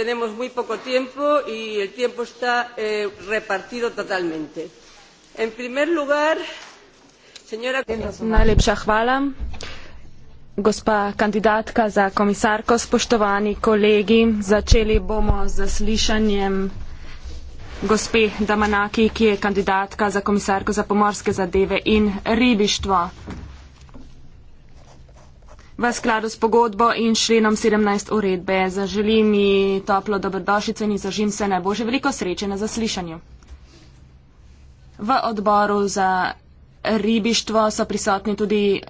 tenemos muy poco tiempo y el tiempo está eh, repartido totalmente. En primer lugar, señora comisaria. Gospa kandidatka za komisarko, spoštovani kolegi, začeli bomo z zaslišanjem gospe Damanaki, ki je kandidatka za komisarko za pomorske zadeve in ribištvo v skladu s pogodbo in členom 17 uredbe. Zaželim ji toplo dobrodošlico in zažim se najbolje veliko sreče na zaslišanju. V odboru za ribištvo so prisotni tudi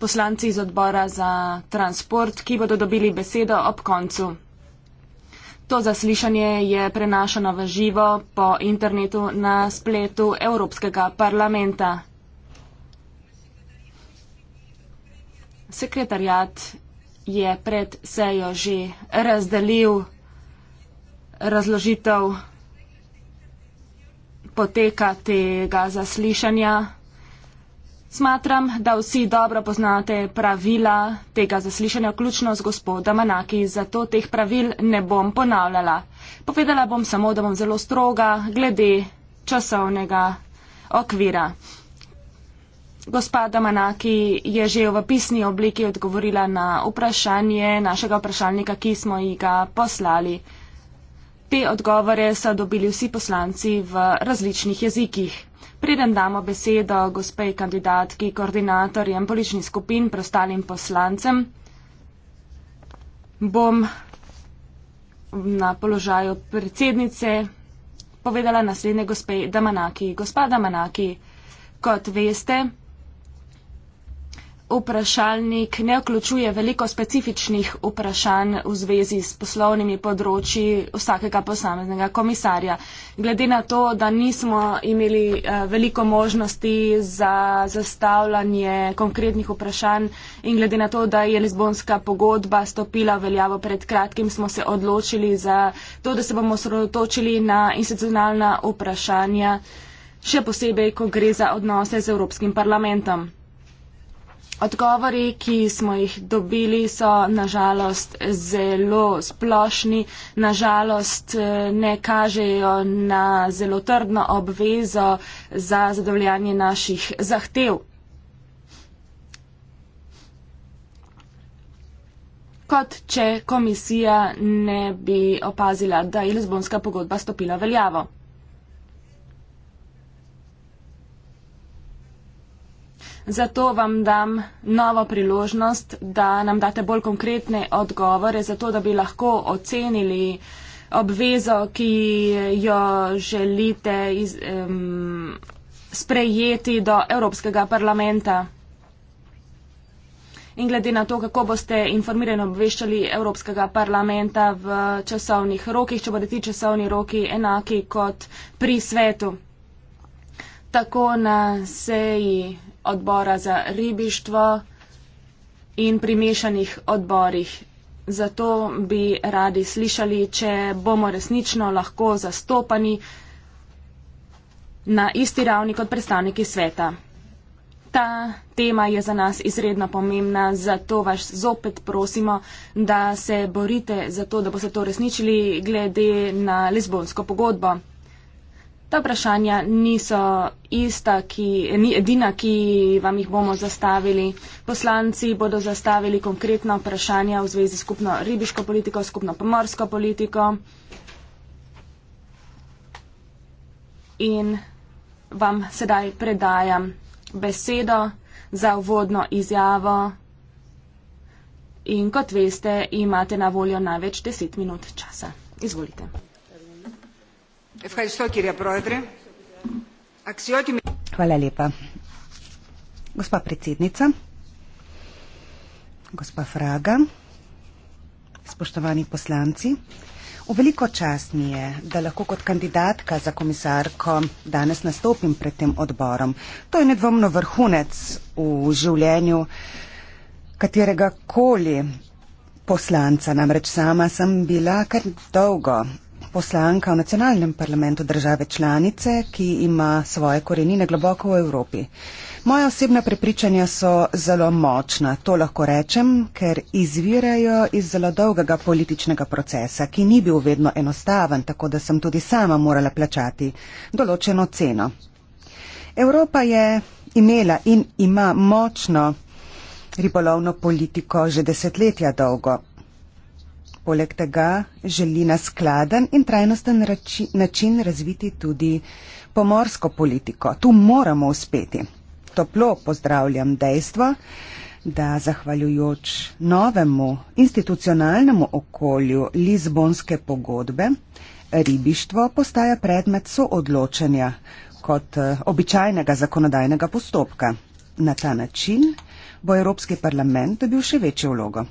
poslanci iz odbora za transport, ki bodo dobili besedo ob koncu. To zaslišanje je prenašano v živo po internetu na spletu Evropskega parlamenta. sekretarjat je pred sejo že razdelil razložitev poteka tega zaslišanja. Smatram, da vsi dobro poznate pravila tega zaslišanja, vključno z gospoda Manaki, zato teh pravil ne bom ponavljala. Povedala bom samo, da bom zelo stroga glede časovnega okvira. Gospa Damanaki je že v pisni obliki odgovorila na vprašanje našega vprašalnika, ki smo ji ga poslali. Te odgovore so dobili vsi poslanci v različnih jezikih. Preden damo besedo gospe kandidatki, koordinatorjem političnih skupin, preostalim poslancem, bom na položaju predsednice povedala naslednje gospe Damanaki. Gospa Damanaki, kot veste, vprašalnik ne vključuje veliko specifičnih vprašanj v zvezi s poslovnimi področji vsakega posameznega komisarja. Glede na to, da nismo imeli eh, veliko možnosti za zastavljanje konkretnih vprašanj in glede na to, da je Lizbonska pogodba stopila v veljavo pred kratkim, smo se odločili za to, da se bomo osredotočili na institucionalna vprašanja še posebej, ko gre za odnose z Evropskim parlamentom. Odgovori, ki smo jih dobili, so nažalost zelo splošni, nažalost eh, ne kažejo na zelo trdno obvezo za zadovoljanje naših zahtev. kot če komisija ne bi opazila, da je Lizbonska pogodba stopila veljavo. Zato vam dam novo priložnost, da nam date bolj konkretne odgovore, zato da bi lahko ocenili obvezo, ki jo želite iz, um, sprejeti do Evropskega parlamenta. In glede na to, kako boste informirani obveščali Evropskega parlamenta v časovnih rokih, če bodo ti časovni roki enaki kot pri svetu. Tako na seji odbora za ribištvo in pri mešanih odborih. Zato bi radi slišali, če bomo resnično lahko zastopani na isti ravni kot predstavniki sveta. Ta tema je za nas izredno pomembna, zato vas zopet prosimo, da se borite za to, da boste to resničili glede na lizbonsko pogodbo. Ta vprašanja niso ista, ki, ni edina, ki vam jih bomo zastavili. Poslanci bodo zastavili konkretna vprašanja v zvezi s skupno ribiško politiko, skupno pomorsko politiko. In vam sedaj predajam besedo za uvodno izjavo. In kot veste, imate na voljo največ deset minut časa. Izvolite. Hvala lepa. Gospa predsednica, gospa Fraga, spoštovani poslanci, v veliko čast mi je, da lahko kot kandidatka za komisarko danes nastopim pred tem odborom. To je nedvomno vrhunec v življenju katerega koli poslanca, namreč sama sem bila kar dolgo poslanka v nacionalnem parlamentu države članice, ki ima svoje korenine globoko v Evropi. Moja osebna prepričanja so zelo močna, to lahko rečem, ker izvirajo iz zelo dolgega političnega procesa, ki ni bil vedno enostaven, tako da sem tudi sama morala plačati določeno ceno. Evropa je imela in ima močno ribolovno politiko že desetletja dolgo. Poleg tega želi na skladen in trajnosten način razviti tudi pomorsko politiko. Tu moramo uspeti. Toplo pozdravljam dejstvo, da zahvaljujoč novemu institucionalnemu okolju Lizbonske pogodbe ribištvo postaja predmet soodločanja kot eh, običajnega zakonodajnega postopka. Na ta način bo Evropski parlament dobil še večjo vlogo.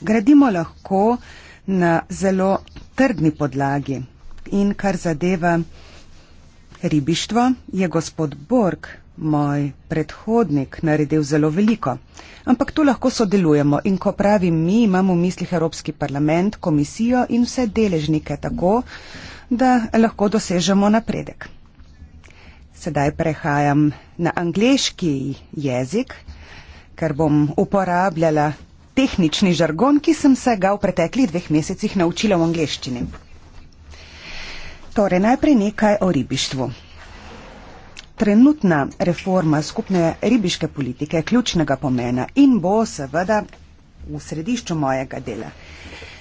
Gradimo lahko na zelo trdni podlagi in kar zadeva ribištvo, je gospod Borg, moj predhodnik, naredil zelo veliko. Ampak tu lahko sodelujemo in ko pravim mi, imamo v mislih Evropski parlament, komisijo in vse deležnike tako, da lahko dosežemo napredek. Sedaj prehajam na angliški jezik, ker bom uporabljala tehnični žargon, ki sem se ga v preteklih dveh mesecih naučila v angleščini. Torej, najprej nekaj o ribištvu. Trenutna reforma skupne ribiške politike je ključnega pomena in bo seveda v središču mojega dela.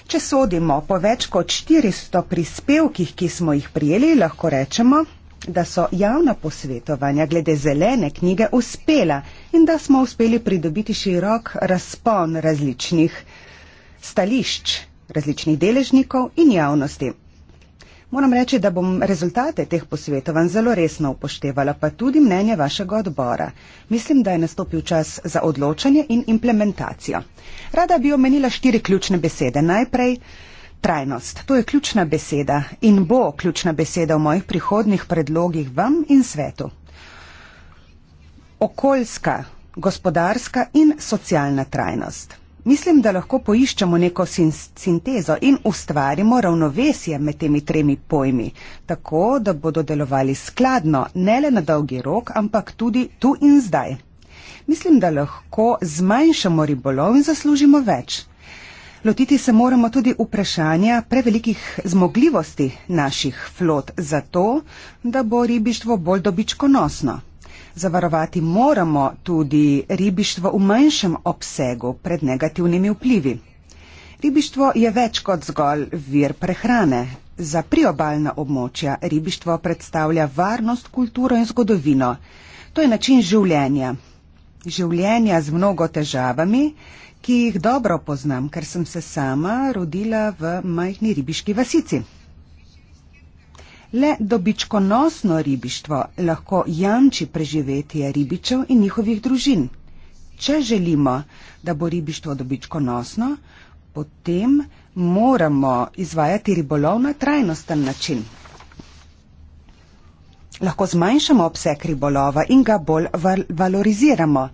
Če sodimo po več kot 400 prispevkih, ki smo jih prijeli, lahko rečemo, da so javna posvetovanja glede zelene knjige uspela in da smo uspeli pridobiti širok razpon različnih stališč, različnih deležnikov in javnosti. Moram reči, da bom rezultate teh posvetovanj zelo resno upoštevala, pa tudi mnenje vašega odbora. Mislim, da je nastopil čas za odločanje in implementacijo. Rada bi omenila štiri ključne besede. Najprej Trajnost, to je ključna beseda in bo ključna beseda v mojih prihodnih predlogih vam in svetu. Okoljska, gospodarska in socialna trajnost. Mislim, da lahko poiščemo neko sin sintezo in ustvarimo ravnovesje med temi tremi pojmi, tako da bodo delovali skladno ne le na dolgi rok, ampak tudi tu in zdaj. Mislim, da lahko zmanjšamo ribolov in zaslužimo več. Lotiti se moramo tudi vprašanja prevelikih zmogljivosti naših flot za to, da bo ribištvo bolj dobičkonosno. Zavarovati moramo tudi ribištvo v manjšem obsegu pred negativnimi vplivi. Ribištvo je več kot zgolj vir prehrane. Za priobalna območja ribištvo predstavlja varnost, kulturo in zgodovino. To je način življenja. Življenja z mnogo težavami, ki jih dobro poznam, ker sem se sama rodila v majhni ribiški vasici. Le dobičkonosno ribištvo lahko jamči preživetje ribičev in njihovih družin. Če želimo, da bo ribištvo dobičkonosno, potem moramo izvajati ribolov na trajnosten način. Lahko zmanjšamo obseg ribolova in ga bolj val valoriziramo.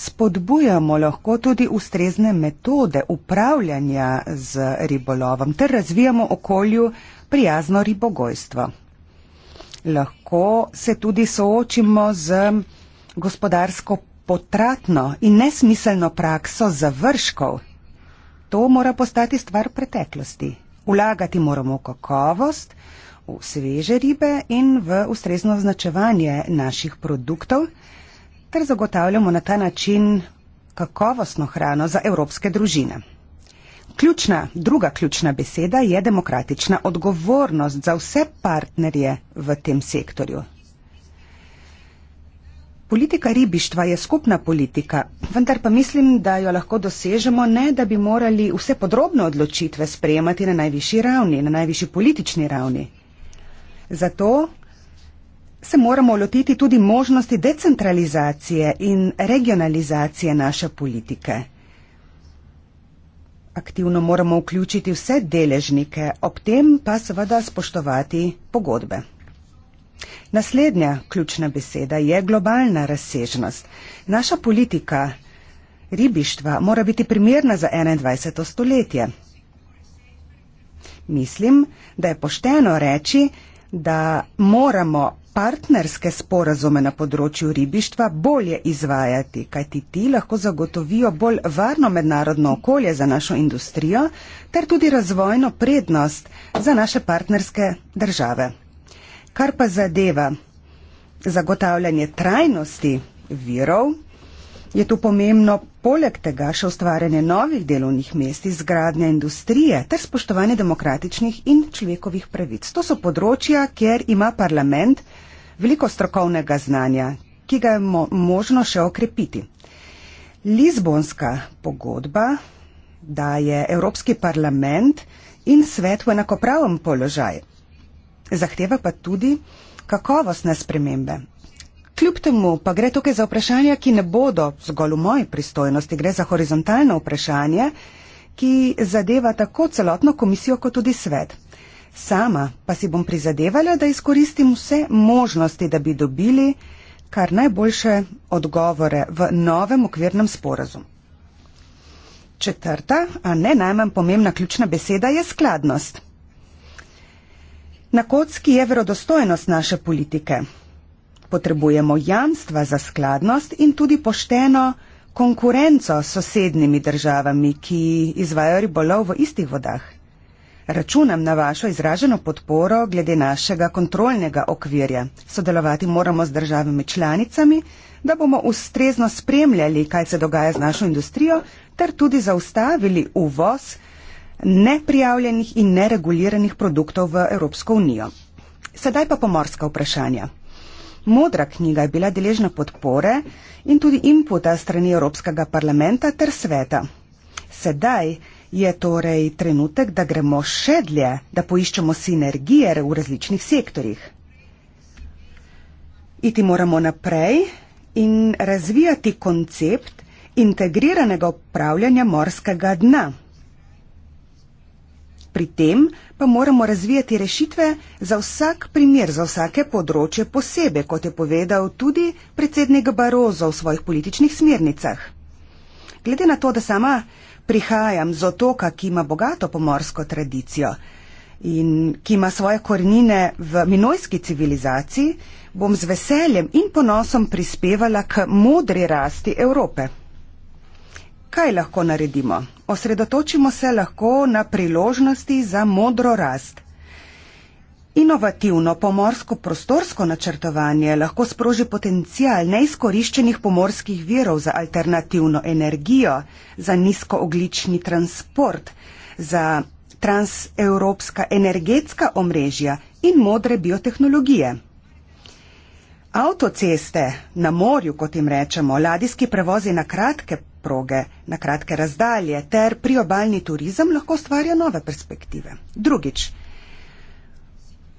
Spodbujamo lahko tudi ustrezne metode upravljanja z ribolovom ter razvijamo okolju prijazno ribogojstvo. Lahko se tudi soočimo z gospodarsko potratno in nesmiselno prakso završkov. To mora postati stvar preteklosti. Ulagati moramo v kakovost, v sveže ribe in v ustrezno označevanje naših produktov ter zagotavljamo na ta način kakovostno hrano za evropske družine. Ključna, druga ključna beseda je demokratična odgovornost za vse partnerje v tem sektorju. Politika ribištva je skupna politika, vendar pa mislim, da jo lahko dosežemo ne, da bi morali vse podrobne odločitve sprejemati na najvišji ravni, na najvišji politični ravni. Zato se moramo lotiti tudi možnosti decentralizacije in regionalizacije naše politike. Aktivno moramo vključiti vse deležnike, ob tem pa seveda spoštovati pogodbe. Naslednja ključna beseda je globalna razsežnost. Naša politika ribištva mora biti primerna za 21. stoletje. Mislim, da je pošteno reči, da moramo partnerske sporazume na področju ribištva bolje izvajati, kajti ti lahko zagotovijo bolj varno mednarodno okolje za našo industrijo ter tudi razvojno prednost za naše partnerske države. Kar pa zadeva zagotavljanje trajnosti virov, je tu pomembno poleg tega še ustvarjanje novih delovnih mest, izgradnja industrije ter spoštovanje demokratičnih in človekovih pravic. To so področja, kjer ima parlament veliko strokovnega znanja, ki ga je mo možno še okrepiti. Lizbonska pogodba daje Evropski parlament in svet v enakopravem položaj. Zahteva pa tudi kakovostne spremembe. Kljub temu pa gre tukaj za vprašanja, ki ne bodo zgolj v moji pristojnosti, gre za horizontalno vprašanje, ki zadeva tako celotno komisijo, kot tudi svet. Sama pa si bom prizadevala, da izkoristim vse možnosti, da bi dobili kar najboljše odgovore v novem okvirnem sporazumu. Četrta, a ne najmanj pomembna ključna beseda, je skladnost. Na kocki je verodostojnost naše politike potrebujemo jamstva za skladnost in tudi pošteno konkurenco s sosednjimi državami, ki izvajo ribolov v istih vodah. Računam na vašo izraženo podporo glede našega kontrolnega okvirja. Sodelovati moramo z državami članicami, da bomo ustrezno spremljali, kaj se dogaja z našo industrijo, ter tudi zaustavili uvoz neprijavljenih in nereguliranih produktov v Evropsko unijo. Sedaj pa pomorska vprašanja. Modra knjiga je bila deležna podpore in tudi inputa strani Evropskega parlamenta ter sveta. Sedaj je torej trenutek, da gremo še dlje, da poiščemo sinergije v različnih sektorjih. Iti moramo naprej in razvijati koncept integriranega upravljanja morskega dna. Pri tem pa moramo razvijati rešitve za vsak primer, za vsake področje posebej, kot je povedal tudi predsednik Barozo v svojih političnih smernicah. Glede na to, da sama prihajam z otoka, ki ima bogato pomorsko tradicijo in ki ima svoje korenine v minojski civilizaciji, bom z veseljem in ponosom prispevala k modri rasti Evrope. Kaj lahko naredimo? Osredotočimo se lahko na priložnosti za modro rast. Inovativno pomorsko prostorsko načrtovanje lahko sproži potencial neizkoriščenih pomorskih virov za alternativno energijo, za nizkooglični transport, za transevropska energetska omrežja in modre biotehnologije. Avtoceste na morju, kot jim rečemo, ladijski prevozi na kratke proge, na kratke razdalje ter priobalni turizem lahko stvarja nove perspektive. Drugič,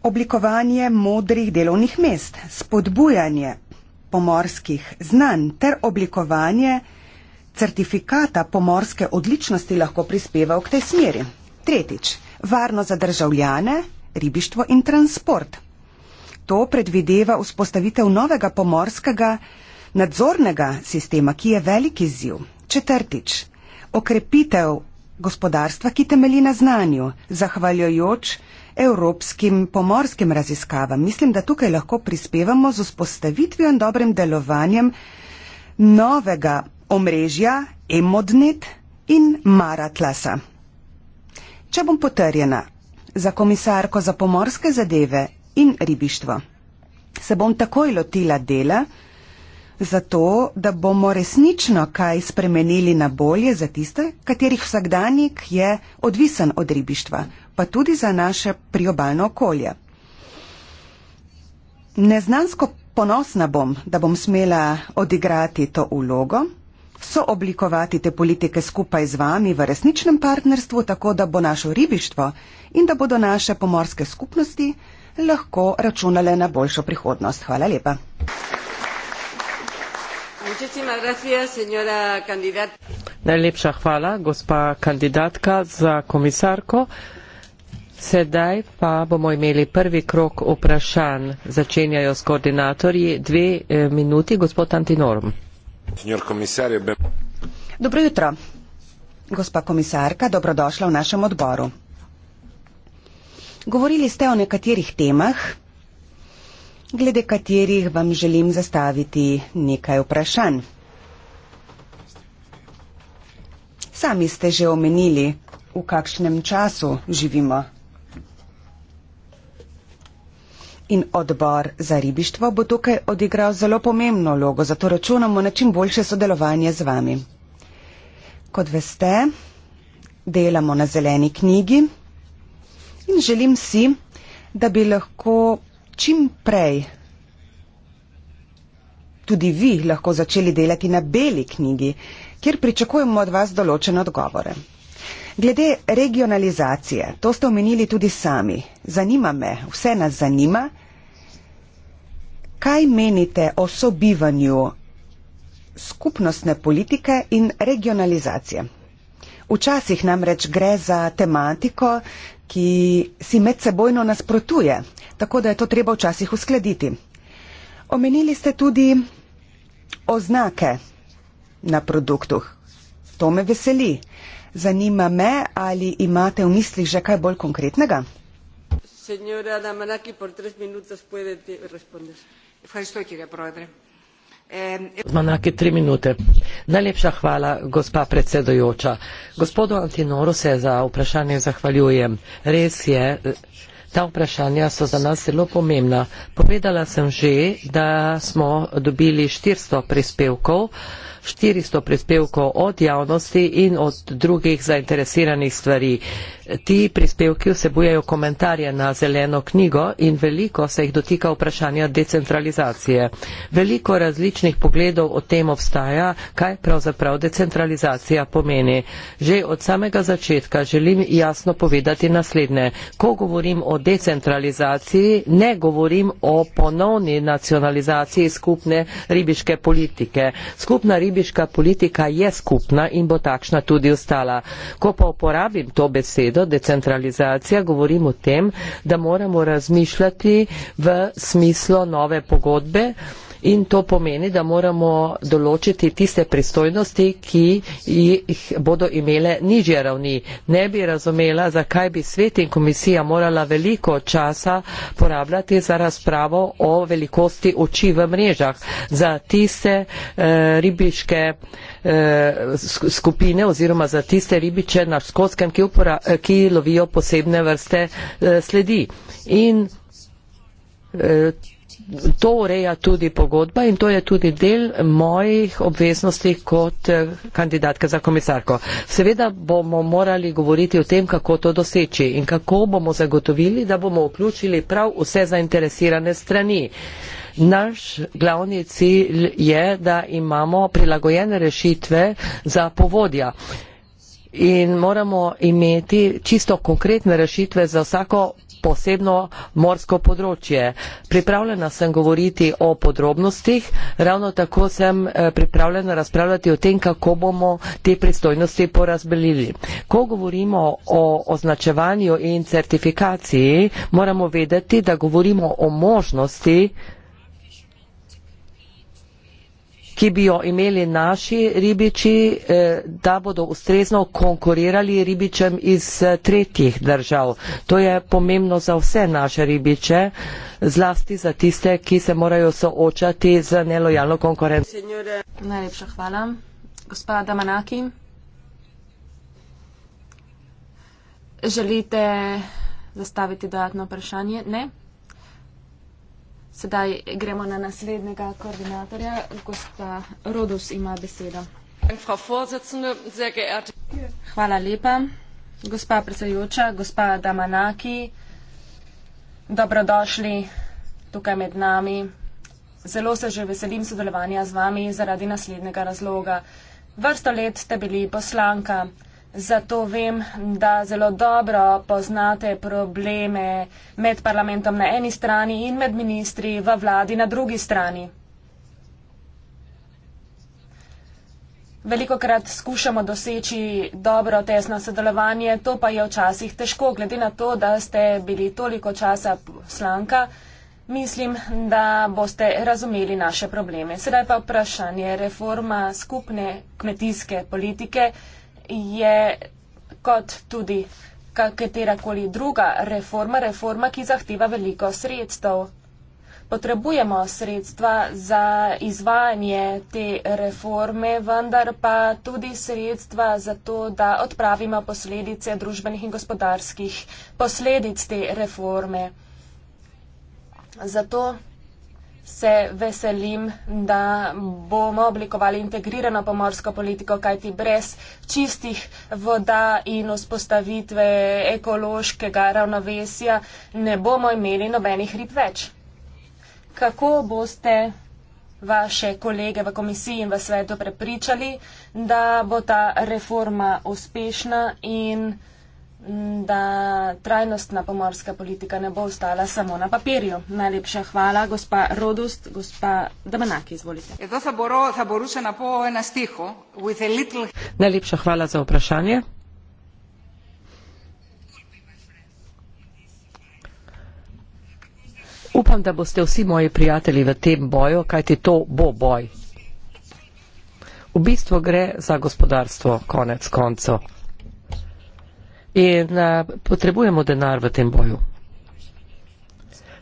oblikovanje modrih delovnih mest, spodbujanje pomorskih znanj ter oblikovanje certifikata pomorske odličnosti lahko prispeva v tej smeri. Tretjič, varno za državljane, ribištvo in transport to predvideva vzpostavitev novega pomorskega nadzornega sistema, ki je veliki ziv. Četrtič, okrepitev gospodarstva, ki temelji na znanju, zahvaljujoč evropskim pomorskim raziskavam. Mislim, da tukaj lahko prispevamo z vzpostavitvijo in dobrim delovanjem novega omrežja Emodnet in Maratlasa. Če bom potrjena za komisarko za pomorske zadeve in ribištvo. Se bom takoj lotila dela, zato da bomo resnično kaj spremenili na bolje za tiste, katerih vsakdanjik je odvisen od ribištva, pa tudi za naše priobalno okolje. Neznansko ponosna bom, da bom smela odigrati to ulogo, sooblikovati te politike skupaj z vami v resničnem partnerstvu, tako da bo našo ribištvo in da bodo naše pomorske skupnosti lahko računale na boljšo prihodnost. Hvala lepa. Najlepša hvala, gospa kandidatka za komisarko. Sedaj pa bomo imeli prvi krok vprašanj. Začenjajo s koordinatorji dve eh, minuti. Gospod Antinorm. Dobro jutro, gospa komisarka, dobrodošla v našem odboru. Govorili ste o nekaterih temah, glede katerih vam želim zastaviti nekaj vprašanj. Sami ste že omenili, v kakšnem času živimo. In odbor za ribištvo bo tukaj odigral zelo pomembno vlogo, zato računamo na čim boljše sodelovanje z vami. Kot veste, delamo na zeleni knjigi in želim si, da bi lahko čim prej tudi vi lahko začeli delati na beli knjigi, kjer pričakujemo od vas določene odgovore. Glede regionalizacije, to ste omenili tudi sami, zanima me, vse nas zanima, kaj menite o sobivanju skupnostne politike in regionalizacije. Včasih namreč gre za tematiko, ki si medsebojno nasprotuje, tako da je to treba včasih uskladiti. Omenili ste tudi oznake na produktuh. To me veseli. Zanima me, ali imate v mislih že kaj bolj konkretnega? Señora Damanaki, por tres minutos puede responder. Fue esto, querida, Zmanjake ehm, tri minute. Najlepša hvala, gospa predsedojoča. Gospodu Antinoru se za vprašanje zahvaljujem. Res je, ta vprašanja so za nas zelo pomembna. Povedala sem že, da smo dobili 400 prispevkov 400 prispevkov od javnosti in od drugih zainteresiranih stvari. Ti prispevki vsebujejo komentarje na zeleno knjigo in veliko se jih dotika vprašanja decentralizacije. Veliko različnih pogledov o tem obstaja, kaj pravzaprav decentralizacija pomeni. Že od samega začetka želim jasno povedati naslednje. Ko govorim o decentralizaciji, ne govorim o ponovni nacionalizaciji skupne ribiške politike. Skupna ribiška ribiška politika je skupna in bo takšna tudi ostala. Ko pa uporabim to besedo, decentralizacija, govorim o tem, da moramo razmišljati v smislu nove pogodbe, in to pomeni, da moramo določiti tiste pristojnosti, ki jih bodo imele nižje ravni. Ne bi razumela, zakaj bi svet in komisija morala veliko časa porabljati za razpravo o velikosti oči v mrežah za tiste eh, ribiške eh, skupine oziroma za tiste ribiče na Škotskem, ki, eh, ki lovijo posebne vrste eh, sledi. In, eh, to ureja tudi pogodba in to je tudi del mojih obveznosti kot eh, kandidatka za komisarko. Seveda bomo morali govoriti o tem, kako to doseči in kako bomo zagotovili, da bomo vključili prav vse zainteresirane strani. Naš glavni cilj je, da imamo prilagojene rešitve za povodja. In moramo imeti čisto konkretne rešitve za vsako posebno morsko področje. Pripravljena sem govoriti o podrobnostih, ravno tako sem eh, pripravljena razpravljati o tem, kako bomo te pristojnosti porazbelili. Ko govorimo o označevanju in certifikaciji, moramo vedeti, da govorimo o možnosti, ki bi jo imeli naši ribiči, eh, da bodo ustrezno konkurirali ribičem iz eh, tretjih držav. To je pomembno za vse naše ribiče, zlasti za tiste, ki se morajo soočati z nelojalno konkurenco. Najlepša hvala. Gospa Damanaki, želite zastaviti dodatno vprašanje? Ne. Sedaj gremo na naslednjega koordinatorja. Gospa Rodus ima besedo. Hvala lepa. Gospa predsedujoča, gospa Damanaki, dobrodošli tukaj med nami. Zelo se že veselim sodelovanja z vami zaradi naslednjega razloga. Vrsto let ste bili poslanka. Zato vem, da zelo dobro poznate probleme med parlamentom na eni strani in med ministri v vladi na drugi strani. Veliko krat skušamo doseči dobro tesno sodelovanje, to pa je včasih težko, glede na to, da ste bili toliko časa slanka. Mislim, da boste razumeli naše probleme. Sedaj pa vprašanje reforma skupne kmetijske politike je kot tudi katerakoli druga reforma, reforma, ki zahteva veliko sredstev. Potrebujemo sredstva za izvajanje te reforme, vendar pa tudi sredstva za to, da odpravimo posledice družbenih in gospodarskih posledic te reforme. Zato se veselim, da bomo oblikovali integrirano pomorsko politiko, kajti brez čistih voda in vzpostavitve ekološkega ravnovesja ne bomo imeli nobenih rib več. Kako boste vaše kolege v komisiji in v svetu prepričali, da bo ta reforma uspešna in uspešna? da trajnostna pomorska politika ne bo ostala samo na papirju. Najlepša hvala, gospa Rodust, gospa Damanaki, izvolite. Najlepša hvala za vprašanje. Upam, da boste vsi moji prijatelji v tem boju, kajti to bo boj. V bistvu gre za gospodarstvo, konec koncev. In uh, potrebujemo denar v tem boju.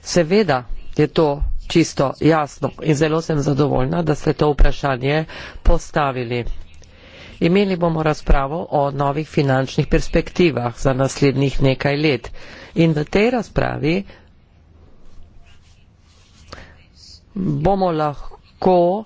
Seveda je to čisto jasno in zelo sem zadovoljna, da ste to vprašanje postavili. Imeli bomo razpravo o novih finančnih perspektivah za naslednjih nekaj let. In v tej razpravi bomo lahko uh,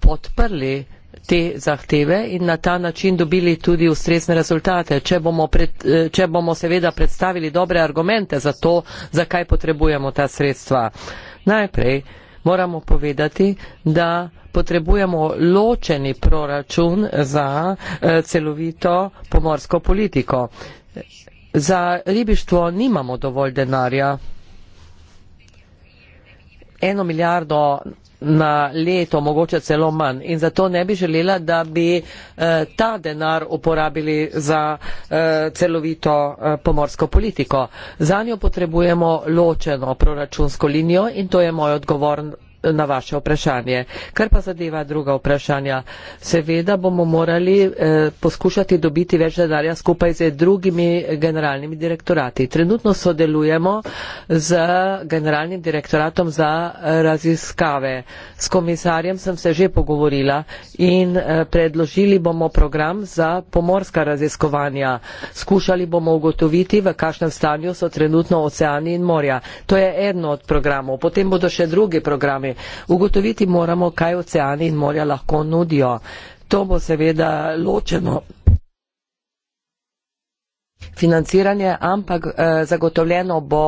podprli te zahteve in na ta način dobili tudi ustrezne rezultate, če bomo, pred, eh, če bomo seveda predstavili dobre argumente za to, zakaj potrebujemo ta sredstva. Najprej moramo povedati, da potrebujemo ločeni proračun za eh, celovito pomorsko politiko. Za ribištvo nimamo dovolj denarja. Eno milijardo na leto, mogoče celo manj. In zato ne bi želela, da bi eh, ta denar uporabili za eh, celovito eh, pomorsko politiko. Za njo potrebujemo ločeno proračunsko linijo in to je moj odgovor na vaše vprašanje. Kar pa zadeva druga vprašanja, seveda bomo morali eh, poskušati dobiti več denarja skupaj z drugimi generalnimi direktorati. Trenutno sodelujemo z generalnim direktoratom za eh, raziskave. S komisarjem sem se že pogovorila in eh, predložili bomo program za pomorska raziskovanja. Skušali bomo ugotoviti, v kakšnem stanju so trenutno oceani in morja. To je eno od programov. Potem bodo še drugi programi. Ugotoviti moramo, kaj oceani in morja lahko nudijo. To bo seveda ločeno financiranje, ampak eh, zagotovljeno bo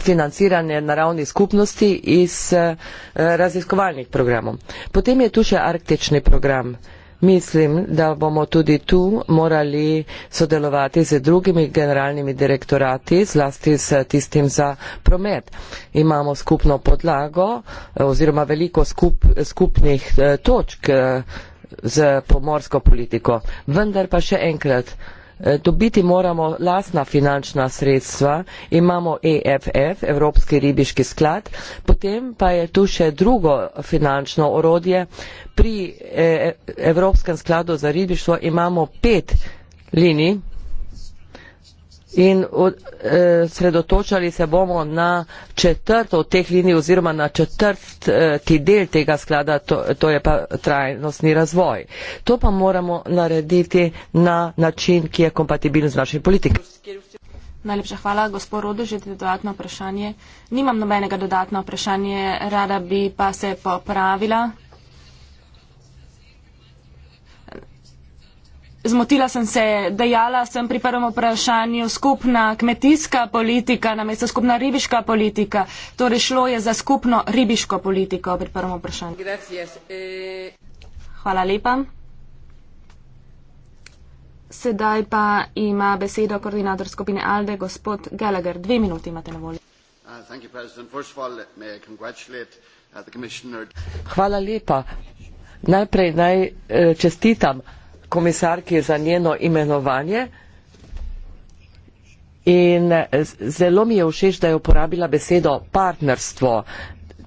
financiranje naravnih skupnosti iz eh, raziskovalnih programov. Potem je tu še arktični program. Eh, Mislim, da bomo tudi tu morali sodelovati z drugimi generalnimi direktorati, zlasti s tistim za promet. Imamo skupno podlago eh, oziroma veliko skup, skupnih eh, točk eh, z pomorsko politiko. Vendar pa še enkrat, Eh, dobiti moramo lastna finančna sredstva, imamo EFF, Evropski ribiški sklad, potem pa je tu še drugo finančno orodje. Pri eh, Evropskem skladu za ribištvo imamo pet linij in eh, sredotočali se bomo na četrt od teh linij oziroma na četrti eh, del tega sklada, to, to je pa trajnostni razvoj. To pa moramo narediti na način, ki je kompatibilen z našim politikom. Najlepša hvala, gospod Rodo, že dodatno vprašanje. Nimam nobenega dodatno vprašanje, rada bi pa se popravila. zmotila sem se, dejala sem pri prvem vprašanju skupna kmetijska politika, namesto skupna ribiška politika. Torej šlo je za skupno ribiško politiko pri prvem vprašanju. Eh, Hvala lepa. Sedaj pa ima besedo koordinator skupine ALDE, gospod Gallagher. Dve minuti imate na voljo. Uh, uh, Hvala lepa. Najprej naj eh, čestitam komisarki za njeno imenovanje. In eh, zelo mi je všeč, da je uporabila besedo partnerstvo.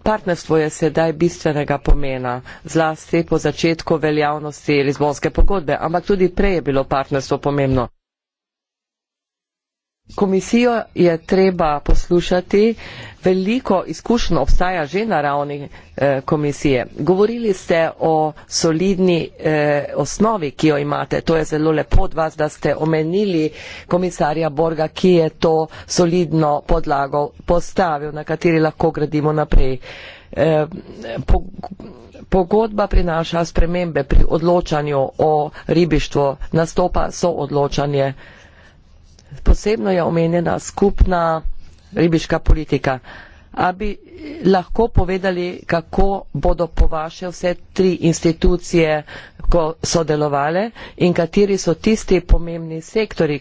Partnerstvo je sedaj bistvenega pomena, zlasti po začetku veljavnosti Lizbonske pogodbe, ampak tudi prej je bilo partnerstvo pomembno. Komisijo je treba poslušati, veliko izkušenj obstaja že na ravni eh, komisije. Govorili ste o solidni eh, osnovi, ki jo imate. To je zelo lepo od vas, da ste omenili komisarja Borga, ki je to solidno podlago postavil, na kateri lahko gradimo naprej. Eh, po, Pogodba prinaša spremembe pri odločanju o ribištvu, nastopa so odločanje eh, posebno je omenjena skupna ribiška politika. A bi lahko povedali, kako bodo po vaše vse tri institucije sodelovale in kateri so tisti pomembni sektori,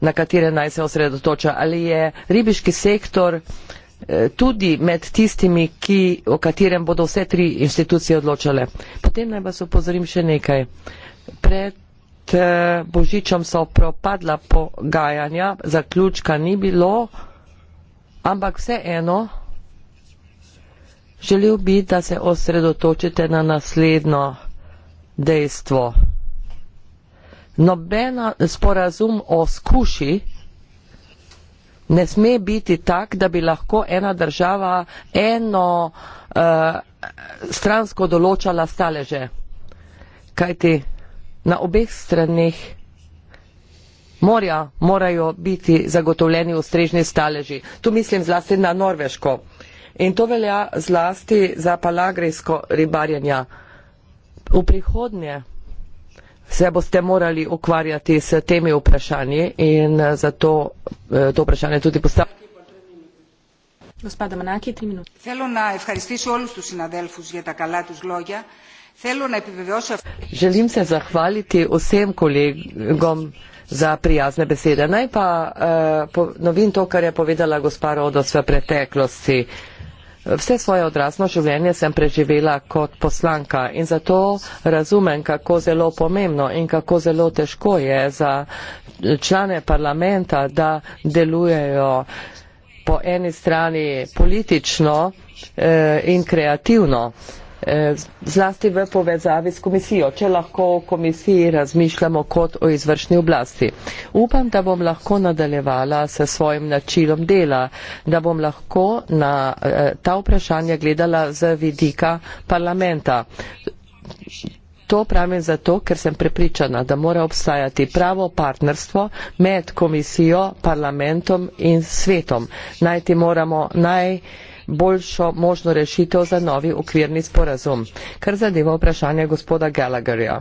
na katere naj se osredotoča? Ali je ribiški sektor eh, tudi med tistimi, ki, o katerem bodo vse tri institucije odločale? Potem naj vas upozorim še nekaj. Pred pred eh, božičem so propadla pogajanja, zaključka ni bilo, ampak vseeno želel bi, da se osredotočite na naslednjo dejstvo. Nobena sporazum o skuši ne sme biti tak, da bi lahko ena država eno uh, stransko določala staleže. Kaj ti? na obeh straneh morja morajo biti zagotovljeni ustrežni staleži. Tu mislim zlasti na Norveško. In to velja zlasti za palagrejsko ribarjenje. V prihodnje se boste morali ukvarjati s temi vprašanji in eh, zato eh, to vprašanje tudi postavljam. Gospa Damanaki, tri minute. Želim se zahvaliti vsem kolegom za prijazne besede. Naj pa uh, novim to, kar je povedala gospa Rodos v preteklosti. Vse svoje odraslo življenje sem preživela kot poslanka in zato razumem, kako zelo pomembno in kako zelo težko je za člane parlamenta, da delujejo po eni strani politično uh, in kreativno. Uh, Eh, zlasti v povezavi s komisijo, če lahko o komisiji razmišljamo kot o izvršni oblasti. Upam, da bom lahko nadaljevala se svojim načinom dela, da bom lahko na eh, ta vprašanja gledala z vidika parlamenta. To pravim zato, ker sem prepričana, da mora obstajati pravo partnerstvo med komisijo, parlamentom in svetom. Najti moramo najbolj boljšo možno rešitev za novi okvirni sporazum. Kar zadeva vprašanje gospoda Gallagherja.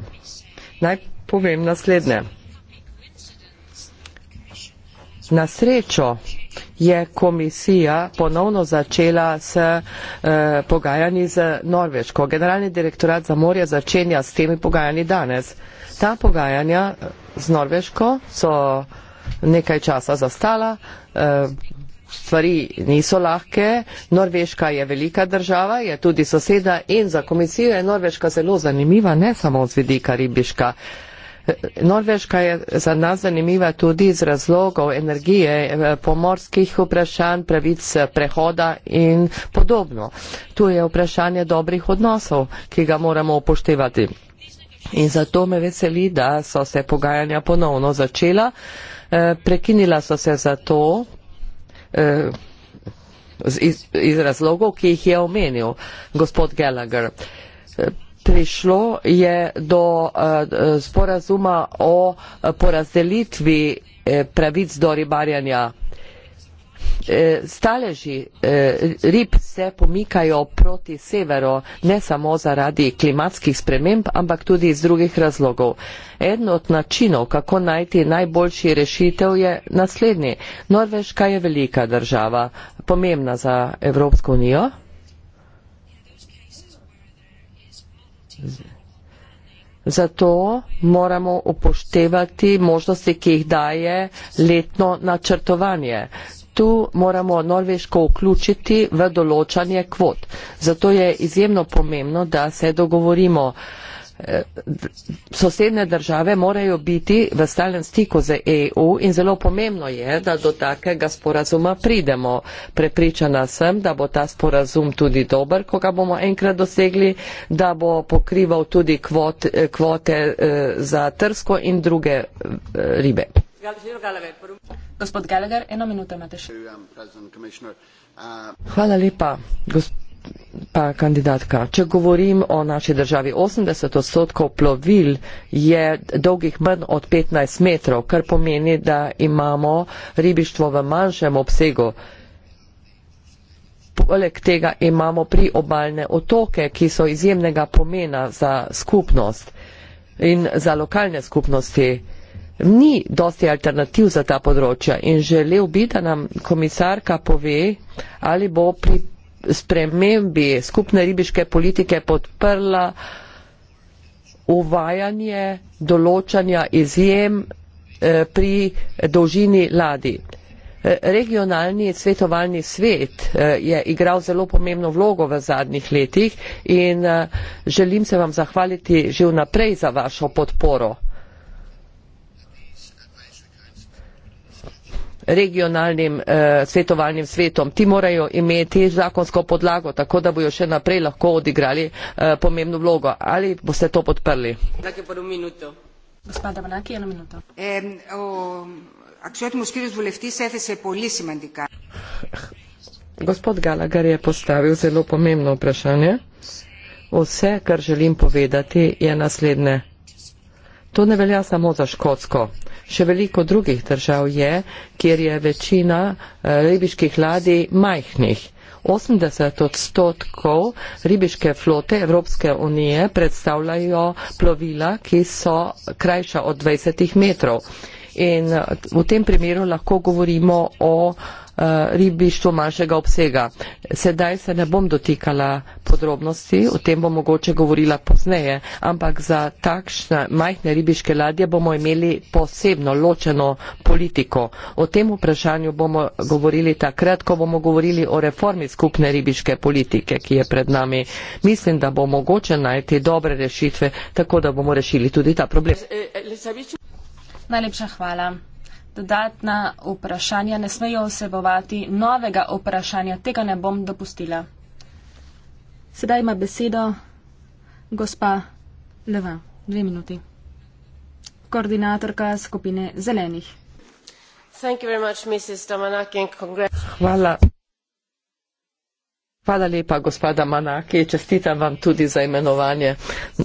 Naj povem naslednje. Na srečo je komisija ponovno začela s eh, pogajanji z Norveško. Generalni direktorat za morje začenja s temi pogajanji danes. Ta pogajanja z Norveško so nekaj časa zastala. Eh, stvari niso lahke. Norveška je velika država, je tudi soseda in za komisijo je Norveška zelo zanimiva, ne samo z vidika ribiška. Norveška je za nas zanimiva tudi iz razlogov energije, pomorskih vprašanj, pravic prehoda in podobno. Tu je vprašanje dobrih odnosov, ki ga moramo upoštevati. In zato me veseli, da so se pogajanja ponovno začela. Eh, prekinila so se zato, Eh, iz, iz razlogov, ki jih je omenil gospod Gallagher. Eh, prišlo je do eh, sporazuma o porazdelitvi pravic do ribarjanja E, staleži e, rib se pomikajo proti severu ne samo zaradi klimatskih sprememb, ampak tudi iz drugih razlogov. Eden od načinov, kako najti najboljši rešitev, je naslednji. Norveška je velika država, pomembna za Evropsko unijo. Zato moramo upoštevati možnosti, ki jih daje letno načrtovanje tu moramo Norveško vključiti v določanje kvot. Zato je izjemno pomembno, da se dogovorimo. Eh, sosedne države morajo biti v stalen stiku z EU in zelo pomembno je, da do takega sporazuma pridemo. Prepričana sem, da bo ta sporazum tudi dober, ko ga bomo enkrat dosegli, da bo pokrival tudi kvot, eh, kvote eh, za trsko in druge ribe. Gospod Gallagher, eno minuto imate še. Hvala lepa, gospa kandidatka. Če govorim o naši državi, 80 odstotkov plovil je dolgih manj od 15 metrov, kar pomeni, da imamo ribištvo v manjšem obsegu. Poleg tega imamo priobalne otoke, ki so izjemnega pomena za skupnost in za lokalne skupnosti ni dosti alternativ za ta področja in želel bi, da nam komisarka pove, ali bo pri spremembi skupne ribiške politike podprla uvajanje določanja izjem eh, pri dolžini ladi. Eh, regionalni svetovalni svet eh, je igral zelo pomembno vlogo v zadnjih letih in želim se vam zahvaliti že vnaprej za vašo podporo. regionalnim eh, svetovalnim svetom. Ti morajo imeti zakonsko podlago, tako da bojo še naprej lahko odigrali eh, pomembno vlogo. Ali boste to podprli? Gospod Galagar je postavil zelo pomembno vprašanje. Vse, kar želim povedati, je naslednje. To ne velja samo za Škotsko še veliko drugih držav je, kjer je večina eh, ribiških ladij majhnih. 80 odstotkov ribiške flote Evropske unije predstavljajo plovila, ki so krajša od 20 metrov. In eh, v tem primeru lahko govorimo o uh, Eh, ribištvo manjšega obsega. Sedaj se ne bom dotikala podrobnosti, o tem bom mogoče govorila pozneje, ampak za takšne majhne ribiške ladje bomo imeli posebno ločeno politiko. O tem vprašanju bomo govorili takrat, ko bomo govorili o reformi skupne ribiške politike, ki je pred nami. Mislim, da bo mogoče najti dobre rešitve, tako da bomo rešili tudi ta problem. Najlepša hvala. Dodatna vprašanja ne smejo osebovati novega vprašanja. Tega ne bom dopustila. Sedaj ima besedo gospa Leva. Dve minuti. Koordinatorka skupine zelenih. Hvala. Hvala lepa, gospoda Manaki. Čestitam vam tudi za imenovanje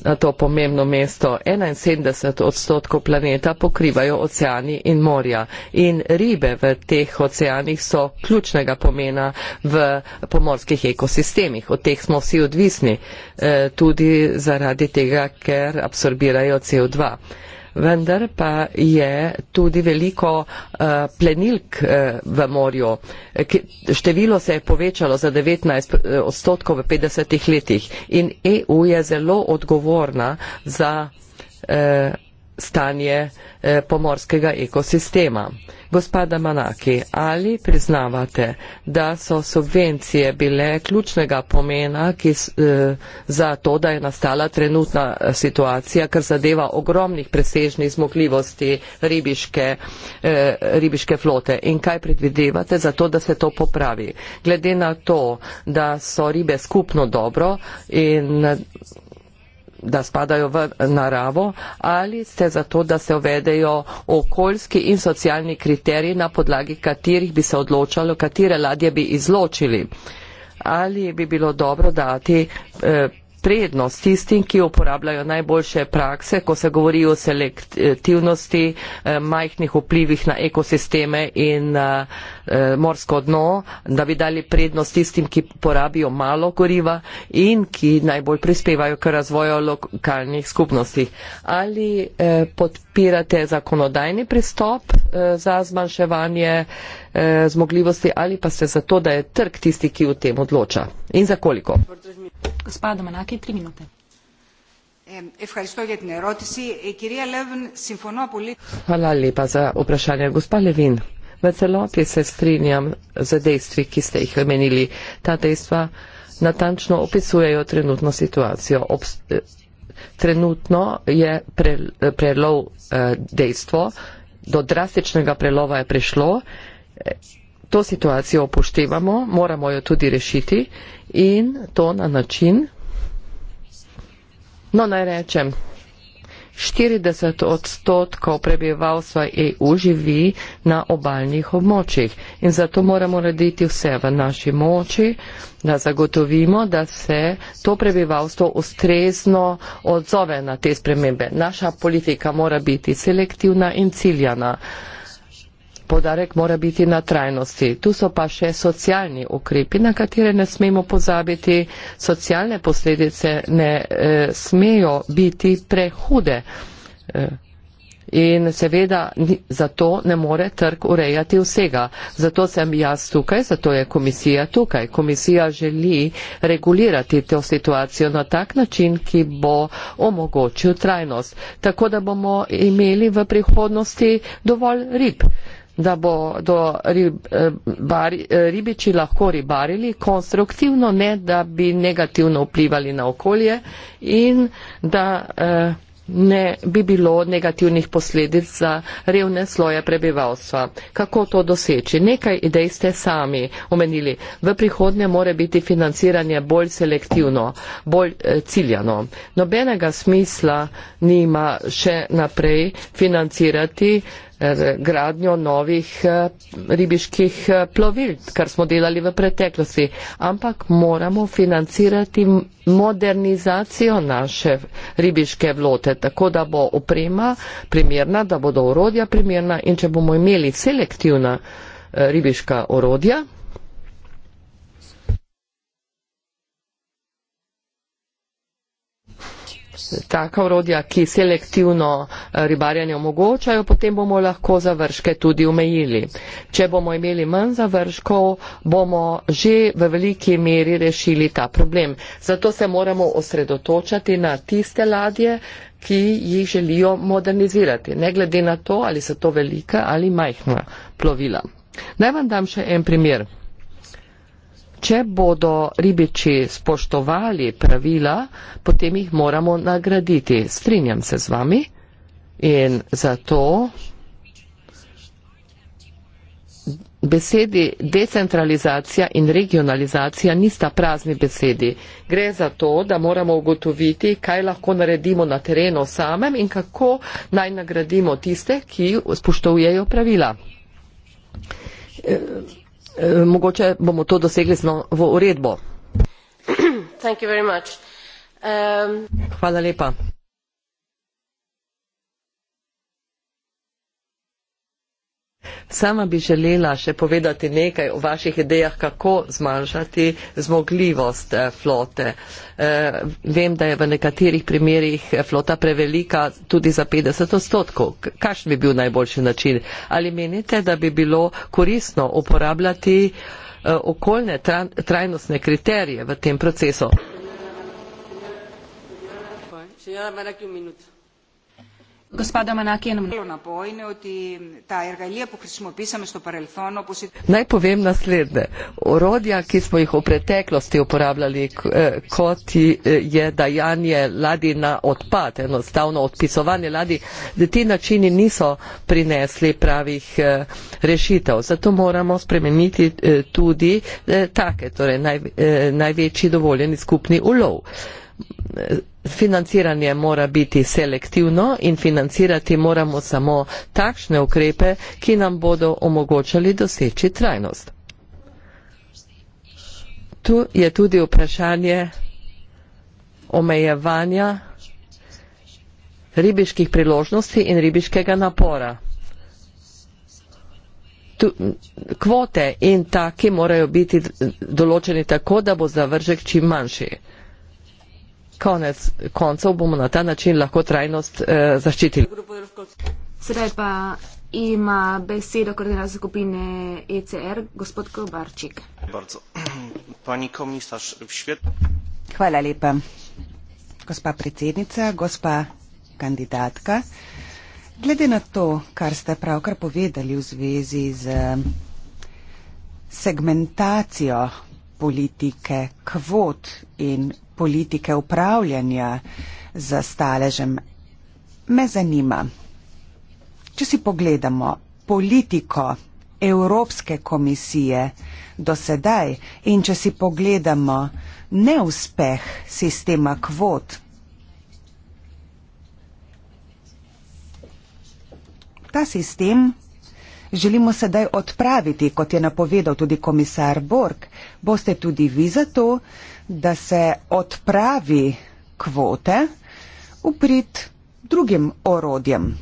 na to pomembno mesto. 71 odstotkov planeta pokrivajo oceani in morja. In ribe v teh oceanih so ključnega pomena v pomorskih ekosistemih. Od teh smo vsi odvisni, eh, tudi zaradi tega, ker absorbirajo CO2 vendar pa je tudi veliko uh, plenilk uh, v morju. Ke, število se je povečalo za 19 eh, odstotkov v 50 letih in EU je zelo odgovorna za. Uh, stanje eh, pomorskega ekosistema. Gospoda Manaki, ali priznavate, da so subvencije bile ključnega pomena ki, eh, za to, da je nastala trenutna eh, situacija, kar zadeva ogromnih presežnih zmogljivosti ribiške, ribiške flote? In kaj predvidevate za to, da se to popravi? Glede na to, da so ribe skupno dobro in da spadajo v naravo ali ste za to, da se uvedejo okoljski in socialni kriteriji, na podlagi katerih bi se odločalo, katere ladje bi izločili. Ali bi bilo dobro dati eh, prednost tistim, ki uporabljajo najboljše prakse, ko se govori o selektivnosti, eh, majhnih vplivih na ekosisteme in eh, eh, morsko dno, da bi dali prednost tistim, ki porabijo malo goriva in ki najbolj prispevajo k razvoju lokalnih skupnosti. Ali podpirate zakonodajni pristop za zmanjševanje zmogljivosti ali pa ste za to, da je trg tisti, ki o tem odloča? In za koliko? E, Hvala lepa za vprašanje. Gospa Levin, v celoti se strinjam z dejstvi, ki ste jih omenili. Ta dejstva natančno opisujejo trenutno situacijo. Obs eh, trenutno je pre eh, prelov eh, dejstvo, do drastičnega prelova je prišlo to situacijo upoštevamo, moramo jo tudi rešiti in to na način, no naj rečem, 40 odstotkov prebivalstva EU živi na obaljnih območjih in zato moramo narediti vse v naši moči, da zagotovimo, da se to prebivalstvo ustrezno odzove na te spremembe. Naša politika mora biti selektivna in ciljana. Uh, Podarek mora biti na trajnosti. Tu so pa še socialni ukrepi, na katere ne smemo pozabiti. Socialne posledice ne e, smejo biti prehude. E, in seveda zato ne more trg urejati vsega. Zato sem jaz tukaj, zato je komisija tukaj. Komisija želi regulirati to situacijo na tak način, ki bo omogočil trajnost. Tako da bomo imeli v prihodnosti dovolj rib da bodo rib, eh, eh, ribiči lahko ribarili konstruktivno, ne da bi negativno vplivali na okolje in da eh, ne bi bilo negativnih posledic za revne sloje prebivalstva. Kako to doseči? Nekaj idej ste sami omenili. V prihodnje more biti financiranje bolj selektivno, bolj ciljano. Nobenega smisla nima še naprej financirati eh, Eh, gradnjo novih eh, ribiških eh, plovil, kar smo delali v preteklosti, ampak moramo financirati modernizacijo naše ribiške vlote, tako da bo oprema primerna, da bodo orodja primerna in če bomo imeli selektivna ribiška orodja, taka orodja, ki selektivno eh, ribarjanje omogočajo, potem bomo lahko završke tudi omejili. Če bomo imeli manj završkov, bomo že v veliki meri rešili ta problem. Zato se moramo osredotočati na tiste ladje, ki jih želijo modernizirati, ne glede na to, ali so to velika ali majhna plovila. Naj vam dam še en primer. Če bodo ribiči spoštovali pravila, potem jih moramo nagraditi. Strinjam se z vami in zato besedi decentralizacija in regionalizacija nista prazni besedi. Gre za to, da moramo ugotoviti, kaj lahko naredimo na terenu samem in kako naj nagradimo tiste, ki spoštovujejo pravila. E Eh, mogoče bomo to dosegli z novo uredbo. Um, Hvala lepa. Sama bi želela še povedati nekaj o vaših idejah, kako zmanjšati zmogljivost eh, flote. Eh, vem, da je v nekaterih primerjih eh, flota prevelika tudi za 50 odstotkov. Kakšen bi bil najboljši način? Ali menite, da bi bilo korisno uporabljati okoljne trajnostne kriterije v tem procesu? Če ja, Naj povem naslednje. Orodja, ki smo jih v preteklosti uporabljali, eh, kot eh, je dajanje ladi na odpad, enostavno odpisovanje ladi, da ti načini niso prinesli pravih eh, rešitev. Zato moramo spremeniti tudi take, torej največji dovoljeni skupni ulov financiranje mora biti selektivno in financirati moramo samo takšne ukrepe, ki nam bodo omogočali doseči trajnost. Tu je tudi vprašanje omejevanja ribiških priložnosti in ribiškega napora. Tu, kvote in taki morajo biti določeni tako, da bo zavržek čim manjši konec koncev bomo na ta način lahko trajnost eh, zaščitili. Sedaj pa ima besedo koordinator skupine ECR, gospod Kobarčik. Pani komisar, svet. Hvala lepa, gospa predsednica, gospa kandidatka. Glede na to, kar ste pravkar povedali v zvezi z segmentacijo politike kvot in politike upravljanja za staležem. Me zanima, če si pogledamo politiko Evropske komisije do sedaj in če si pogledamo neuspeh sistema kvot, ta sistem želimo sedaj odpraviti, kot je napovedal tudi komisar Borg. Boste tudi vi za to? da se odpravi kvote v prid drugim orodjem.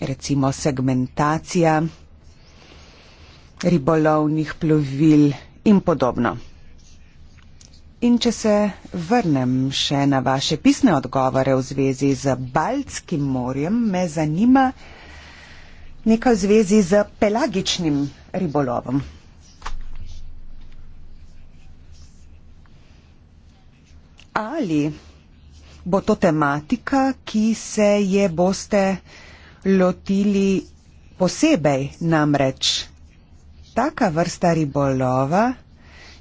Recimo segmentacija ribolovnih plovil in podobno. In če se vrnem še na vaše pisne odgovore v zvezi z Baltskim morjem, me zanima nekaj v zvezi z pelagičnim ribolovom. ali bo to tematika, ki se je boste lotili posebej, namreč taka vrsta ribolova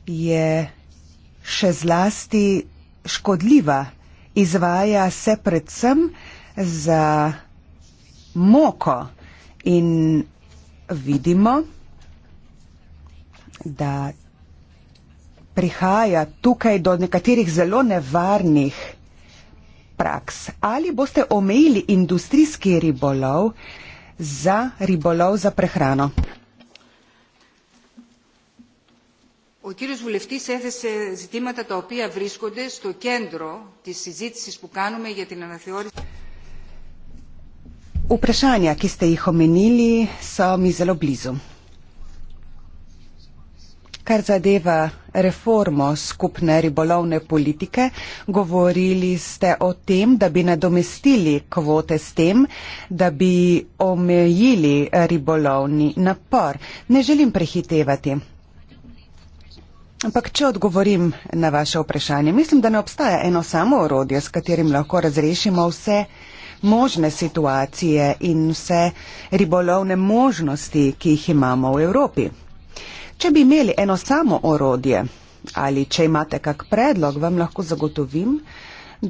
je še zlasti škodljiva, izvaja se predvsem za moko in vidimo, da prihaja tukaj do nekaterih zelo nevarnih praks. Ali boste omejili industrijski ribolov za ribolov za prehrano? Ο κύριος Βουλευτής έθεσε ζητήματα τα οποία βρίσκονται στο κέντρο της συζήτησης που κάνουμε για την αναθεώρηση. Ουπρεσάνια και στείχομενήλοι σαν μιζελοπλίζουν kar zadeva reformo skupne ribolovne politike. Govorili ste o tem, da bi nadomestili kvote s tem, da bi omejili ribolovni napor. Ne želim prehitevati. Ampak, če odgovorim na vaše vprašanje, mislim, da ne obstaja eno samo orodje, s katerim lahko razrešimo vse možne situacije in vse ribolovne možnosti, ki jih imamo v Evropi. Če bi imeli eno samo orodje ali če imate kak predlog, vam lahko zagotovim,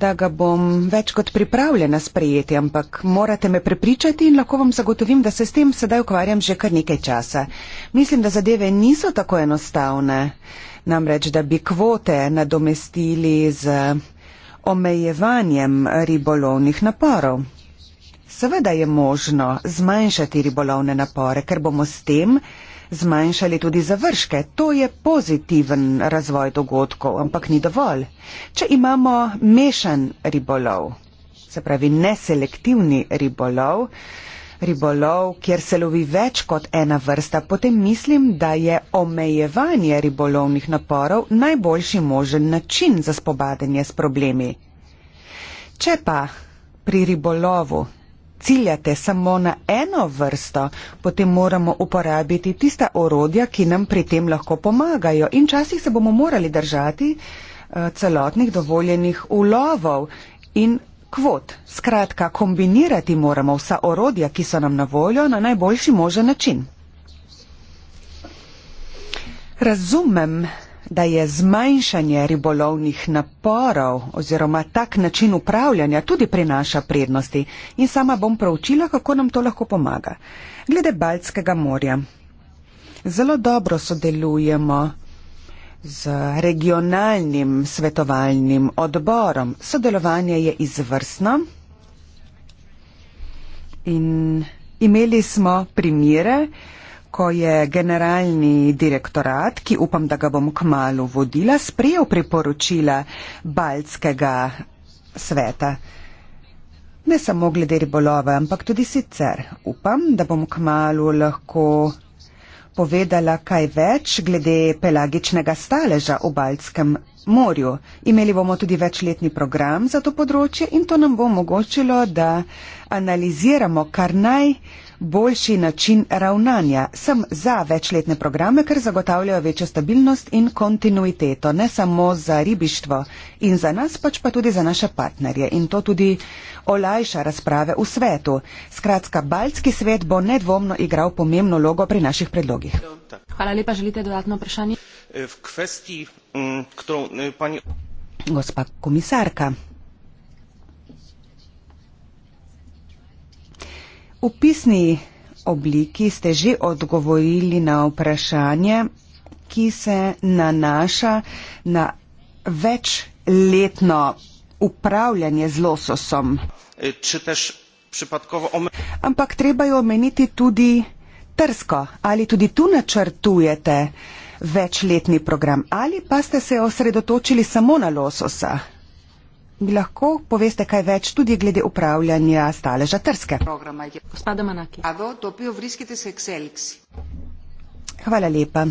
da ga bom več kot pripravljena sprejeti, ampak morate me prepričati in lahko vam zagotovim, da se s tem sedaj ukvarjam že kar nekaj časa. Mislim, da zadeve niso tako enostavne, namreč, da bi kvote nadomestili z omejevanjem ribolovnih naporov. Seveda je možno zmanjšati ribolovne napore, ker bomo s tem zmanjšali tudi završke. To je pozitiven razvoj dogodkov, ampak ni dovolj. Če imamo mešan ribolov, se pravi neselektivni ribolov, ribolov, kjer se lovi več kot ena vrsta, potem mislim, da je omejevanje ribolovnih naporov najboljši možen način za spobadanje s problemi. Če pa pri ribolovu ciljate samo na eno vrsto, potem moramo uporabiti tista orodja, ki nam pri tem lahko pomagajo. In včasih se bomo morali držati eh, celotnih dovoljenih ulovov in kvot. Skratka, kombinirati moramo vsa orodja, ki so nam na voljo, na najboljši možen način. Razumem, da je zmanjšanje ribolovnih naporov oziroma tak način upravljanja tudi prinaša prednosti in sama bom proučila, kako nam to lahko pomaga. Glede Baltskega morja. Zelo dobro sodelujemo z regionalnim svetovalnim odborom. Sodelovanje je izvrstno in imeli smo primere, ko je generalni direktorat, ki upam, da ga bom k malu vodila, sprejel priporočila Baltskega sveta. Ne samo glede ribolova, ampak tudi sicer. Upam, da bom k malu lahko povedala kaj več glede pelagičnega staleža v Baltskem morju. Imeli bomo tudi večletni program za to področje in to nam bo omogočilo, da analiziramo kar naj boljši način ravnanja. Sem za večletne programe, ker zagotavljajo večjo stabilnost in kontinuiteto, ne samo za ribištvo in za nas, pač pa tudi za naše partnerje. In to tudi olajša razprave v svetu. Skratka, Baltski svet bo nedvomno igral pomembno logo pri naših predlogih. Hvala lepa, želite dodatno vprašanje? E, e, Gospa komisarka. V pisni obliki ste že odgovorili na vprašanje, ki se nanaša na večletno upravljanje z lososom. E, Ampak treba jo omeniti tudi trsko. Ali tudi tu načrtujete večletni program ali pa ste se osredotočili samo na lososa? bi lahko poveste kaj več tudi glede upravljanja staleža Trske. Hvala lepa.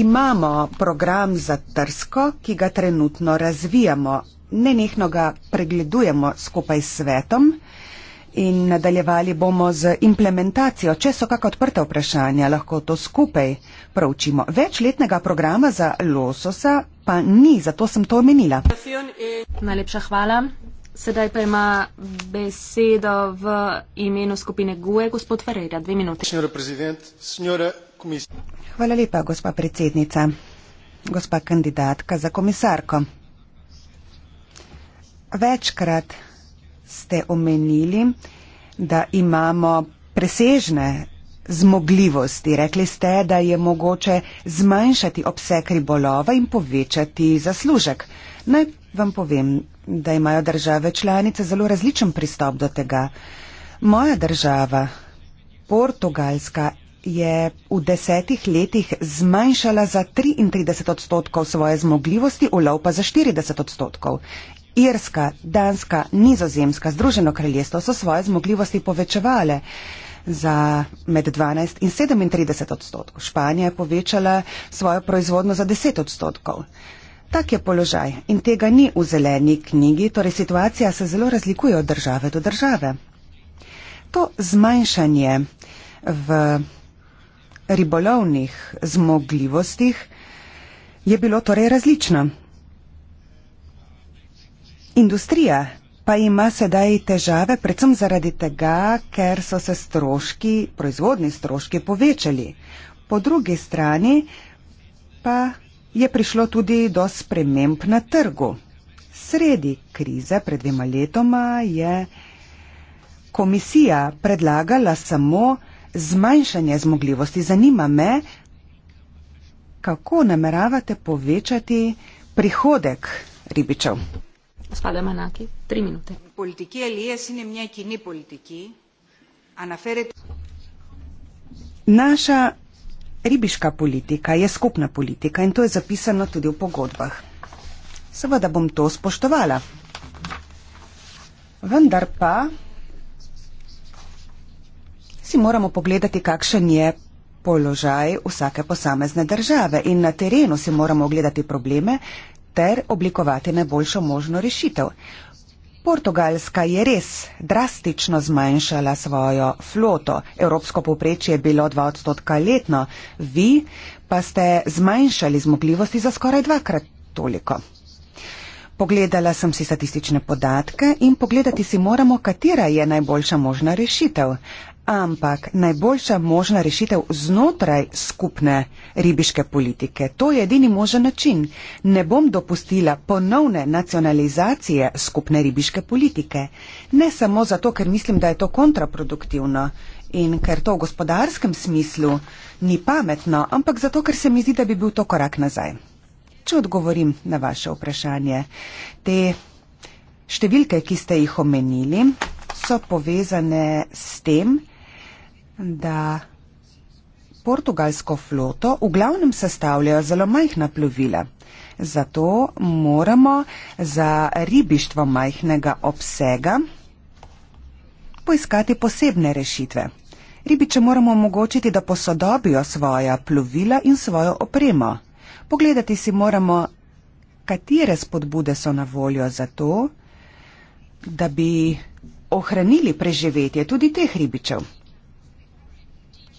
Imamo program za Trsko, ki ga trenutno razvijamo. Nenehno ga pregledujemo skupaj s svetom. In nadaljevali bomo z implementacijo. Če so kakšne odprte vprašanja, lahko to skupaj pravčimo. Večletnega programa za lososa pa ni, zato sem to omenila. Najlepša hvala. Sedaj pa ima besedo v imenu skupine GUE gospod Ferreira. Dve minuti. Hvala lepa, gospa predsednica. Gospa kandidatka za komisarko. Večkrat ste omenili, da imamo presežne zmogljivosti. Rekli ste, da je mogoče zmanjšati obseg ribolova in povečati zaslužek. Naj vam povem, da imajo države članice zelo različen pristop do tega. Moja država, Portugalska, je v desetih letih zmanjšala za 33 odstotkov svoje zmogljivosti, ulov pa za 40 odstotkov. Irska, Danska, Nizozemska, Združeno kraljestvo so svoje zmogljivosti povečevale za med 12 in 37 odstotkov. Španija je povečala svojo proizvodno za 10 odstotkov. Tak je položaj in tega ni v zeleni knjigi, torej situacija se zelo razlikuje od države do države. To zmanjšanje v ribolovnih zmogljivostih je bilo torej različno. Industrija pa ima sedaj težave predvsem zaradi tega, ker so se stroški, proizvodni stroški povečali. Po drugi strani pa je prišlo tudi do sprememb na trgu. Sredi krize pred dvema letoma je komisija predlagala samo zmanjšanje zmogljivosti. Zanima me, kako nameravate povečati prihodek ribičev. Gospa Damanaki, tri minute. Politiki Elias in mnie kini politiki, a naferet... Naša ribiška politika je skupna politika in to je zapisano tudi v pogodbah. Seveda bom to spoštovala. Vendar pa si moramo pogledati, kakšen je položaj vsake posamezne države in na terenu si moramo ogledati probleme, ter oblikovati najboljšo možno rešitev. Portugalska je res drastično zmanjšala svojo floto. Evropsko poprečje je bilo 2 odstotka letno, vi pa ste zmanjšali zmogljivosti za skoraj dvakrat toliko. Pogledala sem si statistične podatke in pogledati si moramo, katera je najboljša možna rešitev ampak najboljša možna rešitev znotraj skupne ribiške politike. To je edini možen način. Ne bom dopustila ponovne nacionalizacije skupne ribiške politike. Ne samo zato, ker mislim, da je to kontraproduktivno in ker to v gospodarskem smislu ni pametno, ampak zato, ker se mi zdi, da bi bil to korak nazaj. Če odgovorim na vaše vprašanje, te številke, ki ste jih omenili, so povezane s tem, da portugalsko floto v glavnem sestavljajo zelo majhna plovila. Zato moramo za ribištvo majhnega obsega poiskati posebne rešitve. Ribiče moramo omogočiti, da posodobijo svoja plovila in svojo opremo. Pogledati si moramo, katere spodbude so na voljo za to, da bi ohranili preživetje tudi teh ribičev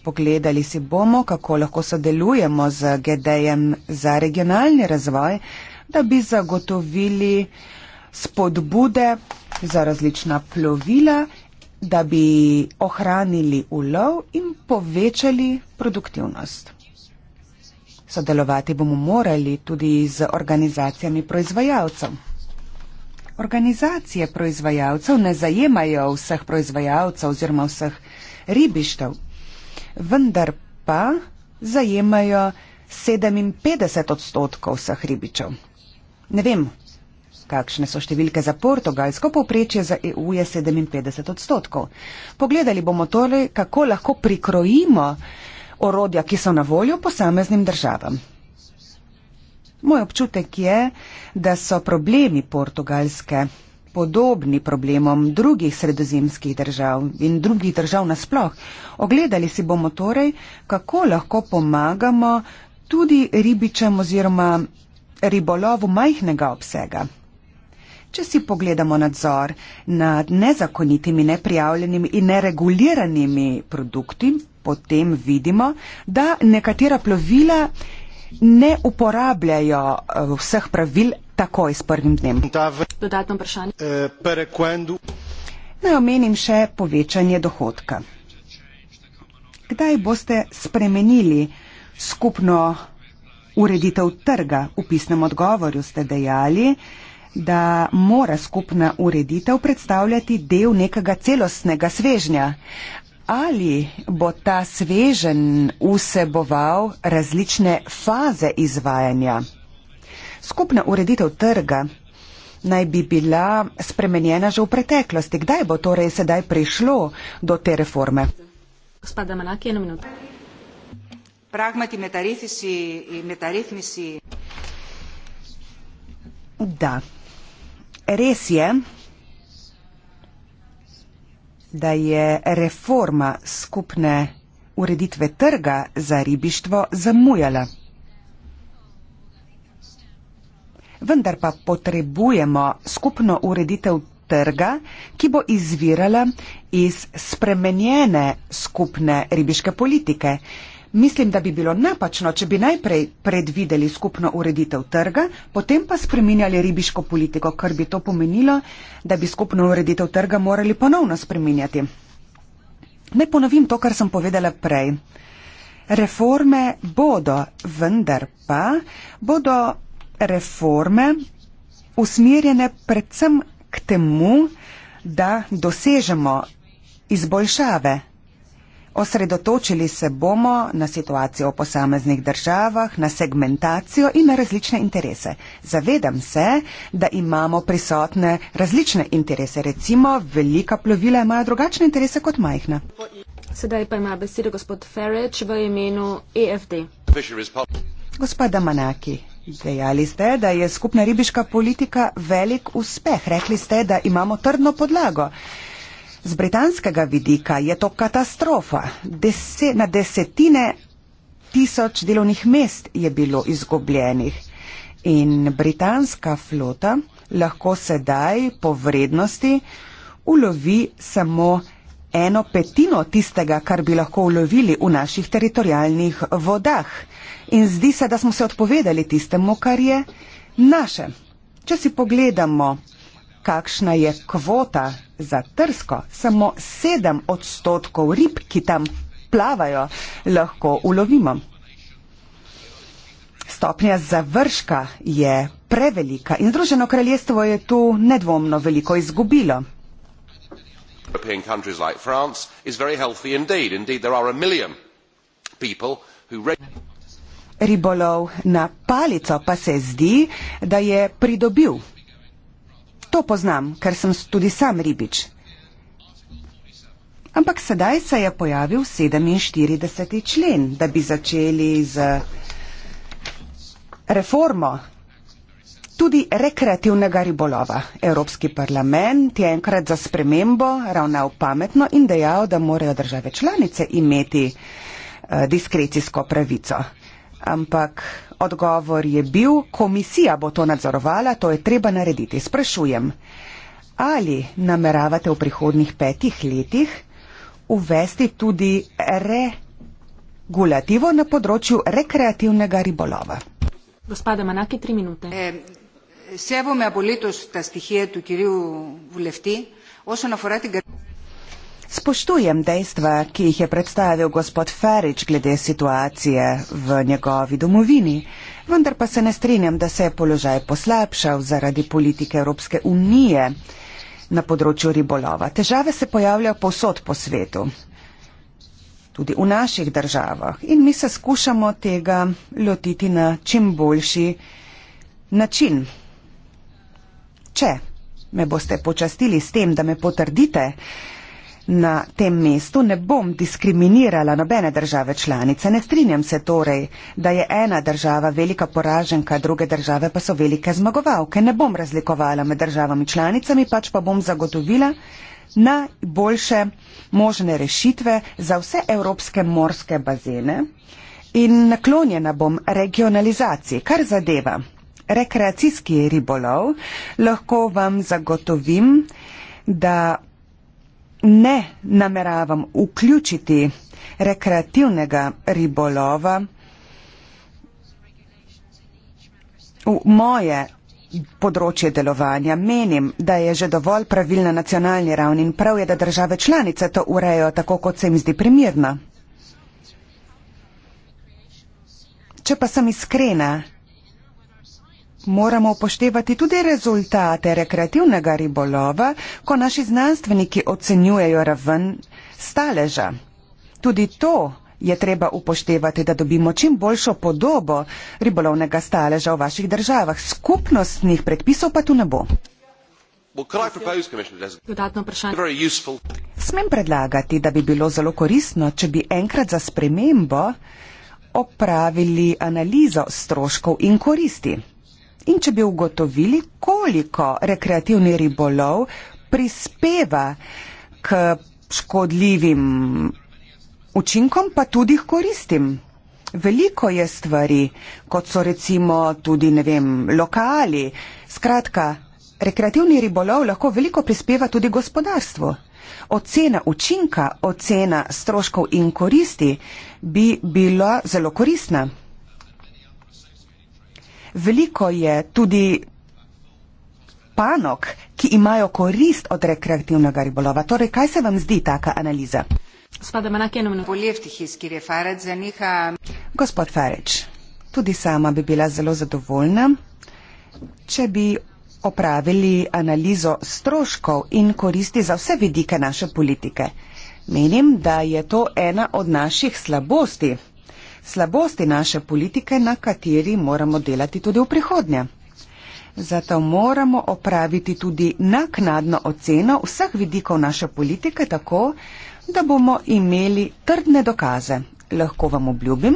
pogledali si bomo, kako lahko sodelujemo z GDM za regionalni razvoj, da bi zagotovili spodbude za različna plovila, da bi ohranili ulov in povečali produktivnost. Sodelovati bomo morali tudi z organizacijami proizvajalcev. Organizacije proizvajalcev ne zajemajo vseh proizvajalcev oziroma vseh ribištev, vendar pa zajemajo 57 odstotkov vseh ribičev. Ne vem, kakšne so številke za portugalsko, povprečje za EU je 57 odstotkov. Pogledali bomo torej, kako lahko prikrojimo orodja, ki so na voljo posameznim državam. Moj občutek je, da so problemi portugalske podobni problemom drugih sredozemskih držav in drugih držav nasploh. Ogledali si bomo torej, kako lahko pomagamo tudi ribičem oziroma ribolovu majhnega obsega. Če si pogledamo nadzor nad nezakonitimi, neprijavljenimi in nereguliranimi produkti, potem vidimo, da nekatera plovila ne uporabljajo eh, vseh pravil takoj s prvim dnem. Dodatno vprašanje. Eh, Naj omenim še povečanje dohodka. Kdaj boste spremenili skupno ureditev trga? V pisnem odgovoru ste dejali, da mora skupna ureditev predstavljati del nekega celostnega svežnja. Ali bo ta svežen vseboval različne faze izvajanja? Skupna ureditev trga naj bi bila spremenjena že v preteklosti. Kdaj bo torej sedaj prišlo do te reforme? Da, res je, da je reforma skupne ureditve trga za ribištvo zamujala. vendar pa potrebujemo skupno ureditev trga, ki bo izvirala iz spremenjene skupne ribiške politike. Mislim, da bi bilo napačno, če bi najprej predvideli skupno ureditev trga, potem pa spreminjali ribiško politiko, ker bi to pomenilo, da bi skupno ureditev trga morali ponovno spreminjati. Naj ponovim to, kar sem povedala prej. Reforme bodo, vendar pa bodo reforme usmerjene predvsem k temu, da dosežemo izboljšave. Osredotočili se bomo na situacijo v posameznih državah, na segmentacijo in na različne interese. Zavedam se, da imamo prisotne različne interese. Recimo, velika plovila imajo drugačne interese kot majhna. Sedaj pa ima besedo gospod Ferreč v imenu EFD. Gospoda Manaki, Dejali ste, da je skupna ribiška politika velik uspeh. Rekli ste, da imamo trdno podlago. Z britanskega vidika je to katastrofa. Dese, na desetine tisoč delovnih mest je bilo izgubljenih. In britanska flota lahko sedaj po vrednosti ulovi samo eno petino tistega, kar bi lahko ulovili v naših teritorijalnih vodah in zdi se, da smo se odpovedali tistemu, kar je naše. Če si pogledamo, kakšna je kvota za trsko, samo sedem odstotkov rib, ki tam plavajo, lahko ulovimo. Stopnja završka je prevelika in Združeno kraljestvo je tu nedvomno veliko izgubilo. Like indeed. Indeed, people ribolov na palico pa se zdi, da je pridobil. To poznam, ker sem tudi sam ribič. Ampak sedaj se je pojavil 47. člen, da bi začeli z reformo tudi rekreativnega ribolova. Evropski parlament je enkrat za spremembo ravnal pametno in dejal, da morajo države članice imeti eh, diskrecijsko pravico ampak odgovor je bil, komisija bo to nadzorovala, to je treba narediti. Sprašujem, ali nameravate v prihodnih petih letih uvesti tudi regulativo na področju rekreativnega ribolova? Gospoda Manaki, tri minute. E, eh, sevome, a ja bo letos ta stihija tu kiril v lefti? Osem na forati ga. Spoštujem dejstva, ki jih je predstavil gospod Ferič glede situacije v njegovi domovini, vendar pa se ne strinjam, da se je položaj poslabšal zaradi politike Evropske unije na področju ribolova. Težave se pojavljajo povsod po svetu, tudi v naših državah in mi se skušamo tega lotiti na čim boljši način. Če me boste počastili s tem, da me potrdite, na tem mestu ne bom diskriminirala nobene države članice. Ne strinjam se torej, da je ena država velika poraženka, druge države pa so velike zmagovalke. Ne bom razlikovala med državami članicami, pač pa bom zagotovila najboljše možne rešitve za vse evropske morske bazene in naklonjena bom regionalizaciji, kar zadeva rekreacijski ribolov, lahko vam zagotovim, da ne nameravam vključiti rekreativnega ribolova v moje področje delovanja. Menim, da je že dovolj pravil na nacionalni ravni in prav je, da države članice to urejo tako, kot se jim zdi primirna. Če pa sem iskrena, moramo upoštevati tudi rezultate rekreativnega ribolova, ko naši znanstveniki ocenjujejo raven staleža. Tudi to je treba upoštevati, da dobimo čim boljšo podobo ribolovnega staleža v vaših državah. Skupnostnih predpisov pa tu ne bo. Smem predlagati, da bi bilo zelo koristno, če bi enkrat za spremembo opravili analizo stroškov in koristi. In če bi ugotovili, koliko rekreativni ribolov prispeva k škodljivim učinkom, pa tudi jih koristim. Veliko je stvari, kot so recimo tudi, ne vem, lokali. Skratka, rekreativni ribolov lahko veliko prispeva tudi gospodarstvu. Ocena učinka, ocena stroškov in koristi bi bila zelo koristna veliko je tudi panok, ki imajo korist od rekreativnega ribolova. Torej, kaj se vam zdi taka analiza? Gospod Farič, tudi sama bi bila zelo zadovoljna, če bi opravili analizo stroškov in koristi za vse vidike naše politike. Menim, da je to ena od naših slabosti slabosti naše politike, na kateri moramo delati tudi v prihodnje. Zato moramo opraviti tudi naknadno oceno vseh vidikov naše politike tako, da bomo imeli trdne dokaze. Lahko vam obljubim,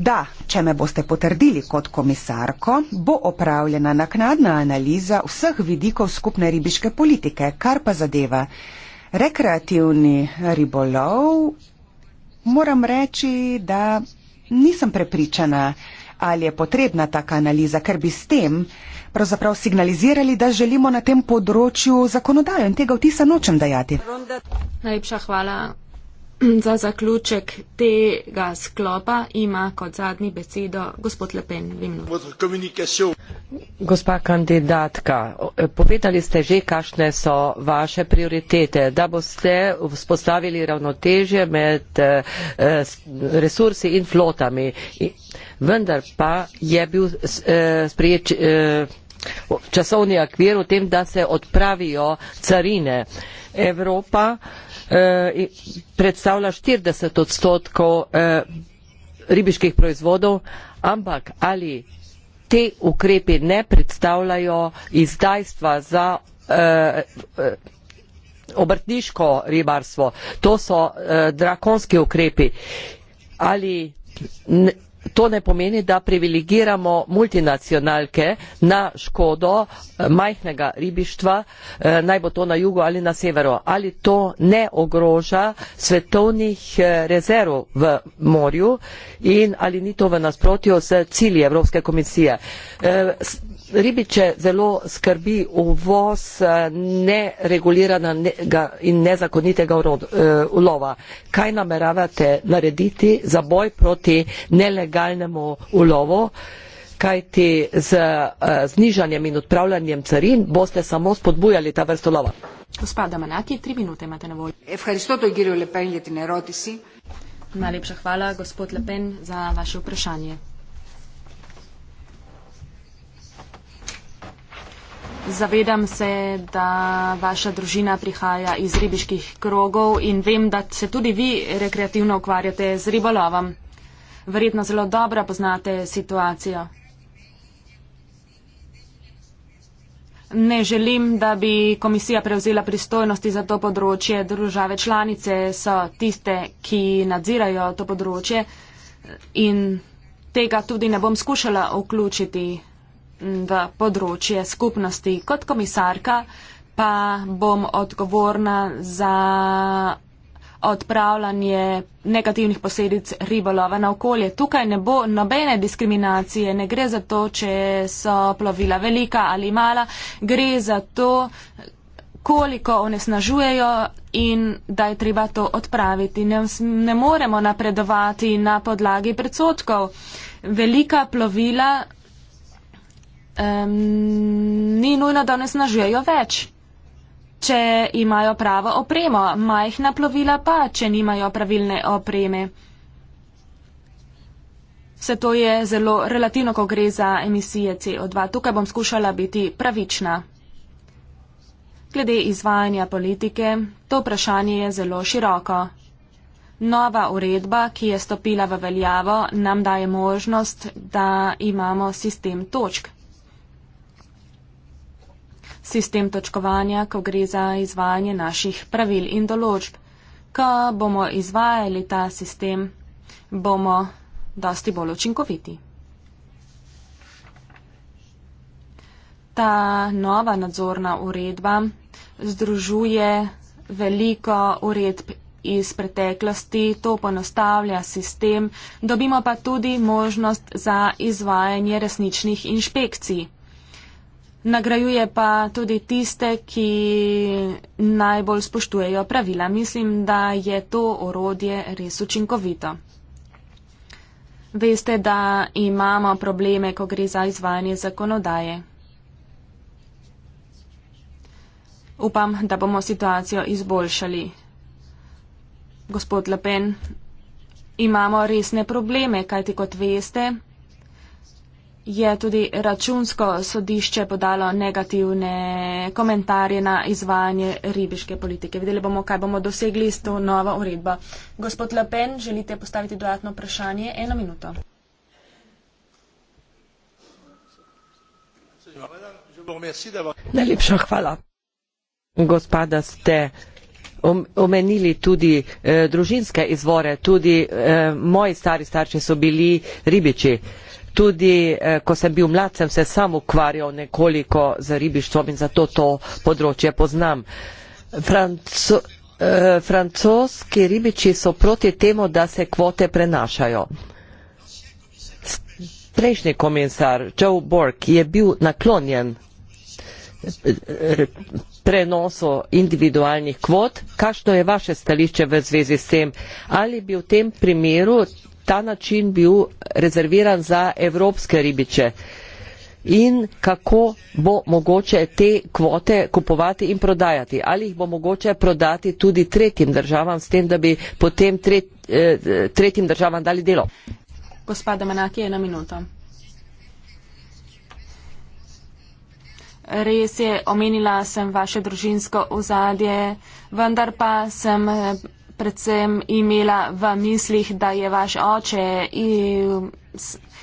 da če me boste potrdili kot komisarko, bo opravljena naknadna analiza vseh vidikov skupne ribiške politike, kar pa zadeva rekreativni ribolov, Moram reči, da nisem prepričana, ali je potrebna taka analiza, ker bi s tem pravzaprav signalizirali, da želimo na tem področju zakonodajo in tega vtisa nočem dajati. Najlepša hvala. Za zaključek tega sklopa ima kot zadnji besedo gospod Lepen. Gospa kandidatka, povedali ste že, kakšne so vaše prioritete, da boste vzpostavili ravnotežje med eh, resursi in flotami. Vendar pa je bil eh, sprijet eh, časovni akvir v tem, da se odpravijo carine. Evropa Eh, predstavlja 40 odstotkov eh, ribiških proizvodov, ampak ali te ukrepi ne predstavljajo izdajstva za eh, obrtniško ribarstvo. To so drakonski ukrepi. Ali to ne pomeni, da privilegiramo multinacionalke na škodo eh, majhnega ribištva, eh, naj bo to na jugu ali na severu. Ali to ne ogroža svetovnih eh, rezerv v morju in ali ni to v nasprotju z cilji Evropske komisije. Ribiče zelo skrbi uvoz nereguliranega in nezakonitega ulova. Kaj nameravate narediti za boj proti nelegalnemu ilegalnemu ulovu, kajti z eh, znižanjem in odpravljanjem carin boste samo spodbujali ta vrsto lova. Gospod Damanaki, tri minute imate na voljo. Najlepša hvala, gospod Lepen, za vaše vprašanje. Zavedam se, da vaša družina prihaja iz ribiških krogov in vem, da se tudi vi rekreativno ukvarjate z ribolovom verjetno zelo dobro poznate situacijo. Ne želim, da bi komisija prevzela pristojnosti za to področje. Države članice so tiste, ki nadzirajo to področje in tega tudi ne bom skušala vključiti v področje skupnosti. Kot komisarka pa bom odgovorna za odpravljanje negativnih posledic ribolova na okolje. Tukaj ne bo nobene diskriminacije, ne gre za to, če so plovila velika ali mala, gre za to, koliko onesnažujejo in da je treba to odpraviti. Ne, ne moremo napredovati na podlagi predsotkov. Velika plovila um, ni nujno, da onesnažujejo več če imajo pravo opremo, majhna plovila pa, če nimajo pravilne opreme. Vse to je zelo relativno, ko gre za emisije CO2. Tukaj bom skušala biti pravična. Glede izvajanja politike, to vprašanje je zelo široko. Nova uredba, ki je stopila v veljavo, nam daje možnost, da imamo sistem točk sistem točkovanja, ko gre za izvajanje naših pravil in določb. Ko bomo izvajali ta sistem, bomo dosti bolj učinkoviti. Ta nova nadzorna uredba združuje veliko uredb iz preteklosti, to ponostavlja sistem, dobimo pa tudi možnost za izvajanje resničnih inšpekcij. Nagrajuje pa tudi tiste, ki najbolj spoštujejo pravila. Mislim, da je to orodje res učinkovito. Veste, da imamo probleme, ko gre za izvajanje zakonodaje. Upam, da bomo situacijo izboljšali. Gospod Lepen, imamo resne probleme, kajti kot veste, je tudi računsko sodišče podalo negativne komentarje na izvajanje ribiške politike. Videli bomo, kaj bomo dosegli s to novo uredbo. Gospod Lepen, želite postaviti dodatno vprašanje? Eno minuto. Najlepša hvala. Gospoda ste omenili tudi eh, družinske izvore, tudi eh, moji stari starši so bili ribiči. Eh, Tudi eh, ko sem bil mlad, sem se sam ukvarjal nekoliko z ribištvom in zato to področje poznam. Franco eh, francoski ribiči so proti temu, da se kvote prenašajo. Prejšnji komisar Joe Bork je bil naklonjen eh, prenosu individualnih kvot. Kakšno je vaše stališče v zvezi s tem? Ali bi v tem primeru ta način bil rezerviran za evropske ribiče in kako bo mogoče te kvote kupovati in prodajati. Ali jih bo mogoče prodati tudi tretjim državam, s tem, da bi potem eh, tretjim državam dali delo. Gospoda Manaki, ena minuta. Res je, omenila sem vaše družinsko ozadje, vendar pa sem eh, predvsem imela v mislih, da je vaš oče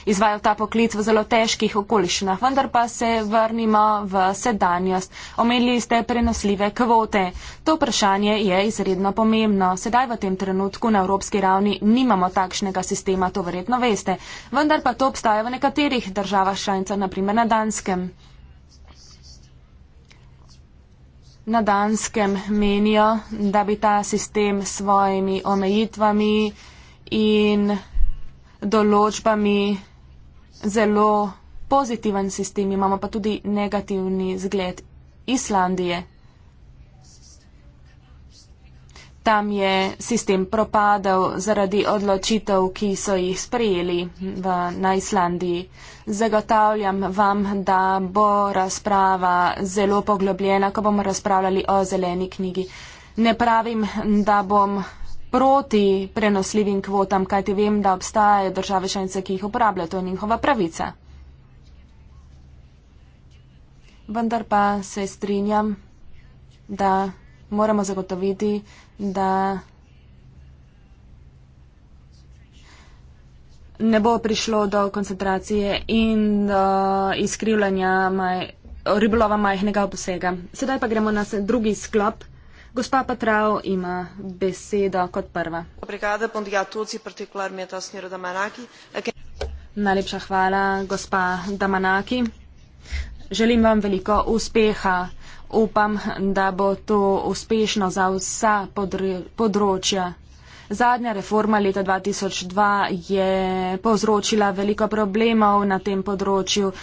izvajal ta poklic v zelo težkih okoliščinah. Vendar pa se vrnimo v sedanjost. Omenili ste prenosljive kvote. To vprašanje je izredno pomembno. Sedaj v tem trenutku na evropski ravni nimamo takšnega sistema, to verjetno veste. Vendar pa to obstaja v nekaterih državah članicah, naprimer na Danskem. na Danskem menijo, da bi ta sistem s svojimi omejitvami in določbami zelo pozitiven sistem, imamo pa tudi negativni zgled Islandije. Tam je sistem propadal zaradi odločitev, ki so jih sprejeli v, na Islandiji. Zagotavljam vam, da bo razprava zelo poglobljena, ko bomo razpravljali o zeleni knjigi. Ne pravim, da bom proti prenosljivim kvotam, kajti vem, da obstajajo države šence, ki jih uporabljajo. To je njihova pravica. Vendar pa se strinjam, da moramo zagotoviti da ne bo prišlo do koncentracije in do uh, izkrivljanja maj, ribolova majhnega obsega. Sedaj pa gremo na drugi sklop. Gospa Patrao ima besedo kot prva. Najlepša hvala, gospa Damanaki. Želim vam veliko uspeha upam, da bo to uspešno za vsa področja. Zadnja reforma leta 2002 je povzročila veliko problemov na tem področju.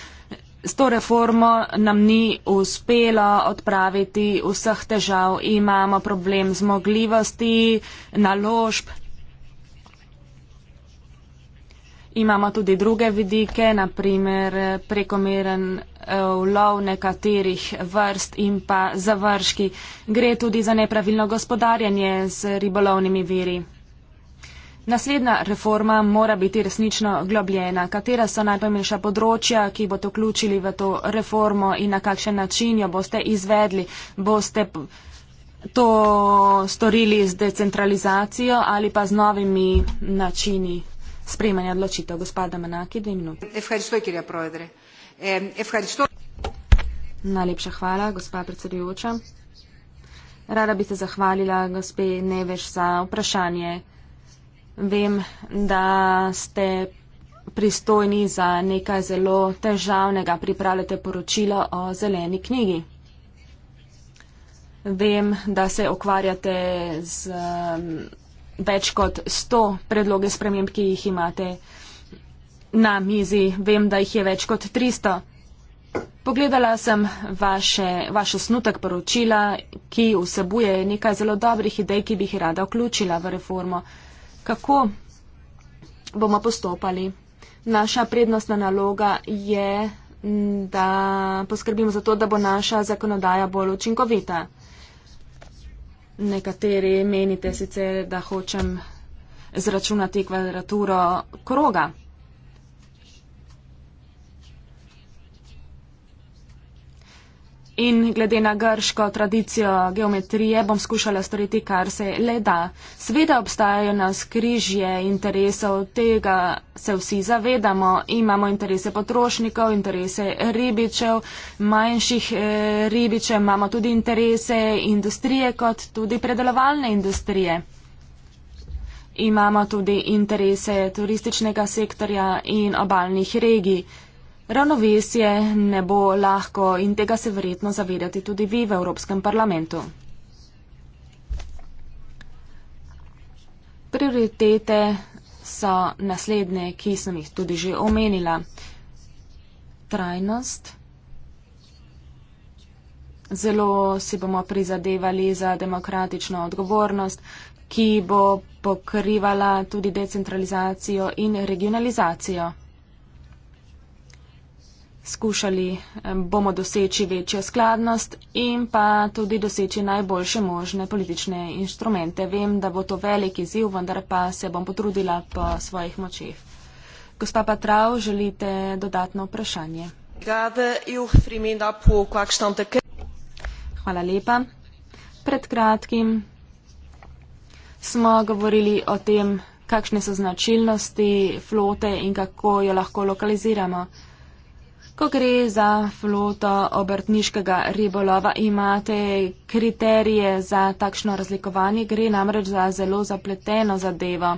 S to reformo nam ni uspelo odpraviti vseh težav. Imamo problem zmogljivosti, naložb, imamo tudi druge vidike, naprimer prekomeren vlov eh, nekaterih vrst in pa završki. Gre tudi za nepravilno gospodarjanje z ribolovnimi viri. Naslednja reforma mora biti resnično globljena. Katera so najpomembnejša področja, ki boste vključili v to reformo in na kakšen način jo boste izvedli? Boste to storili z decentralizacijo ali pa z novimi načini Spremanje odločitev, gospoda Menaki, dve minuti. Najlepša hvala, gospa predsedujoča. Rada bi se zahvalila gospe Neveš za vprašanje. Vem, da ste pristojni za nekaj zelo težavnega, pripravljate poročilo o zeleni knjigi. Vem, da se okvarjate z um, več kot 100 predloge sprememb, ki jih imate na mizi. Vem, da jih je več kot 300. Pogledala sem vaše, vaš osnutek poročila, ki vsebuje nekaj zelo dobrih idej, ki bi jih rada vključila v reformo. Kako bomo postopali? Naša prednostna naloga je, da poskrbimo za to, da bo naša zakonodaja bolj učinkovita. Nekateri menite sicer, da hočem zračunati kvadraturo kroga. In glede na grško tradicijo geometrije bom skušala storiti, kar se le da. Sveda obstajajo nas križje interesov, tega se vsi zavedamo. Imamo interese potrošnikov, interese ribičev, manjših eh, ribičev, imamo tudi interese industrije kot tudi predelovalne industrije. Imamo tudi interese turističnega sektorja in obalnih regij. Ravnovesje ne bo lahko in tega se verjetno zavedate tudi vi v Evropskem parlamentu. Prioritete so naslednje, ki sem jih tudi že omenila. Trajnost. Zelo si bomo prizadevali za demokratično odgovornost, ki bo pokrivala tudi decentralizacijo in regionalizacijo skušali, bomo doseči večjo skladnost in pa tudi doseči najboljše možne politične inštrumente. Vem, da bo to velik izziv, vendar pa se bom potrudila po svojih močeh. Gospa Patrav, želite dodatno vprašanje? Hvala lepa. Pred kratkim smo govorili o tem, kakšne so značilnosti flote in kako jo lahko lokaliziramo ko gre za floto obrtniškega ribolova, imate kriterije za takšno razlikovanje, gre namreč za zelo zapleteno zadevo.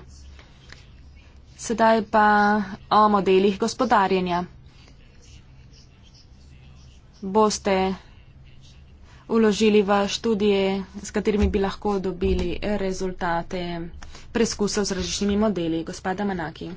Sedaj pa o modelih gospodarjenja. Boste uložili v študije, s katerimi bi lahko dobili rezultate preskusov z različnimi modeli. Gospoda Manaki.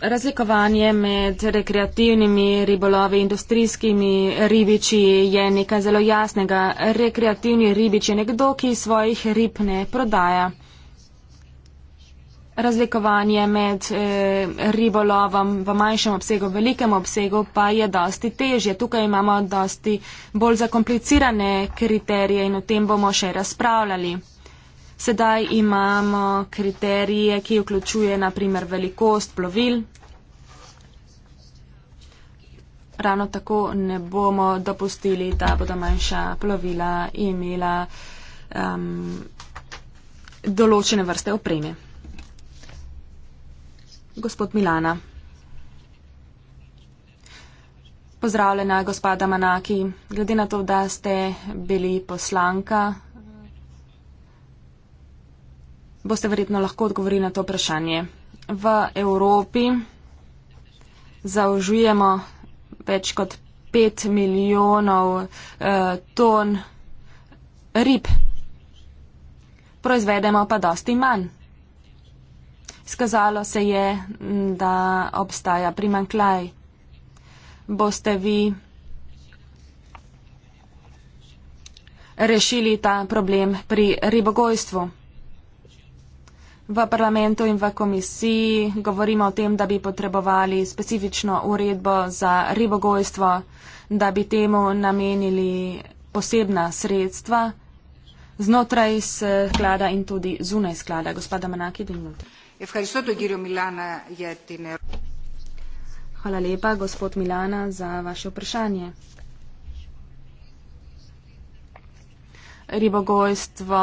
razlikovanje med rekreativnimi ribolovi in industrijskimi ribiči je nekaj zelo jasnega. Rekreativni ribič je nekdo, ki svojih rib ne prodaja. Razlikovanje med e, ribolovom v manjšem obsegu, v velikem obsegu pa je dosti težje. Tukaj imamo dosti bolj zakomplicirane kriterije in o tem bomo še razpravljali. Sedaj imamo kriterije, ki vključuje naprimer velikost plovil. Ravno tako ne bomo dopustili, da bodo manjša plovila imela um, določene vrste opreme. Gospod Milana. Pozdravljena, gospoda Manaki. Glede na to, da ste bili poslanka boste verjetno lahko odgovorili na to vprašanje. V Evropi zaužujemo več kot 5 milijonov eh, ton rib, proizvedemo pa dosti manj. Skazalo se je, da obstaja primanklaj. Boste vi rešili ta problem pri ribogojstvu? V parlamentu in v komisiji govorimo o tem, da bi potrebovali specifično uredbo za ribogojstvo, da bi temu namenili posebna sredstva znotraj sklada in tudi zunaj sklada. Gospoda Manaki, dinjote. Hvala lepa, gospod Milana, za vaše vprašanje. Ribogojstvo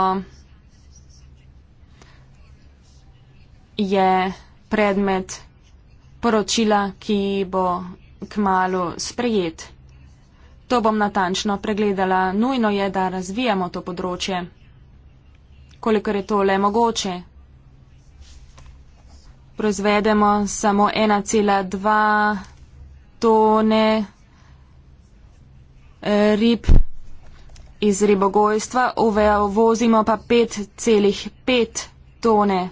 je predmet poročila, ki bo kmalo sprejet. To bom natančno pregledala. Nujno je, da razvijamo to področje, kolikor je to le mogoče. Proizvedemo samo 1,2 tone eh, rib iz ribogojstva, uvozimo pa 5,5 tone.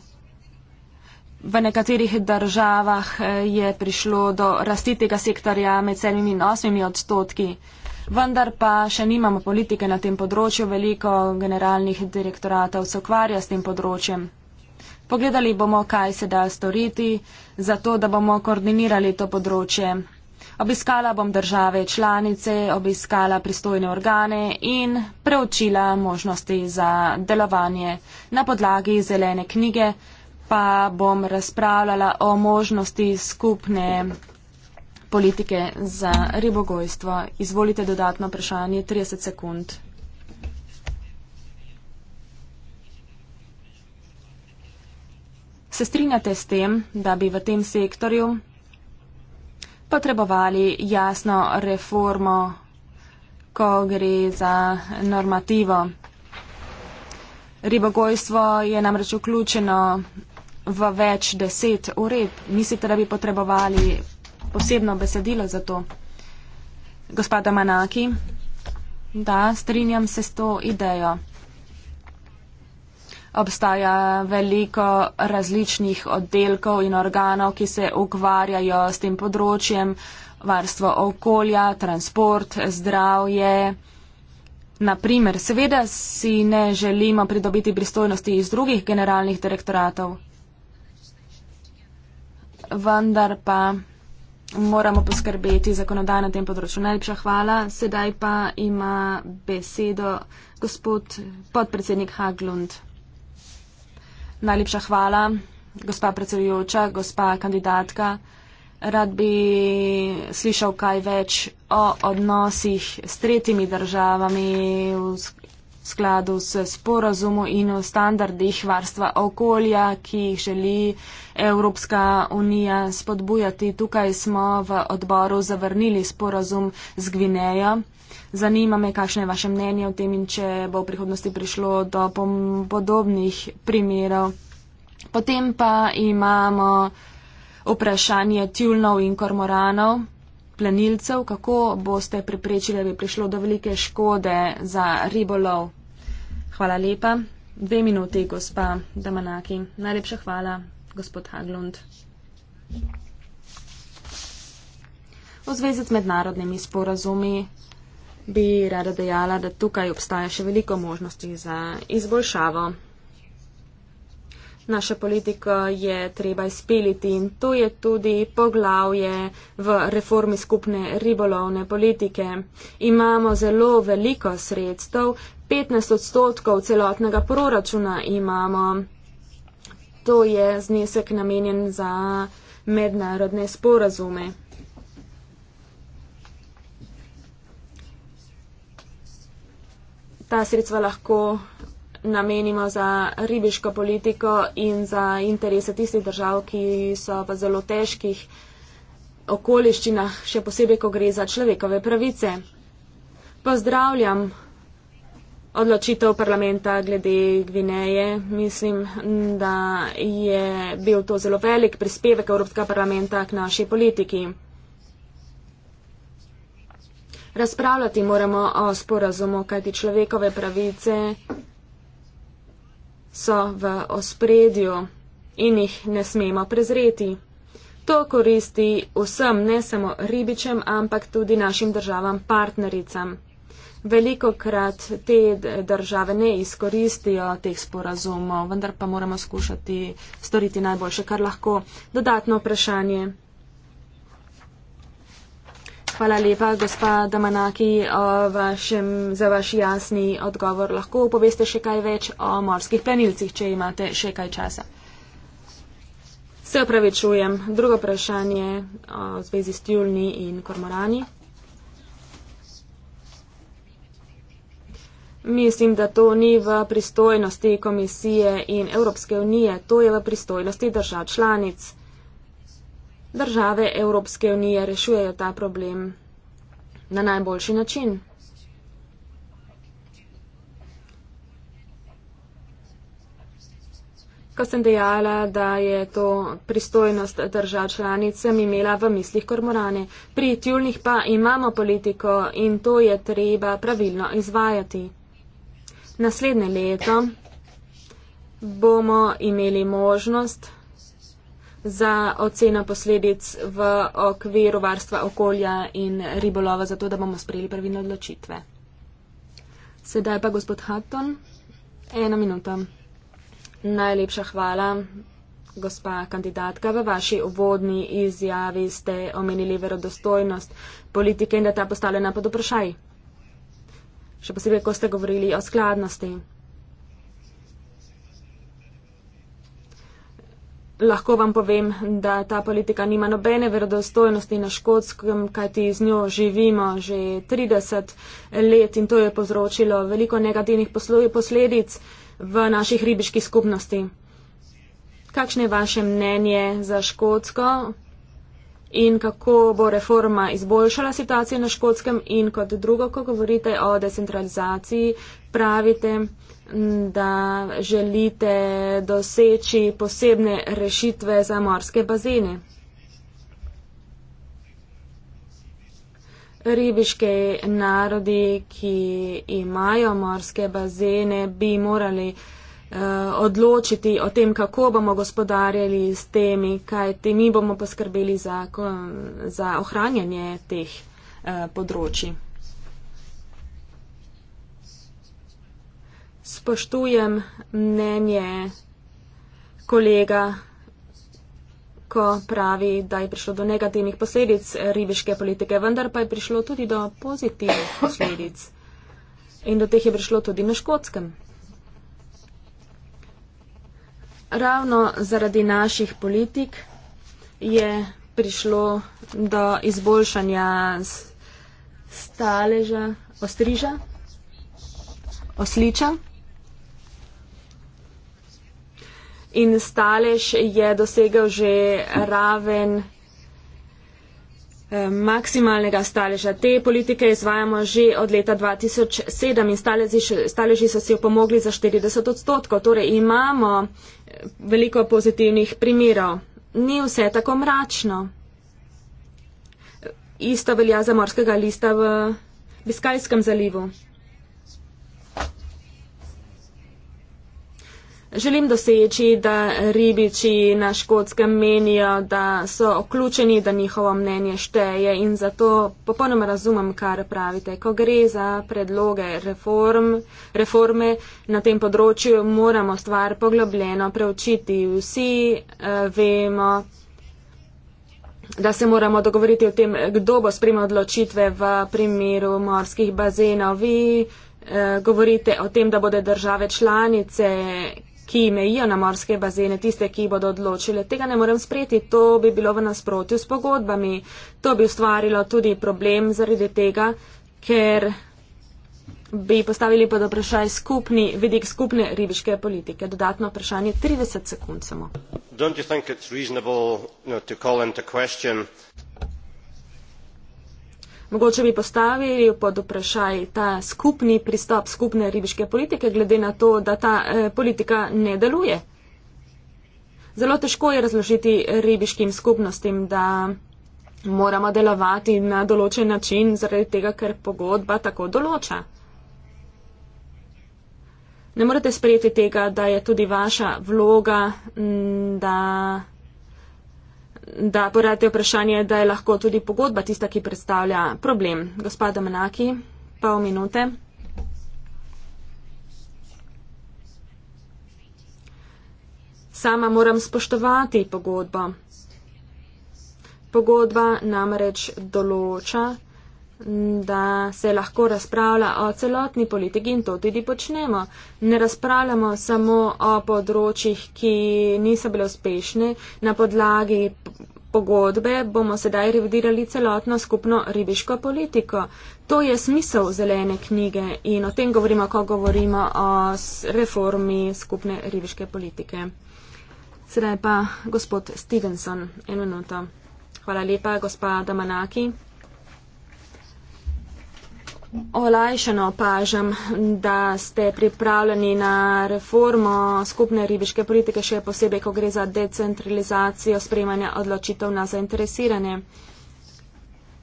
V nekaterih državah eh, je prišlo do rasti tega sektorja med 7 in 8 odstotki, vendar pa še nimamo politike na tem področju, veliko generalnih direktoratov se ukvarja s tem področjem. Pogledali bomo, kaj se da storiti, zato da bomo koordinirali to področje. Obiskala bom države članice, obiskala pristojne organe in preučila možnosti za delovanje na podlagi zelene knjige pa bom razpravljala o možnosti skupne politike za ribogojstvo. Izvolite dodatno vprašanje, 30 sekund. Se strinjate s tem, da bi v tem sektorju potrebovali jasno reformo, ko gre za normativo? Ribogojstvo je namreč vključeno v več deset ureb. Mislite, da bi potrebovali posebno besedilo za to? Gospoda Manaki, da, strinjam se s to idejo. Obstaja veliko različnih oddelkov in organov, ki se ukvarjajo s tem področjem. Varstvo okolja, transport, zdravje. Naprimer, seveda si ne želimo pridobiti pristojnosti iz drugih generalnih direktoratov, vendar pa moramo poskrbeti zakonodajno na tem področju. Najlepša hvala. Sedaj pa ima besedo gospod podpredsednik Haglund. Najlepša hvala, gospa predsedujoča, gospa kandidatka. Rad bi slišal kaj več o odnosih s tretjimi državami skladu s sporazumu in standardih varstva okolja, ki jih želi Evropska unija spodbujati. Tukaj smo v odboru zavrnili sporazum z Gvinejo. Zanima me, kakšno je vaše mnenje o tem in če bo v prihodnosti prišlo do podobnih primerov. Potem pa imamo vprašanje tjulnov in kormoranov plenilcev, kako boste preprečili, da bi prišlo do velike škode za ribolov. Hvala lepa. Dve minuti, gospa Damanaki. Najlepša hvala, gospod Haglund. V zvezi z mednarodnimi sporazumi bi rada dejala, da tukaj obstaja še veliko možnosti za izboljšavo Naša politika je treba izpeliti in to je tudi poglavje v reformi skupne ribolovne politike. Imamo zelo veliko sredstev, 15 odstotkov celotnega proračuna imamo. To je znesek namenjen za mednarodne sporazume. Ta sredstva lahko namenimo za ribiško politiko in za interese tistih držav, ki so v zelo težkih okoliščinah, še posebej, ko gre za človekove pravice. Pozdravljam odločitev parlamenta glede Gvineje. Mislim, da je bil to zelo velik prispevek Evropskega parlamenta k naši politiki. Razpravljati moramo o sporazumu, kajti človekove pravice so v ospredju in jih ne smemo prezreti. To koristi vsem, ne samo ribičem, ampak tudi našim državam partnericam. Veliko krat te države ne izkoristijo teh sporazumov, vendar pa moramo skušati storiti najboljše, kar lahko. Dodatno vprašanje. Hvala lepa, gospa Damanaki, vašem, za vaš jasni odgovor. Lahko poveste še kaj več o morskih plenilcih, če imate še kaj časa. Se opravičujem. Drugo vprašanje o zvezi s tjulni in kormorani. Mislim, da to ni v pristojnosti komisije in Evropske unije, to je v pristojnosti držav članic države Evropske unije rešujejo ta problem na najboljši način. Ko sem dejala, da je to pristojnost držav članic, sem imela v mislih kormorane. Pri tjulnih pa imamo politiko in to je treba pravilno izvajati. Naslednje leto bomo imeli možnost za oceno posledic v okviru varstva okolja in ribolova, zato da bomo sprejeli pravilne odločitve. Sedaj pa gospod Hatton, ena minuta. Najlepša hvala, gospa kandidatka. V vaši uvodni izjavi ste omenili verodostojnost politike in da je ta postavljena pod vprašaj. Še posebej, ko ste govorili o skladnosti. Lahko vam povem, da ta politika nima nobene verodostojnosti na škotskem, kajti z njo živimo že 30 let in to je povzročilo veliko negativnih posledic v naših ribiških skupnosti. Kakšno je vaše mnenje za škotsko in kako bo reforma izboljšala situacijo na škotskem in kot drugo, ko govorite o decentralizaciji, pravite, da želite doseči posebne rešitve za morske bazene. Ribiške narodi, ki imajo morske bazene, bi morali eh, odločiti o tem, kako bomo gospodarjali s temi, kajti mi bomo poskrbeli za, za ohranjanje teh eh, področji. spoštujem mnenje kolega, ko pravi, da je prišlo do negativnih posledic ribiške politike, vendar pa je prišlo tudi do pozitivnih posledic. In do teh je prišlo tudi na škotskem. Ravno zaradi naših politik je prišlo do izboljšanja staleža, ostriža, osliča. in stalež je dosegel že raven eh, maksimalnega staleža. Te politike izvajamo že od leta 2007 in staleži, staleži so si pomogli za 40 odstotkov. Torej imamo eh, veliko pozitivnih primerov. Ni vse tako mračno. Isto velja za morskega lista v Biskajskem zalivu. Želim doseči, da ribiči na škotskem menijo, da so vključeni, da njihovo mnenje šteje in zato popolnoma razumem, kar pravite. Ko gre za predloge reform, reforme na tem področju, moramo stvar poglobljeno preučiti. Vsi eh, vemo, da se moramo dogovoriti o tem, kdo bo spremljal odločitve v primeru morskih bazenov. Vi eh, govorite o tem, da bodo države članice, ki imejo na morske bazene, tiste, ki bodo odločile. Tega ne morem sprejeti, to bi bilo v nasprotju s pogodbami. To bi ustvarilo tudi problem zaradi tega, ker bi postavili pod vprašaj skupni vidik skupne ribiške politike. Dodatno vprašanje 30 sekund samo. Mogoče bi postavili pod vprašaj ta skupni pristop skupne ribiške politike, glede na to, da ta eh, politika ne deluje. Zelo težko je razložiti ribiškim skupnostim, da moramo delovati na določen način, zaradi tega, ker pogodba tako določa. Ne morete sprejeti tega, da je tudi vaša vloga, da da podate vprašanje, da je lahko tudi pogodba tista, ki predstavlja problem. Gospoda Manaki, pa v minute. Sama moram spoštovati pogodbo. Pogodba namreč določa, da se lahko razpravlja o celotni politiki in to tudi počnemo. Ne razpravljamo samo o področjih, ki niso bile uspešne. Na podlagi pogodbe bomo sedaj revidirali celotno skupno ribiško politiko. To je smisel zelene knjige in o tem govorimo, ko govorimo o reformi skupne ribiške politike. Sedaj pa gospod Stevenson, eno minuto. Hvala lepa, gospa Damanaki. Olajšano opažam, da ste pripravljeni na reformo skupne ribiške politike, še posebej, ko gre za decentralizacijo sprejmanja odločitev na zainteresirane.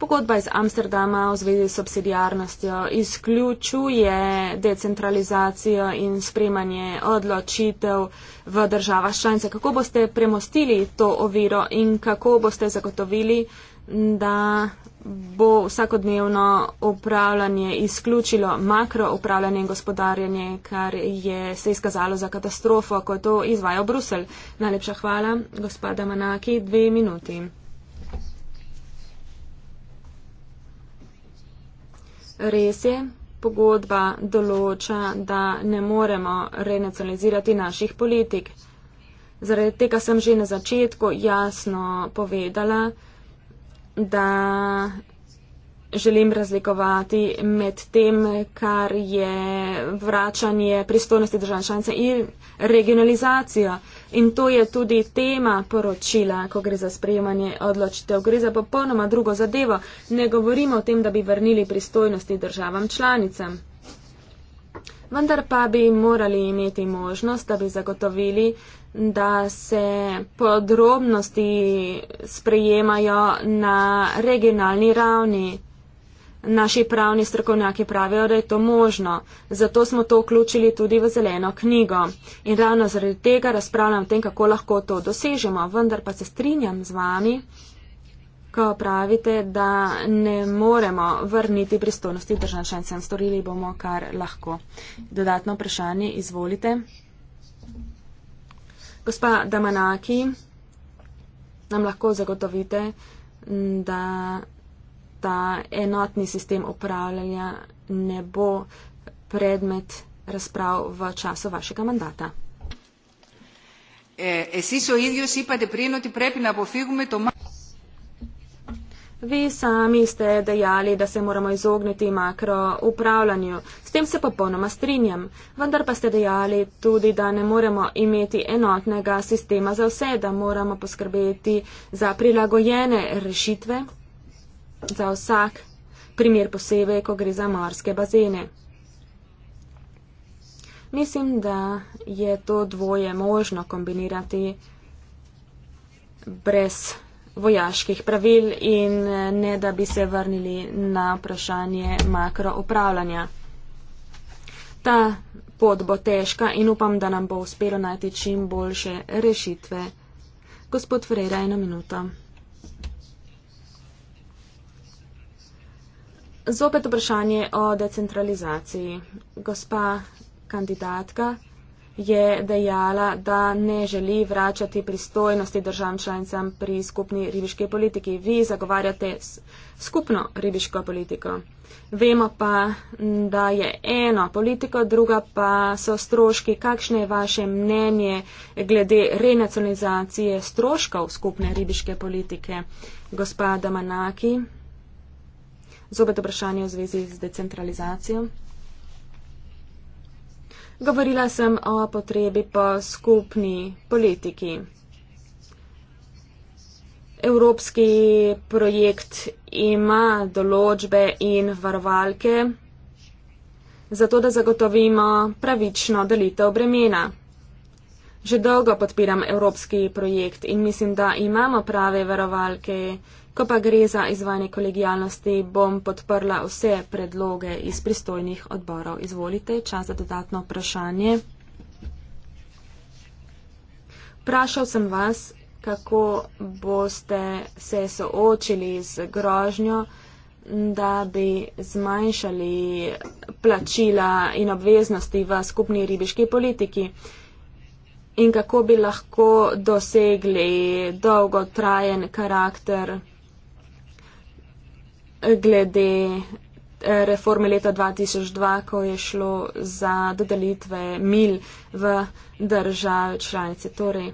Pogodba iz Amsterdama v zvezi s subsidijarnostjo izključuje decentralizacijo in sprejmanje odločitev v državah članice. Kako boste premostili to oviro in kako boste zagotovili, da bo vsakodnevno upravljanje izključilo makro upravljanje in gospodarjanje, kar je se izkazalo za katastrofo, ko to izvaja Brusel. Najlepša hvala, gospoda Manaki, dve minuti. Res je, pogodba določa, da ne moremo renacionalizirati naših politik. Zaradi tega sem že na začetku jasno povedala, da želim razlikovati med tem, kar je vračanje pristojnosti države članice in regionalizacijo. In to je tudi tema poročila, ko gre za sprejemanje odločitev. Gre za popolnoma drugo zadevo. Ne govorimo o tem, da bi vrnili pristojnosti državam članicam. Vendar pa bi morali imeti možnost, da bi zagotovili da se podrobnosti sprejemajo na regionalni ravni. Naši pravni strokovnjaki pravijo, da je to možno. Zato smo to vključili tudi v zeleno knjigo. In ravno zaradi tega razpravljam o tem, kako lahko to dosežemo. Vendar pa se strinjam z vami, ko pravite, da ne moremo vrniti pristojnosti državčancem. Storili bomo kar lahko. Dodatno vprašanje, izvolite. Gospa Damanaki, nam lahko zagotovite, da ta enotni sistem upravljanja ne bo predmet razprav v času vašega mandata. Eh, eh, si so indio, si pa te prijenoti no prepina po figu me to ma. Vi sami ste dejali, da se moramo izogniti makroupravljanju. S tem se popolnoma strinjam. Vendar pa ste dejali tudi, da ne moremo imeti enotnega sistema za vse, da moramo poskrbeti za prilagojene rešitve za vsak primer posebej, ko gre za morske bazene. Mislim, da je to dvoje možno kombinirati brez vojaških pravil in eh, ne da bi se vrnili na vprašanje makroopravljanja. Ta pot bo težka in upam, da nam bo uspelo najti čim boljše rešitve. Gospod Ferreira, eno minuto. Zopet vprašanje o decentralizaciji. Gospa kandidatka je dejala, da ne želi vračati pristojnosti državam članicam pri skupni ribiški politiki. Vi zagovarjate skupno ribiško politiko. Vemo pa, da je eno politiko, druga pa so stroški. Kakšno je vaše mnenje glede renacionalizacije stroškov skupne ribiške politike, gospa Damanaki? Zopet vprašanje v zvezi z decentralizacijo. Govorila sem o potrebi po skupni politiki. Evropski projekt ima določbe in varovalke za to, da zagotovimo pravično delitev bremena. Že dolgo podpiram evropski projekt in mislim, da imamo prave varovalke Ko pa gre za izvajanje kolegijalnosti, bom podprla vse predloge iz pristojnih odborov. Izvolite, čas za dodatno vprašanje. Vprašal sem vas, kako boste se soočili z grožnjo, da bi zmanjšali plačila in obveznosti v skupni ribiški politiki in kako bi lahko dosegli dolgotrajen karakter glede eh, reforme leta 2002, ko je šlo za dodelitve mil v države članice. Torej,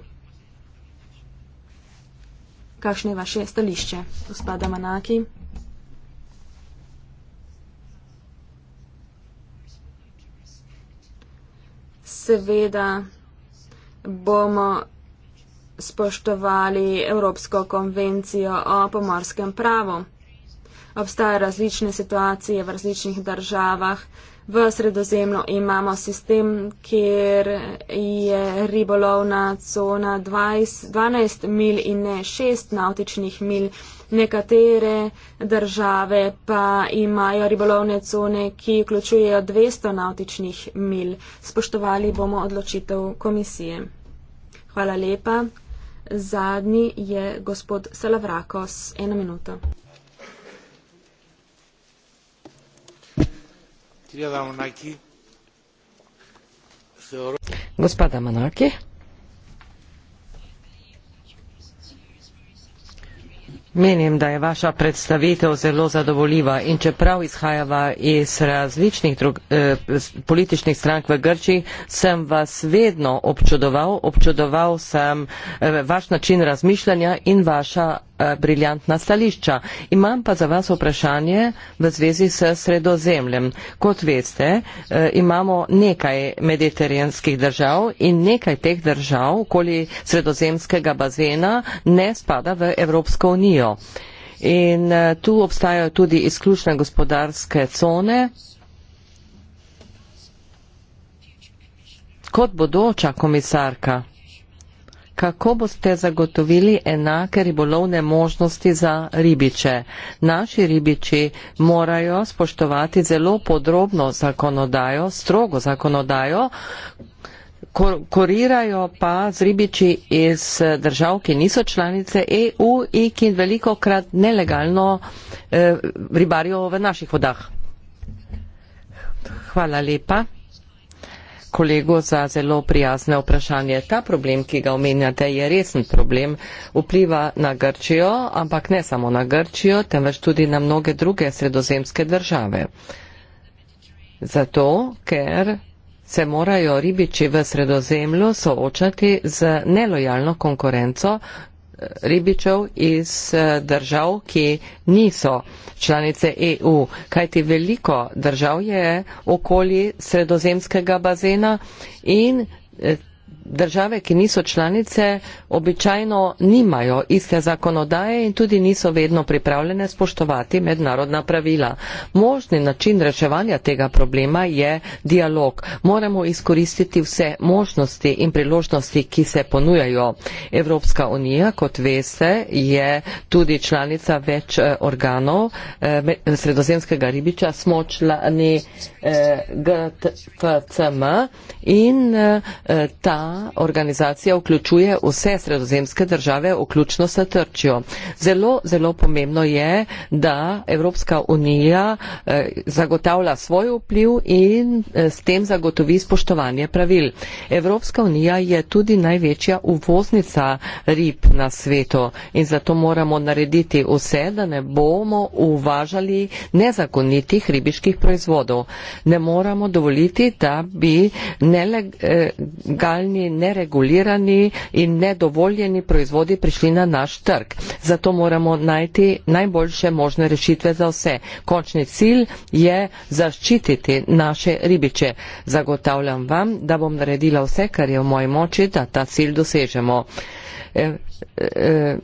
kakšno je vaše stališče, gospoda Manaki? Seveda bomo spoštovali Evropsko konvencijo o pomorskem pravu obstajajo različne situacije v različnih državah. V sredozemlju imamo sistem, kjer je ribolovna cona 20, 12 mil in ne 6 nautičnih mil. Nekatere države pa imajo ribolovne cone, ki vključujejo 200 nautičnih mil. Spoštovali bomo odločitev komisije. Hvala lepa. Zadnji je gospod Salavrakos. Eno minuto. gospa Damanaki. Menim, da je vaša predstavitev zelo zadovoljiva in čeprav izhajava iz različnih drug, eh, političnih strank v Grčiji, sem vas vedno občudoval, občudoval sem eh, vaš način razmišljanja in vaša Eh, briljantna stališča. Imam pa za vas vprašanje v zvezi s sredozemljem. Kot veste, eh, imamo nekaj mediteranskih držav in nekaj teh držav okoli sredozemskega bazena ne spada v Evropsko unijo. In eh, tu obstajajo tudi izključne gospodarske cone. Kot bodoča komisarka, kako boste zagotovili enake ribolovne možnosti za ribiče. Naši ribiči morajo spoštovati zelo podrobno zakonodajo, strogo zakonodajo, korirajo pa z ribiči iz držav, ki niso članice EU in ki veliko krat nelegalno eh, ribarijo v naših vodah. Hvala lepa kolegu za zelo prijazne vprašanje. Ta problem, ki ga omenjate, je resen problem. Vpliva na Grčijo, ampak ne samo na Grčijo, temveč tudi na mnoge druge sredozemske države. Zato, ker se morajo ribiči v sredozemlju soočati z nelojalno konkurenco ribičev iz eh, držav, ki niso članice EU. Kajti veliko držav je okoli sredozemskega bazena in eh, države, ki niso članice, običajno nimajo iste zakonodaje in tudi niso vedno pripravljene spoštovati mednarodna pravila. Možni način reševanja tega problema je dialog. Moramo izkoristiti vse možnosti in priložnosti, ki se ponujajo. Evropska unija, kot veste, je tudi članica več eh, organov eh, sredozemskega ribiča, smo člani eh, GTFCM in ta organizacija vključuje vse sredozemske države, vključno s Trčijo. Zelo, zelo pomembno je, da Evropska unija eh, zagotavlja svoj vpliv in eh, s tem zagotovi spoštovanje pravil. Evropska unija je tudi največja uvoznica rib na svetu in zato moramo narediti vse, da ne bomo uvažali nezakonitih ribiških proizvodov. Ne moramo dovoliti, da bi nelegalni neregulirani in nedovoljeni proizvodi prišli na naš trg. Zato moramo najti najboljše možne rešitve za vse. Končni cilj je zaščititi naše ribiče. Zagotavljam vam, da bom naredila vse, kar je v moji moči, da ta cilj dosežemo. E, e,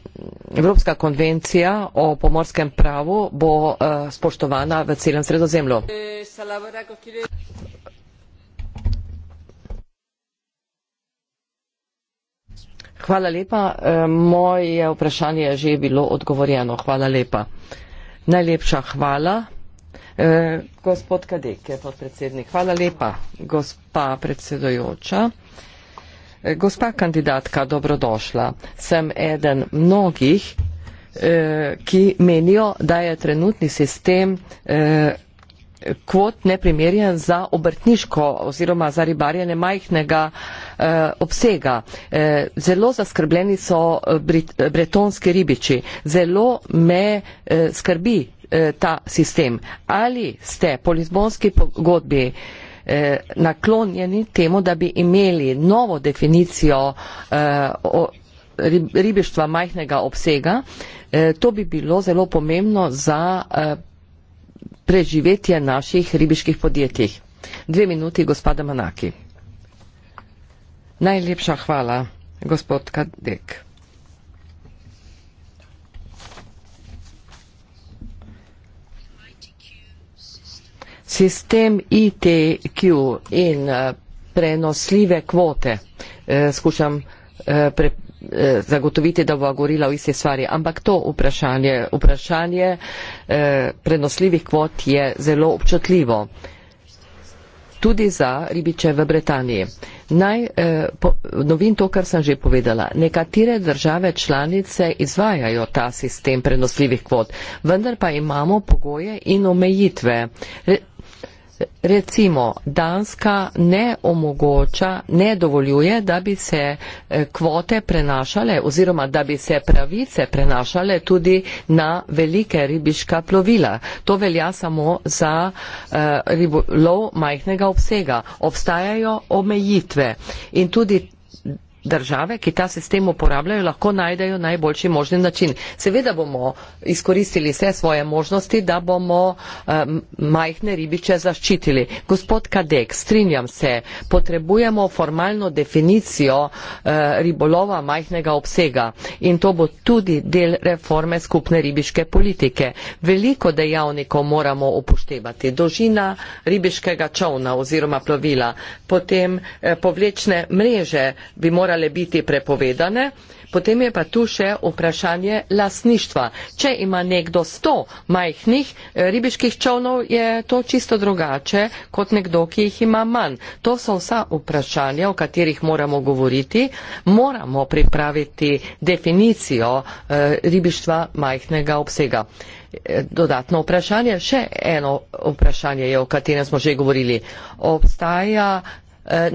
Evropska konvencija o pomorskem pravu bo e, spoštovana v celem sredozemlju. Hvala lepa. E, moje vprašanje je že bilo odgovorjeno. Hvala lepa. Najlepša hvala. E, gospod Kadek je podpredsednik. Hvala lepa, gospa predsedojoča. E, gospa kandidatka, dobrodošla. Sem eden mnogih, ki menijo, da je trenutni sistem kvot neprimerjen za obrtniško oziroma za ribarjenje majhnega eh, obsega. Eh, zelo zaskrbljeni so eh, brit, bretonski ribiči. Zelo me eh, skrbi eh, ta sistem. Ali ste po Lizbonski pogodbi eh, naklonjeni temu, da bi imeli novo definicijo eh, rib, ribištva majhnega obsega? Eh, to bi bilo zelo pomembno za. Eh, preživetje naših ribiških podjetij. Dve minuti, gospoda Manaki. Najlepša hvala, gospod Kadek. Sistem ITQ in eh, prenosljive kvote, eh, skušam eh, prepričati, Eh, zagotoviti, da bo govorila o isti stvari. Ampak to vprašanje, vprašanje eh, prenosljivih kvot je zelo občutljivo. Tudi za ribiče v Britaniji. Naj eh, po, novim to, kar sem že povedala. Nekatere države članice izvajajo ta sistem prenosljivih kvot, vendar pa imamo pogoje in omejitve. Re, recimo Danska ne omogoča, ne dovoljuje, da bi se eh, kvote prenašale oziroma da bi se pravice prenašale tudi na velike ribiška plovila. To velja samo za eh, ribolov majhnega obsega. Obstajajo omejitve in tudi države, ki ta sistem uporabljajo, lahko najdejo najboljši možni način. Seveda bomo izkoristili vse svoje možnosti, da bomo eh, majhne ribiče zaščitili. Gospod Kadek, strinjam se, potrebujemo formalno definicijo eh, ribolova majhnega obsega in to bo tudi del reforme skupne ribiške politike. Veliko dejavnikov moramo upoštevati. Dolžina ribiškega čovna oziroma plovila, potem eh, povlečne mreže bi morali morale biti prepovedane. Potem je pa tu še vprašanje lasništva. Če ima nekdo sto majhnih eh, ribiških čovnov, je to čisto drugače kot nekdo, ki jih ima manj. To so vsa vprašanja, o katerih moramo govoriti. Moramo pripraviti definicijo eh, ribištva majhnega obsega. Eh, dodatno vprašanje, še eno vprašanje je, o katerem smo že govorili. Obstaja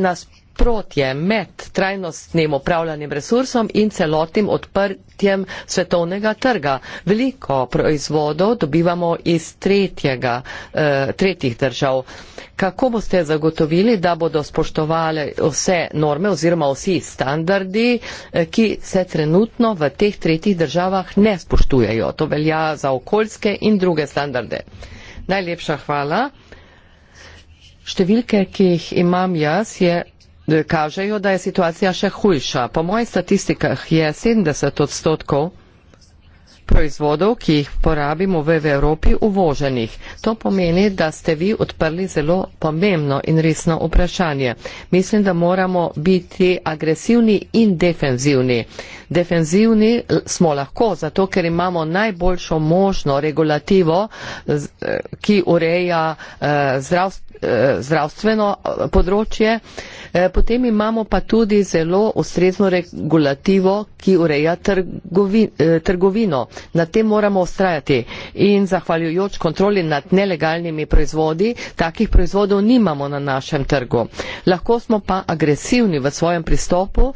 nas nasprotje med trajnostnim upravljanjem resursom in celotnim odprtjem svetovnega trga. Veliko proizvodov dobivamo iz tretjega, eh, tretjih držav. Kako boste zagotovili, da bodo spoštovali vse norme oziroma vsi standardi, eh, ki se trenutno v teh tretjih državah ne spoštujejo? To velja za okoljske in druge standarde. Najlepša hvala. Številke, ki jih imam jaz, je kažejo, da je situacija še hujša. Po mojih statistikah je 70 odstotkov proizvodov, ki jih porabimo v Evropi, uvoženih. To pomeni, da ste vi odprli zelo pomembno in resno vprašanje. Mislim, da moramo biti agresivni in defenzivni. Defenzivni smo lahko, zato ker imamo najboljšo možno regulativo, eh, ki ureja eh, eh, zdravstveno področje. Eh, potem imamo pa tudi zelo ustrezno regulativo, ki ureja eh, trgovino. Na tem moramo ustrajati in zahvaljujoč kontroli nad nelegalnimi proizvodi, takih proizvodov nimamo na našem trgu. Lahko smo pa agresivni v svojem pristopu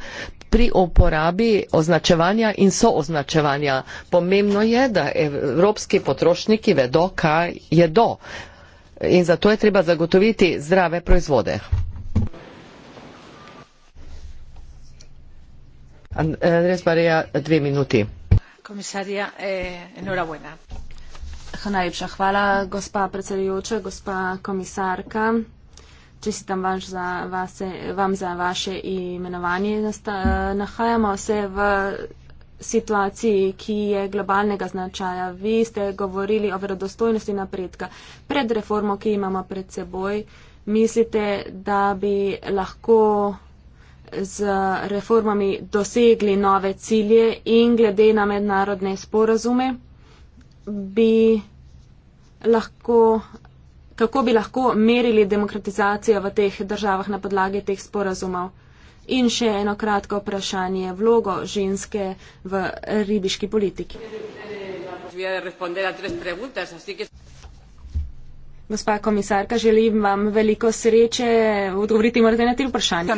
pri uporabi označevanja in sooznačevanja. Pomembno je, da evropski potrošniki vedo, kaj je do. In zato je treba zagotoviti zdrave proizvode. Andrés Barea, dve minuti. Komisarja, eh, enhorabuena. Najlepša hvala, gospa predsedujoča, gospa komisarka. Čestitam vam za vaše imenovanje. Nahajamo se v situaciji, ki je globalnega značaja. Vi ste govorili o verodostojnosti napredka. Pred reformo, ki imamo pred seboj, mislite, da bi lahko z reformami dosegli nove cilje in glede na mednarodne sporazume, bi lahko, kako bi lahko merili demokratizacijo v teh državah na podlagi teh sporazumov. In še eno kratko vprašanje vlogo ženske v ribiški politiki. Gospa komisarka, želim vam veliko sreče odgovoriti morda na tri vprašanje.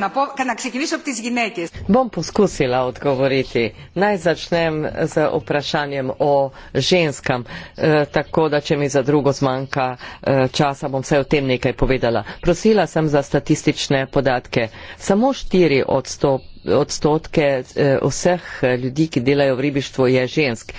Bom poskusila odgovoriti. Naj začnem z vprašanjem o ženskam, e, tako da če mi za drugo zmanjka e, časa, bom vse o tem nekaj povedala. Prosila sem za statistične podatke. Samo štiri odstotke e, vseh ljudi, ki delajo v ribištvu, je žensk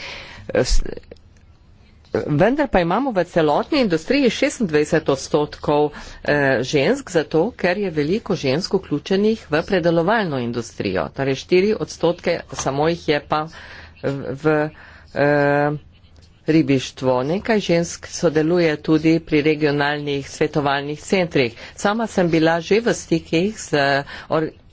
vendar pa imamo v celotni industriji 26 odstotkov eh, žensk, zato ker je veliko žensk vključenih v predelovalno industrijo. Torej 4 odstotke samo jih je pa v eh, ribištvo. Nekaj žensk sodeluje tudi pri regionalnih svetovalnih centrih. Sama sem bila že v stikih z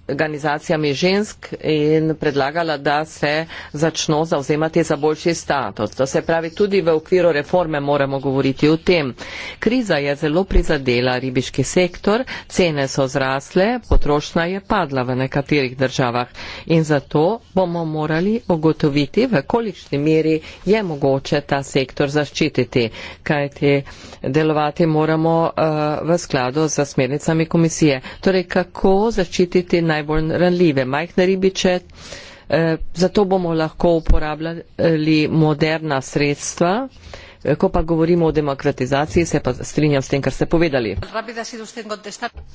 organizacijami žensk in predlagala, da se začno zauzemati za boljši status. To se pravi, tudi v okviru reforme moramo govoriti o tem. Kriza je zelo prizadela ribiški sektor, cene so zrasle, potrošnja je padla v nekaterih državah in zato bomo morali ogotoviti, v kolikšni meri je mogoče ta sektor zaščititi, kajti delovati moramo uh, v skladu z smernicami komisije. Torej, kako zaščititi najbolj ranljive, majhne ribiče. Eh, zato bomo lahko uporabljali moderna sredstva. Eh, ko pa govorimo o demokratizaciji, se pa strinjam s tem, kar ste povedali.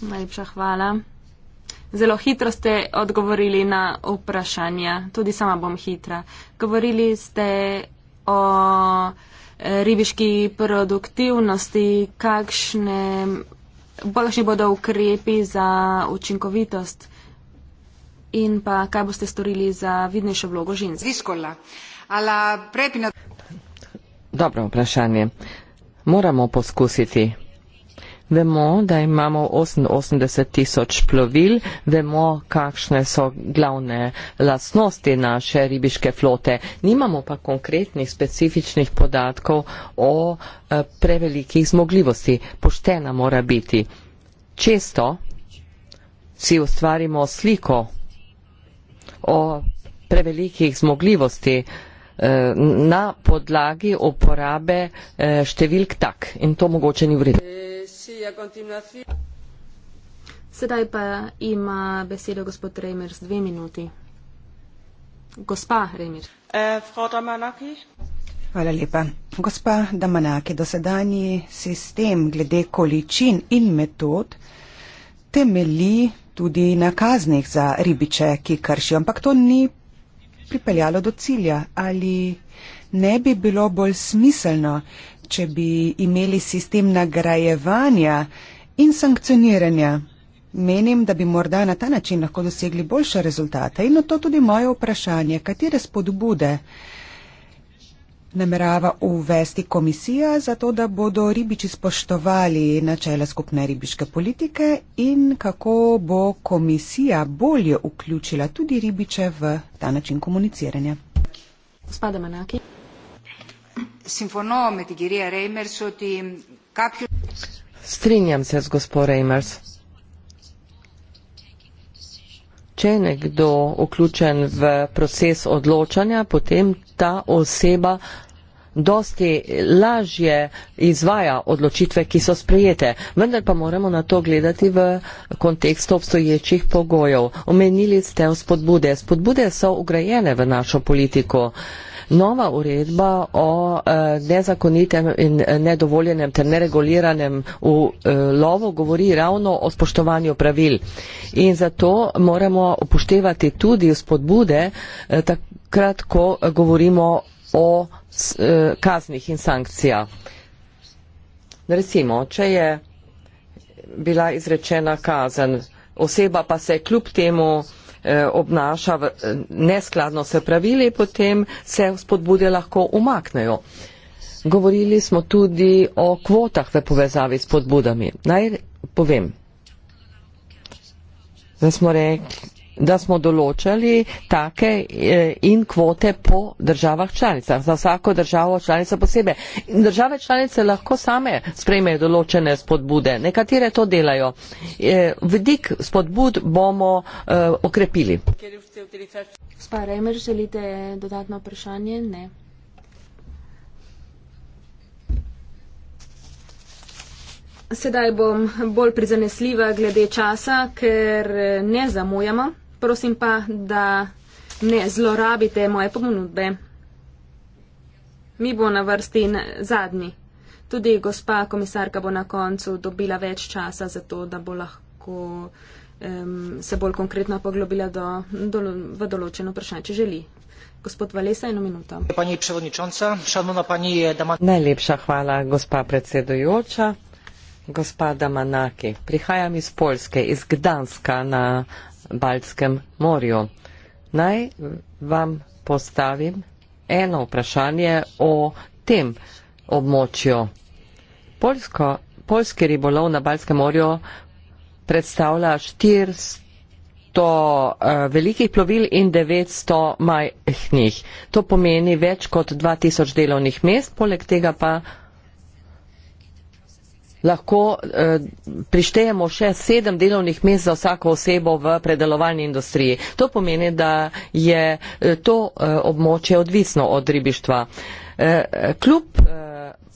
Najlepša hvala. Zelo hitro ste odgovorili na vprašanja. Tudi sama bom hitra. Govorili ste o eh, ribiški produktivnosti, kakšne, kakšni bodo ukrepi za učinkovitost in pa kaj boste storili za vidnejšo vlogo žensk? Ziskola. Ala prepina. Dobro vprašanje. Moramo poskusiti. Vemo, da imamo 88 tisoč plovil, vemo, kakšne so glavne lasnosti naše ribiške flote. Nimamo pa konkretnih specifičnih podatkov o eh, prevelikih zmogljivosti. Poštena mora biti. Često si ustvarimo sliko o prevelikih zmogljivosti eh, na podlagi uporabe eh, številk tak in to mogoče ni vredno. Sedaj pa ima besedo gospod Remer z dve minuti. Gospa Remer. Eh, Hvala lepa. Gospa Damanaki, dosedanji sistem glede količin in metod temelji tudi na kaznih za ribiče, ki kršijo, ampak to ni pripeljalo do cilja. Ali ne bi bilo bolj smiselno, če bi imeli sistem nagrajevanja in sankcioniranja? Menim, da bi morda na ta način lahko dosegli boljše rezultate. In to tudi moje vprašanje, katere spodbude namerava uvesti komisija, zato da bodo ribiči spoštovali načela skupne ribiške politike in kako bo komisija bolje vključila tudi ribiče v ta način komuniciranja. Strinjam se z gospodom Reimers. Če je nekdo vključen v proces odločanja, potem ta oseba dosti lažje izvaja odločitve, ki so sprejete. Vendar pa moramo na to gledati v kontekstu obstoječih pogojev. Omenili ste spodbude. Spodbude so ugrajene v našo politiko. Uh, nova uredba o eh, nezakonitem in eh, nedovoljenem ter nereguliranem v eh, lovu govori ravno o spoštovanju pravil. In zato moramo upoštevati tudi spodbude takrat, ko govorimo o kaznih in sankcijah. Recimo, če je bila izrečena kazen, oseba pa se kljub temu Eh, obnaša v, eh, neskladno se pravili, potem se spodbude lahko umaknejo. Govorili smo tudi o kvotah v povezavi s podbudami. Naj povem, da smo rekli, da smo določali take eh, in kvote po državah članicah, za vsako državo članico posebej. Države članice lahko same sprejmejo določene spodbude, nekatere to delajo. Eh, Vdik spodbud bomo eh, okrepili. Gospa Remer, želite dodatno vprašanje? Ne. Sedaj bom bolj prizanesljiva glede časa, ker ne zamujamo prosim pa, da ne zlorabite moje ponudbe. Mi bo na vrsti na zadnji. Tudi gospa komisarka bo na koncu dobila več časa za to, da bo lahko um, se bolj konkretno poglobila do, do, v določeno vprašanje, če želi. Gospod Valesa, eno minuto. Pani predsednica, šanona pani je dama. Najlepša hvala, gospa predsedujoča. Gospa Damanaki, prihajam iz Polske, iz Gdanska na Baltskem morju. Naj vam postavim eno vprašanje o tem območju. Polsko, polski ribolov na Baltskem morju predstavlja 400 eh, velikih plovil in 900 majhnih. To pomeni več kot 2000 delovnih mest, poleg tega pa lahko eh, prištejemo še sedem delovnih mest za vsako osebo v predelovalni industriji. To pomeni, da je eh, to eh, območje odvisno od ribištva. Kljub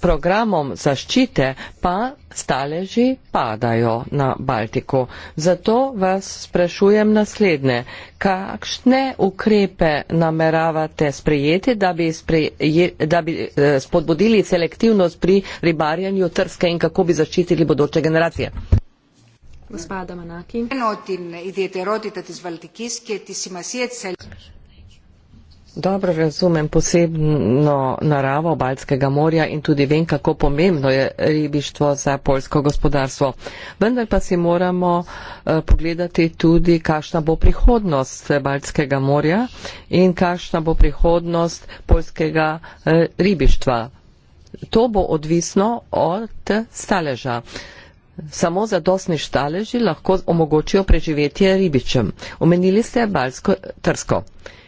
programom zaščite pa staleži padajo na Baltiku. Zato vas sprašujem naslednje, kakšne ukrepe nameravate sprejeti, da bi, spreje, da bi eh, spodbudili selektivnost pri ribarjanju trske in kako bi zaščitili bodoče generacije? Gospoda Manaki. Dobro razumem posebno naravo Baltskega morja in tudi vem, kako pomembno je ribištvo za polsko gospodarstvo. Vendar pa si moramo eh, pogledati tudi, kakšna bo prihodnost Baltskega morja in kakšna bo prihodnost polskega eh, ribištva. To bo odvisno od staleža. Samo zadostni staleži lahko omogočijo preživetje ribičem. Omenili ste Baltsko trsko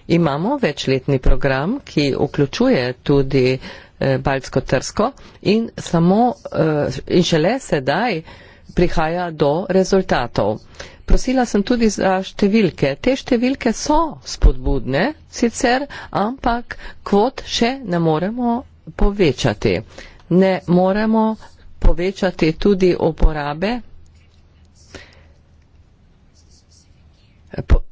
imamo večletni program, ki vključuje tudi eh, Baljsko trsko in, samo, eh, in šele sedaj prihaja do rezultatov. Prosila sem tudi za številke. Te številke so spodbudne sicer, ampak kvot še ne moremo povečati. Ne moremo povečati tudi uporabe. Po,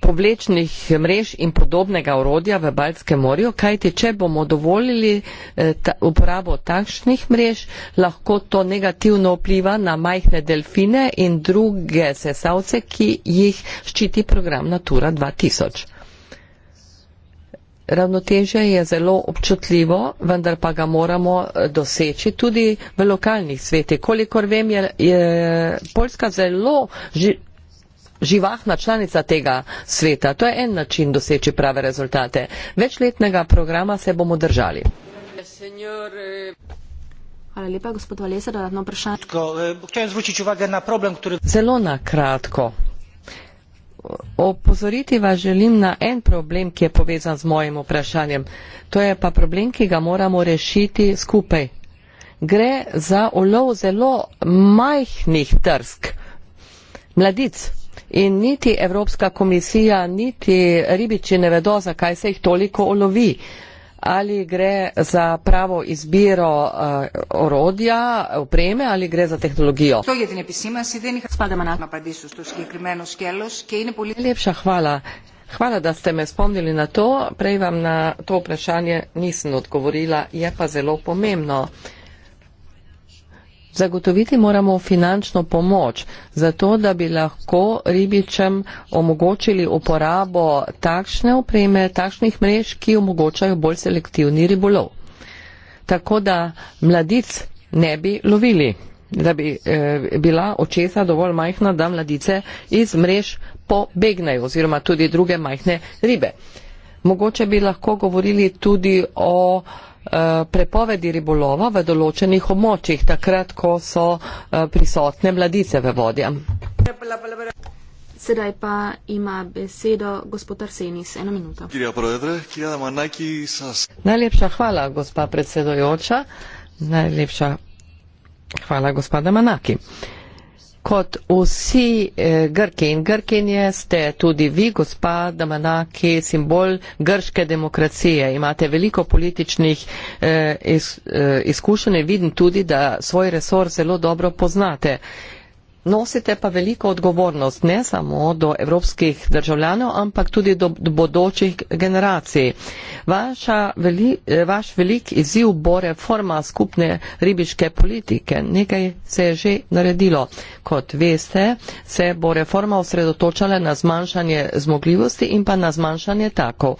povlečnih mrež in podobnega orodja v Baltskem morju, kajti če bomo dovolili eh, ta, uporabo takšnih mrež, lahko to negativno vpliva na majhne delfine in druge sesavce, ki jih ščiti program Natura 2000. Ravnotežje je zelo občutljivo, vendar pa ga moramo eh, doseči tudi v lokalnih svetih. Kolikor vem, je, je Poljska zelo ži, živahna članica tega sveta. To je en način doseči prave rezultate. Večletnega programa se bomo držali. Hvala lepa, gospod Valesa, da dodatno vprašanje. Eh, zelo na kratko. Opozoriti vas želim na en problem, ki je povezan z mojim vprašanjem. To je pa problem, ki ga moramo rešiti skupaj. Gre za ulov zelo majhnih trsk, mladic, in niti Evropska komisija, niti ribiči ne vedo, zakaj se jih toliko ulovi. Ali gre za pravo izbiro uh, orodja, opreme ali gre za tehnologijo? Lepša hvala. Hvala, da ste me spomnili na to. Prej vam na to vprašanje nisem odgovorila, je pa zelo pomembno. Uh, Zagotoviti moramo finančno pomoč, zato da bi lahko ribičem omogočili uporabo takšne opreme, takšnih mrež, ki omogočajo bolj selektivni ribolov. Tako da mladic ne bi lovili, da bi eh, bila očesa dovolj majhna, da mladice iz mrež pobegnejo oziroma tudi druge majhne ribe. Mogoče bi lahko govorili tudi o Eh, prepovedi ribolova v določenih območjih, takrat, ko so eh, prisotne mladice v vodja. Sedaj pa ima besedo gospod Arsenis, eno minuto. Najlepša hvala, gospa predsedojoča. Najlepša hvala, gospod Damanaki. Uh, Kot vsi eh, Grki in Grkinje ste tudi vi, gospa Damanaki, simbol grške demokracije. Imate veliko političnih eh, eh, izkušenj in vidim tudi, da svoj resor zelo dobro poznate nosite pa veliko odgovornost ne samo do evropskih državljanov, ampak tudi do, do bodočih generacij. Vaša veli, vaš velik izziv bo reforma skupne ribiške politike. Nekaj se je že naredilo. Kot veste, se bo reforma osredotočala na zmanjšanje zmogljivosti in pa na zmanjšanje takov.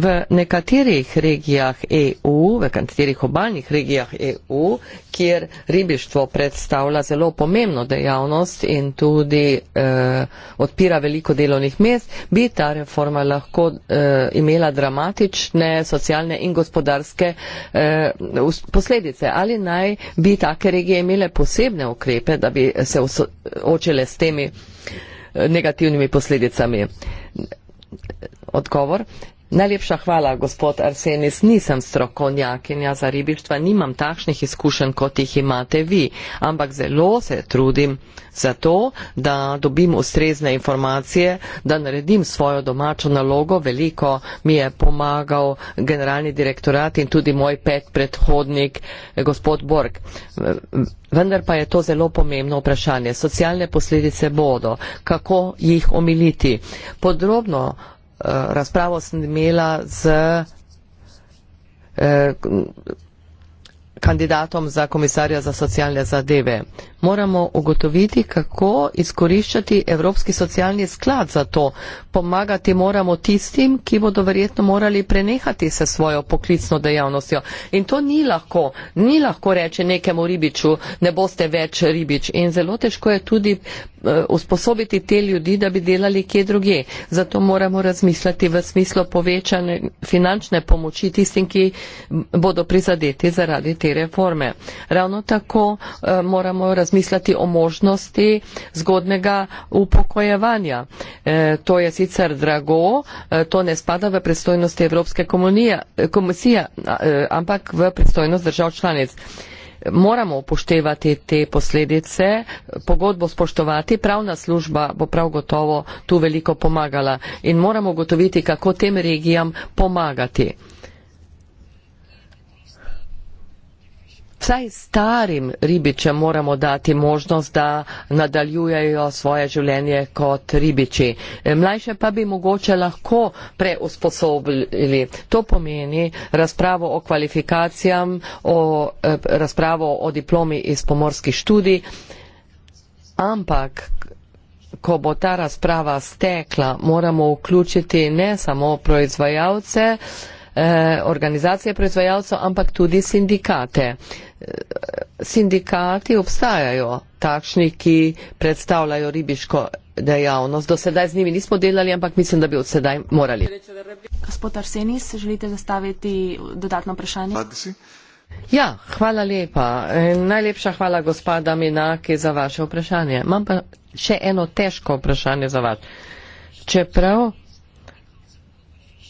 V nekaterih regijah EU, v nekaterih obaljnih regijah EU, kjer ribištvo predstavlja zelo pomembno dejavnost in tudi eh, odpira veliko delovnih mest, bi ta reforma lahko eh, imela dramatične socialne in gospodarske eh, posledice. Ali naj bi take regije imele posebne ukrepe, da bi se očele s temi eh, negativnimi posledicami? Odgovor. Najlepša hvala, gospod Arsenis. Nisem strokovnjakinja za ribištva, nimam takšnih izkušenj, kot jih imate vi, ampak zelo se trudim za to, da dobim ustrezne informacije, da naredim svojo domačo nalogo. Veliko mi je pomagal generalni direktorat in tudi moj pet predhodnik, gospod Borg. Vendar pa je to zelo pomembno vprašanje. Socialne posledice bodo. Kako jih omiliti? Podrobno Eh, razpravo sem imela z eh, kandidatom za komisarja za socialne zadeve. Moramo ugotoviti, kako izkoriščati Evropski socialni sklad za to. Pomagati moramo tistim, ki bodo verjetno morali prenehati se svojo poklicno dejavnostjo. In to ni lahko. Ni lahko reči nekemu ribiču, ne boste več ribič. In zelo težko je tudi Eh, usposobiti te ljudi, da bi delali kje druge. Zato moramo razmisliti v smislu povečane finančne pomoči tistim, ki bodo prizadeti zaradi te reforme. Ravno tako eh, moramo razmisliti o možnosti zgodnega upokojevanja. Eh, to je sicer drago, to ne spada v predstojnosti Evropske komisije, ampak v predstojnost držav članic moramo upoštevati te posledice, pogodbo spoštovati, pravna služba bo prav gotovo tu veliko pomagala in moramo ugotoviti, kako tem regijam pomagati. vsaj starim ribičem moramo dati možnost, da nadaljujejo svoje življenje kot ribiči. E, mlajše pa bi mogoče lahko preusposobili. To pomeni razpravo o kvalifikacijam, o, e, razpravo o diplomi iz pomorskih študij, ampak ko bo ta razprava stekla, moramo vključiti ne samo proizvajalce, Eh, organizacije proizvajalcev, ampak tudi sindikate. Eh, sindikati obstajajo takšni, ki predstavljajo ribiško dejavnost. Do sedaj z njimi nismo delali, ampak mislim, da bi od sedaj morali. Gospod Arsenis, želite zastaviti dodatno vprašanje? Ja, hvala lepa. Najlepša hvala, gospoda Minaki, za vaše vprašanje. Imam pa še eno težko vprašanje za vas. Čeprav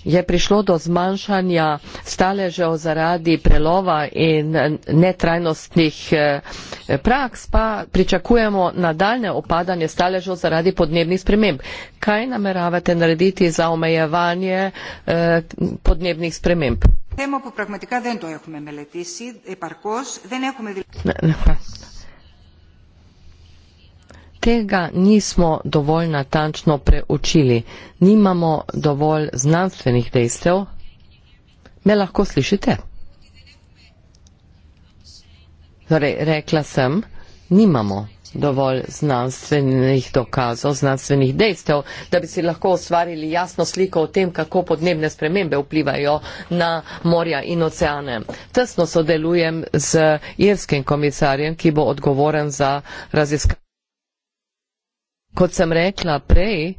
je prišlo do zmanjšanja staležev zaradi prelova in netrajnostnih praks, pa pričakujemo nadaljne opadanje staležev zaradi podnebnih sprememb. Kaj nameravate narediti za omejevanje eh, podnebnih sprememb? Temo, tega nismo dovolj natančno preučili, nimamo dovolj znanstvenih dejstev. Me lahko slišite? Torej, rekla sem, nimamo dovolj znanstvenih dokazov, znanstvenih dejstev, da bi si lahko ustvarili jasno sliko o tem, kako podnebne spremembe vplivajo na morja in oceane. Tesno sodelujem z irskim komisarjem, ki bo odgovoren za raziskanje kot sem rekla prej,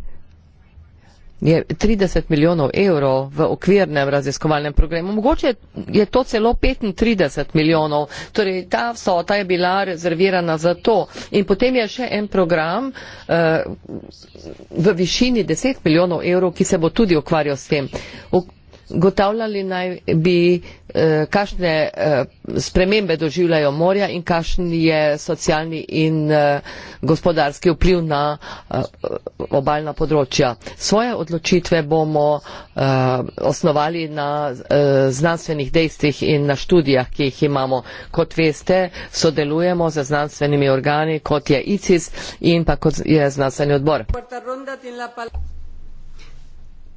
je 30 milijonov evrov v okvirnem raziskovalnem programu. Mogoče je to celo 35 milijonov. Torej, ta vsota je bila rezervirana za to. In potem je še en program uh, v višini 10 milijonov evrov, ki se bo tudi ukvarjal s tem gotavljali naj bi, eh, kakšne eh, spremembe doživljajo morja in kakšen je socialni in eh, gospodarski vpliv na obaljna področja. Svoje odločitve bomo osnovali na znanstvenih dejstvih in na študijah, ki jih imamo. Kot veste, sodelujemo z znanstvenimi organi, kot je ICIS in pa kot je znanstveni odbor.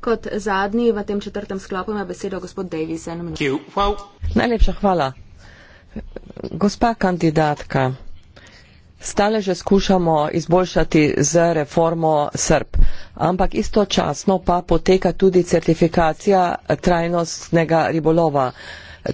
Kot zadnji v tem četrtem sklopu ima besedo gospod Davison. Najlepša hvala. Gospa kandidatka, stale že skušamo izboljšati z reformo SRP, ampak istočasno pa poteka tudi certifikacija trajnostnega ribolova.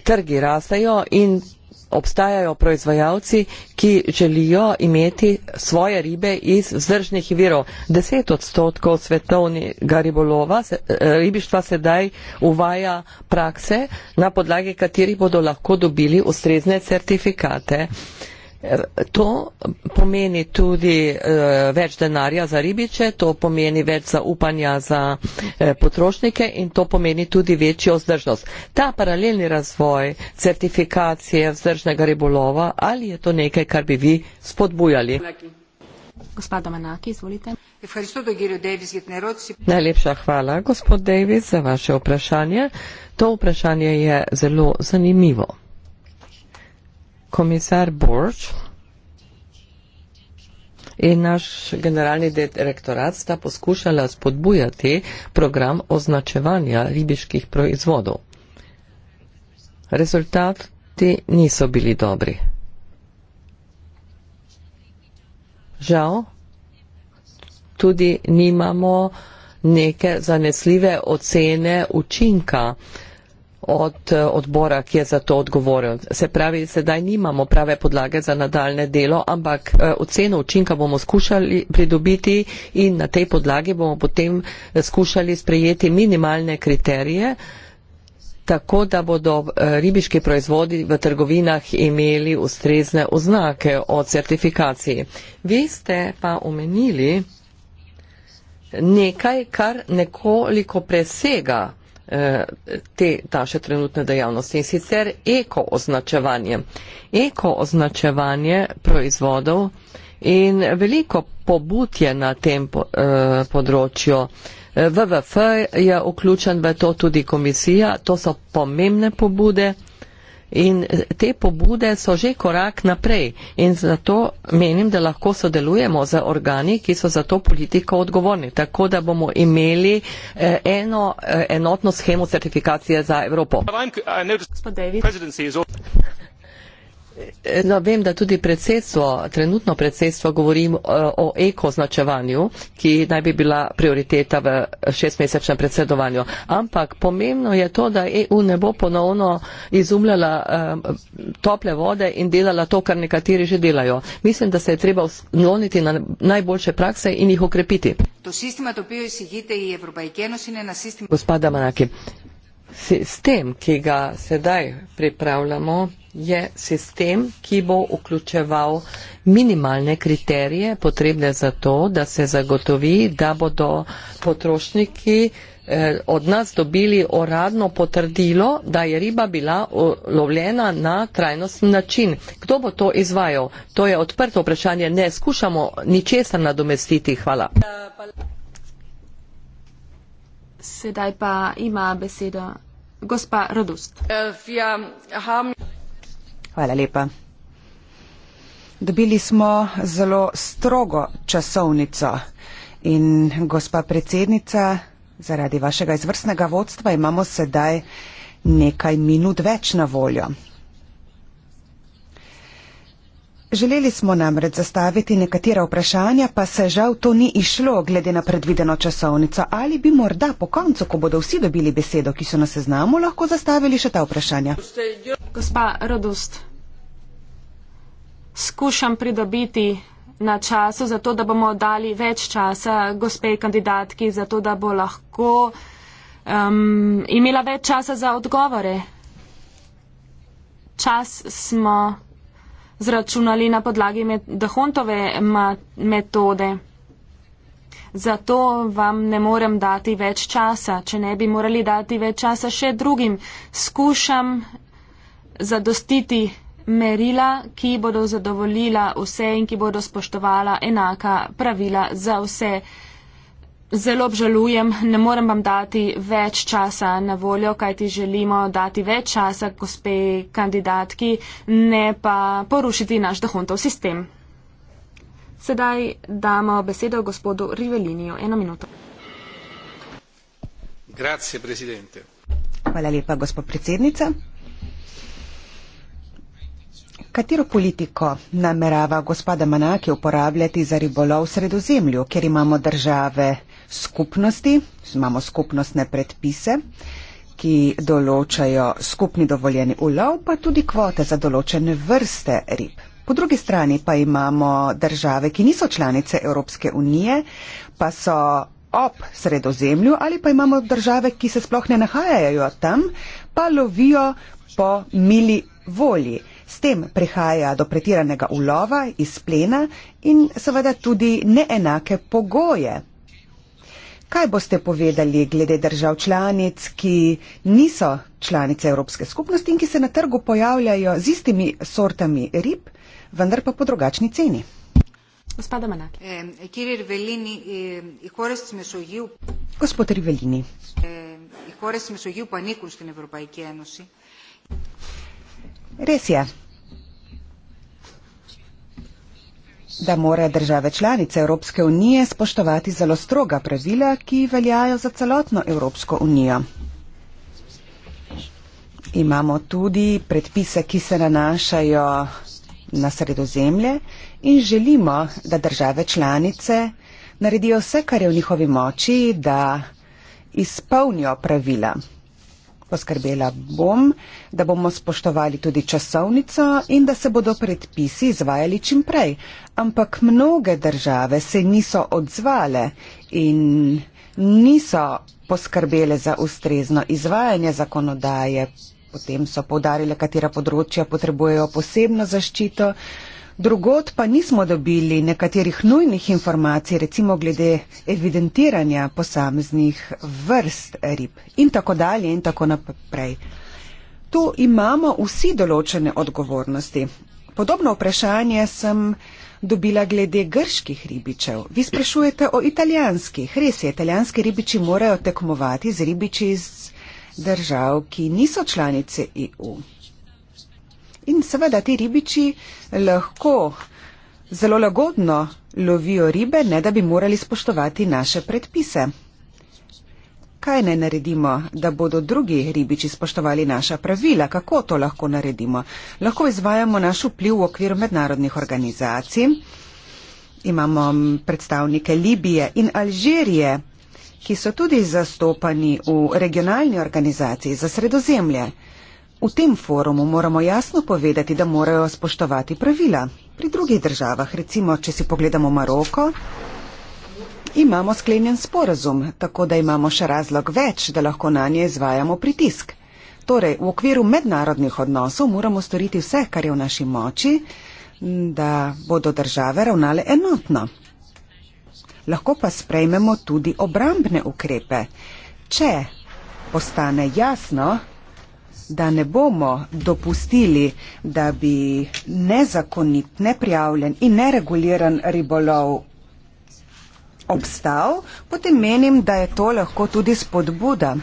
Trgi rastejo in obstajajo proizvajalci, ki želijo imeti svoje ribe iz vzdržnih virov. Deset odstotkov svetovnega ribolova, eh, ribištva sedaj uvaja prakse, na podlagi katerih bodo lahko dobili ustrezne certifikate. To pomeni tudi uh, več denarja za ribiče, to pomeni več zaupanja za uh, potrošnike in to pomeni tudi večjo vzdržnost. Ta paralelni razvoj certifikacije vzdržnega ribolova, ali je to nekaj, kar bi vi spodbujali? Gospoda Manaki, izvolite. Najlepša hvala, gospod Davis, za vaše vprašanje. To vprašanje je zelo zanimivo komisar Borč in naš generalni direktorat sta poskušala spodbujati program označevanja ribiških proizvodov. Rezultati niso bili dobri. Žal, tudi nimamo neke zanesljive ocene učinka uh, od eh, odbora, ki je za to odgovoren. Se pravi, sedaj nimamo prave podlage za nadaljne delo, ampak eh, oceno učinka bomo skušali pridobiti in na tej podlagi bomo potem eh, skušali sprejeti minimalne kriterije, tako da bodo ribiški proizvodi v trgovinah imeli ustrezne oznake o certifikaciji. Vi ste pa omenili, nekaj, kar nekoliko presega Eh, te naše trenutne dejavnosti in sicer eko označevanje. Eko označevanje proizvodov in veliko pobud je na tem eh, področju. Eh, VVF je vključen v to tudi komisija, to so pomembne pobude in te pobude so že korak naprej in zato menim, da lahko sodelujemo z organi, ki so za to politiko odgovorni, tako da bomo imeli eh, eno eh, enotno schemo certifikacije za Evropo. No, vem, da tudi predsedstvo, trenutno predsedstvo govorim eh, o ekoznačevanju, ki naj bi bila prioriteta v šestmesečnem predsedovanju. Ampak pomembno je to, da EU ne bo ponovno izumljala um, tople vode in delala to, kar nekateri že delajo. Mislim, da se je treba osnovniti na najboljše prakse in jih okrepiti. Gospa Damanaki, Sistem, ki ga sedaj pripravljamo, je sistem, ki bo vključeval minimalne kriterije potrebne za to, da se zagotovi, da bodo potrošniki eh, od nas dobili oradno potrdilo, da je riba bila lovljena na trajnostni način. Kdo bo to izvajal? To je odprto vprašanje. Ne skušamo ničesar nadomestiti. Hvala. Sedaj pa ima besedo gospa Rodust. Hvala lepa. Dobili smo zelo strogo časovnico in gospa predsednica, zaradi vašega izvrstnega vodstva imamo sedaj nekaj minut več na voljo. Želeli smo namreč zastaviti nekatera vprašanja, pa se žal to ni išlo, glede na predvideno časovnico. Ali bi morda po koncu, ko bodo vsi dobili besedo, ki so na seznamu, lahko zastavili še ta vprašanja? Gospa Radost, skušam pridobiti na času, zato da bomo dali več časa gospej kandidatki, zato da bo lahko um, imela več časa za odgovore. Čas smo zračunali na podlagi Dahontove metode. Zato vam ne morem dati več časa. Če ne bi morali dati več časa še drugim, skušam zadostiti merila, ki bodo zadovoljila vse in ki bodo spoštovala enaka pravila za vse. Zelo obžalujem, ne morem vam dati več časa na voljo, kaj ti želimo dati več časa, gospe kandidatki, ne pa porušiti naš dohuntov sistem. Sedaj damo besedo gospodu Riveliniju. Eno minuto. Hvala lepa, gospod predsednica. Katero politiko namerava gospoda Manaki uporabljati za ribolov v sredozemlju, ker imamo države skupnosti, imamo skupnostne predpise, ki določajo skupni dovoljeni ulov, pa tudi kvote za določene vrste rib. Po drugi strani pa imamo države, ki niso članice Evropske unije, pa so ob sredozemlju ali pa imamo države, ki se sploh ne nahajajo tam, pa lovijo po mili volji. S tem prihaja do pretiranega ulova iz plena in seveda tudi neenake pogoje Kaj boste povedali glede držav članic, ki niso članice Evropske skupnosti in ki se na trgu pojavljajo z istimi sortami rib, vendar pa po drugačni ceni? Eh, eh, Gospod Rivelini. Eh, Res je. da mora države članice Evropske unije spoštovati zelo stroga pravila, ki veljajo za celotno Evropsko unijo. Imamo tudi predpise, ki se nanašajo na sredozemlje in želimo, da države članice naredijo vse, kar je v njihovi moči, da izpolnijo pravila. Poskrbela bom, da bomo spoštovali tudi časovnico in da se bodo predpisi izvajali čim prej. Ampak mnoge države se niso odzvale in niso poskrbele za ustrezno izvajanje zakonodaje. Potem so povdarile, katera področja potrebujejo posebno zaščito. Drugod pa nismo dobili nekaterih nujnih informacij, recimo glede evidentiranja posameznih vrst rib in tako dalje in tako naprej. Tu imamo vsi določene odgovornosti. Podobno vprašanje sem dobila glede grških ribičev. Vi sprašujete o italijanskih. Res je, italijanski ribiči morajo tekmovati z ribiči iz držav, ki niso članice EU. In seveda ti ribiči lahko zelo lagodno lovijo ribe, ne da bi morali spoštovati naše predpise. Kaj ne naredimo, da bodo drugi ribiči spoštovali naša pravila? Kako to lahko naredimo? Lahko izvajamo naš vpliv v okviru mednarodnih organizacij. Imamo predstavnike Libije in Alžirije, ki so tudi zastopani v regionalni organizaciji za sredozemlje. V tem forumu moramo jasno povedati, da morajo spoštovati pravila. Pri drugih državah, recimo, če si pogledamo Maroko, imamo sklenjen sporazum, tako da imamo še razlog več, da lahko na nje izvajamo pritisk. Torej, v okviru mednarodnih odnosov moramo storiti vse, kar je v naši moči, da bodo države ravnale enotno. Lahko pa sprejmemo tudi obrambne ukrepe. Če postane jasno, da ne bomo dopustili, da bi nezakonit, neprijavljen in nereguliran ribolov obstal, potem menim, da je to lahko tudi spodbuda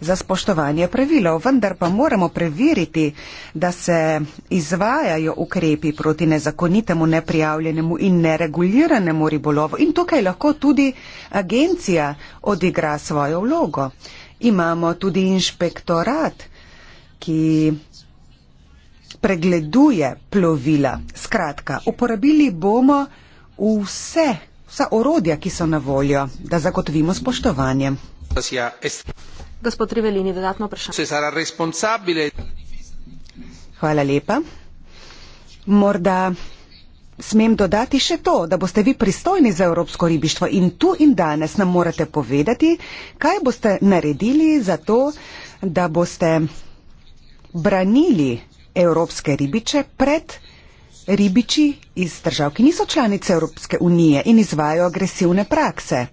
za spoštovanje pravilov. Vendar pa moramo preveriti, da se izvajajo ukrepi proti nezakonitemu, neprijavljenemu in nereguliranemu ribolovu. In tukaj lahko tudi agencija odigra svojo vlogo. Imamo tudi inšpektorat, ki pregleduje plovila. Skratka, uporabili bomo vse, vsa orodja, ki so na voljo, da zagotovimo spoštovanje. Gospod Rivelini, dodatno vprašanje. Hvala lepa. Morda smem dodati še to, da boste vi pristojni za evropsko ribištvo in tu in danes nam morate povedati, kaj boste naredili za to, da boste branili evropske ribiče pred ribiči iz držav, ki niso članice Evropske unije in izvajo agresivne prakse.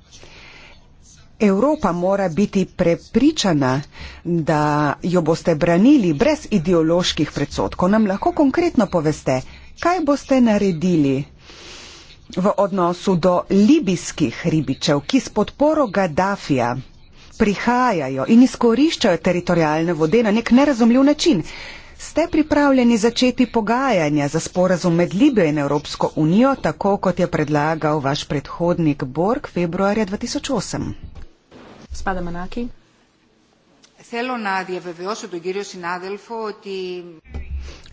Evropa mora biti prepričana, da jo boste branili brez ideoloških predsotkov. Nam lahko konkretno poveste, kaj boste naredili v odnosu do libijskih ribičev, ki s podporo Gaddafija prihajajo in izkoriščajo teritorijalne vode na nek nerazumljiv način. Ste pripravljeni začeti pogajanja za sporazum med Libijo in Evropsko unijo, tako kot je predlagal vaš predhodnik Borg februarja 2008?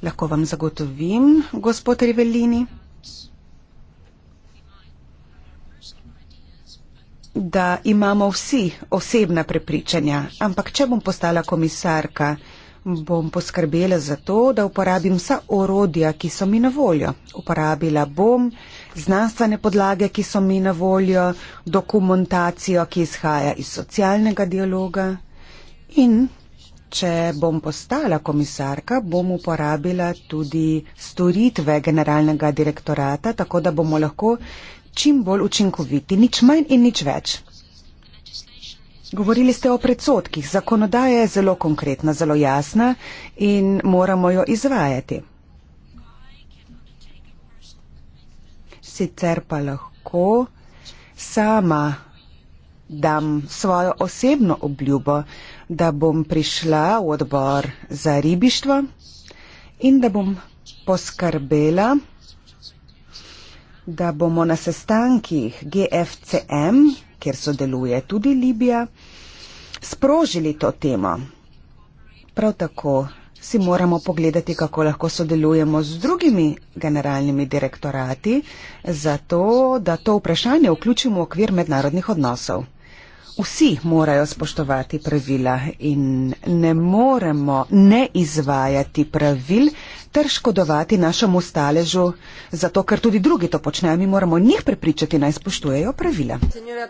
Lahko vam zagotovim, gospod Rivelini, da imamo vsi osebna prepričanja, ampak če bom postala komisarka, bom poskrbela za to, da uporabim vsa orodja, ki so mi na voljo. Uporabila bom znanstvene podlage, ki so mi na voljo, dokumentacijo, ki izhaja iz socialnega dialoga in Če bom postala komisarka, bom uporabila tudi storitve generalnega direktorata, tako da bomo lahko čim bolj učinkoviti, nič manj in nič več. Govorili ste o predsotkih. Zakonodaja je zelo konkretna, zelo jasna in moramo jo izvajati. Sicer pa lahko sama dam svojo osebno obljubo, da bom prišla v odbor za ribištvo in da bom poskrbela, da bomo na sestankih GFCM, kjer sodeluje tudi Libija, sprožili to temo. Prav tako si moramo pogledati, kako lahko sodelujemo z drugimi generalnimi direktorati, zato da to vprašanje vključimo v okvir mednarodnih odnosov. Vsi morajo spoštovati pravila in ne moremo ne izvajati pravil ter škodovati našemu staležu, zato ker tudi drugi to počnejo, mi moramo njih prepričati naj spoštujejo pravila. Senjora,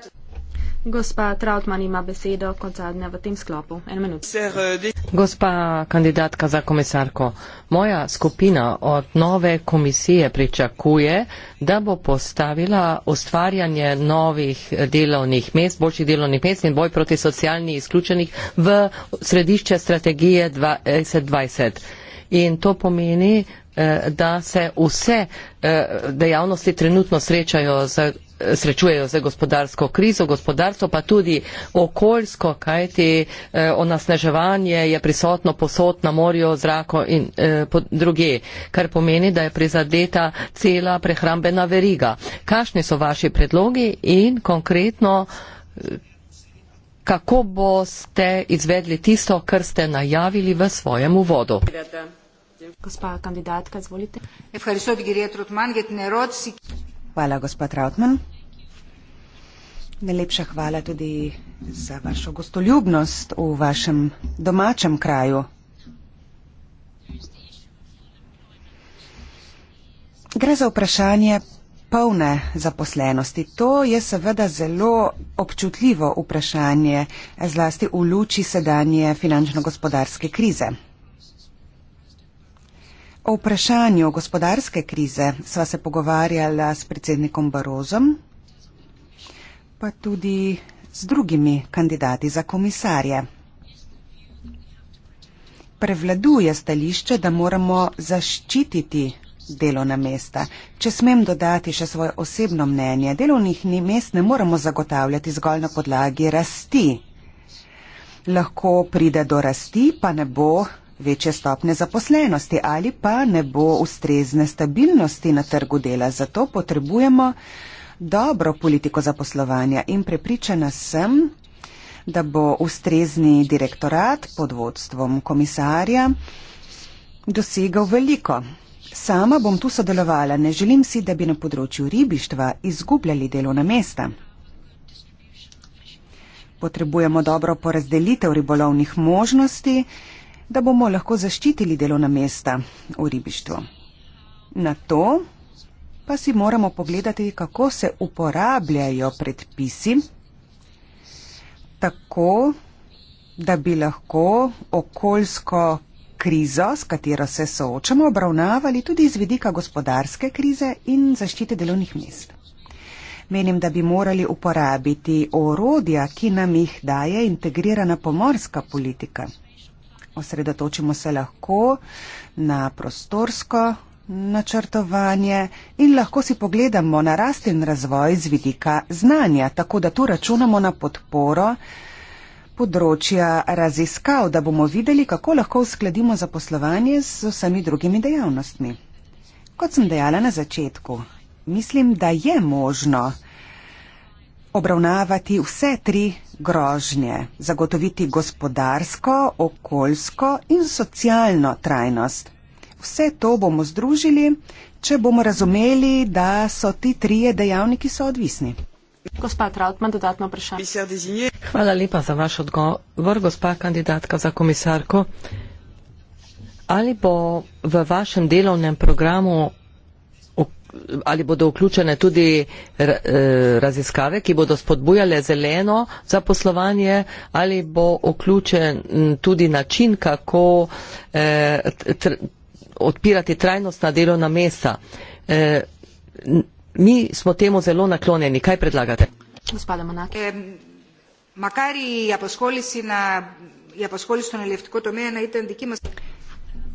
Gospa Trautman ima besedo kot zadnja v tem sklopu. En minut. Eh, Gospa kandidatka za komisarko, moja skupina od nove komisije pričakuje, da bo postavila ustvarjanje novih delovnih mest, boljših delovnih mest in boj proti socialni izključenih v središče strategije 2020. Eh, in to pomeni, Eh, da se vse eh, dejavnosti trenutno srečajo z srečujejo za gospodarsko krizo, gospodarstvo pa tudi okoljsko, kajti eh, onasneževanje je prisotno posod na morju, zraku in eh, druge, kar pomeni, da je prizadeta cela prehrambena veriga. Kakšni so vaši predlogi in konkretno, kako boste izvedli tisto, kar ste najavili v svojem uvodu? Hvala. Gospa kandidatka, izvolite. Hvala, gospa Trautmann. Najlepša hvala tudi za vašo gostoljubnost v vašem domačem kraju. Gre za vprašanje polne zaposlenosti. To je seveda zelo občutljivo vprašanje, zlasti v luči sedanje finančno-gospodarske krize. O vprašanju gospodarske krize sva se pogovarjala s predsednikom Barozom, pa tudi z drugimi kandidati za komisarje. Prevladuje stališče, da moramo zaščititi delovna mesta. Če smem dodati še svoje osebno mnenje, delovnih ni mest ne moremo zagotavljati zgolj na podlagi rasti. Lahko pride do rasti, pa ne bo večje stopne zaposlenosti ali pa ne bo ustrezne stabilnosti na trgu dela. Zato potrebujemo dobro politiko zaposlovanja in prepričana sem, da bo ustrezni direktorat pod vodstvom komisarja dosegal veliko. Sama bom tu sodelovala, ne želim si, da bi na področju ribištva izgubljali delovna mesta. Potrebujemo dobro porazdelitev ribolovnih možnosti da bomo lahko zaščitili delovna mesta v ribištvu. Na to pa si moramo pogledati, kako se uporabljajo predpisi, tako da bi lahko okoljsko krizo, s katero se soočamo, obravnavali tudi iz vidika gospodarske krize in zaščite delovnih mest. Menim, da bi morali uporabiti orodja, ki nam jih daje integrirana pomorska politika osredotočimo se lahko na prostorsko načrtovanje in lahko si pogledamo na rast in razvoj z vidika znanja, tako da tu računamo na podporo področja raziskav, da bomo videli, kako lahko uskladimo zaposlovanje z vsemi drugimi dejavnostmi. Kot sem dejala na začetku, mislim, da je možno obravnavati vse tri grožnje, zagotoviti gospodarsko, okoljsko in socialno trajnost. Vse to bomo združili, če bomo razumeli, da so ti trije dejavniki soodvisni. Gospa Trautman, dodatno vprašanje. Hvala lepa za vaš odgovor, gospa kandidatka za komisarko. Ali bo v vašem delovnem programu ali bodo vključene tudi eh, raziskave, ki bodo spodbujale zeleno zaposlovanje, ali bo vključen tudi način, kako eh, odpirati trajnostna delovna mesta. Eh, mi smo temu zelo naklonjeni. Kaj predlagate? Gospoda Monaki. Makari Japoskolisina, Japoskolisina, Levtkotomena, Itendikima.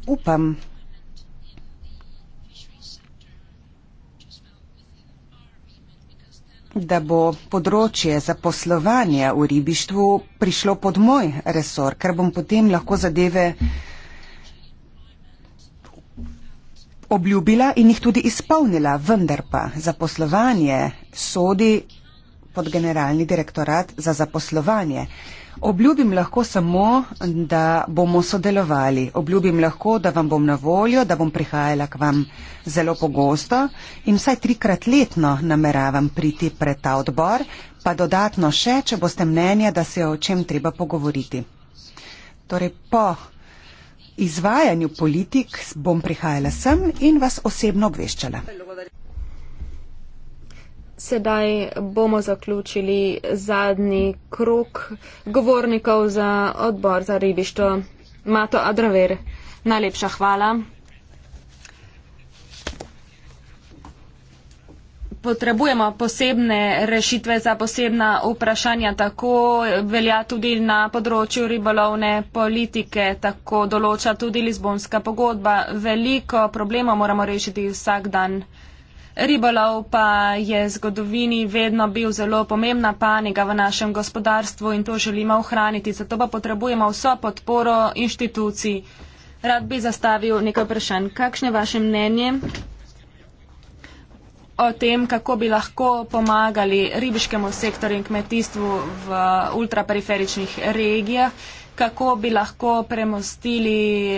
Upam, da bo področje zaposlovanja v ribištvu prišlo pod moj resor, ker bom potem lahko zadeve obljubila in jih tudi izpolnila, vendar pa zaposlovanje sodi pod generalni direktorat za zaposlovanje. Obljubim lahko samo, da bomo sodelovali. Obljubim lahko, da vam bom na voljo, da bom prihajala k vam zelo pogosto in vsaj trikrat letno nameravam priti pred ta odbor, pa dodatno še, če boste mnenja, da se je o čem treba pogovoriti. Torej, po izvajanju politik bom prihajala sem in vas osebno obveščala sedaj bomo zaključili zadnji krok govornikov za odbor za ribištvo. Mato Adraver, najlepša hvala. Potrebujemo posebne rešitve za posebna vprašanja, tako velja tudi na področju ribolovne politike, tako določa tudi Lizbonska pogodba. Veliko problemov moramo rešiti vsak dan. Ribolov pa je zgodovini vedno bil zelo pomembna panika v našem gospodarstvu in to želimo ohraniti, zato pa potrebujemo vso podporo inštitucij. Rad bi zastavil nekaj vprašanj. Kakšno je vaše mnenje o tem, kako bi lahko pomagali ribiškemu sektorju in kmetijstvu v ultraperiferičnih regijah? kako bi lahko premostili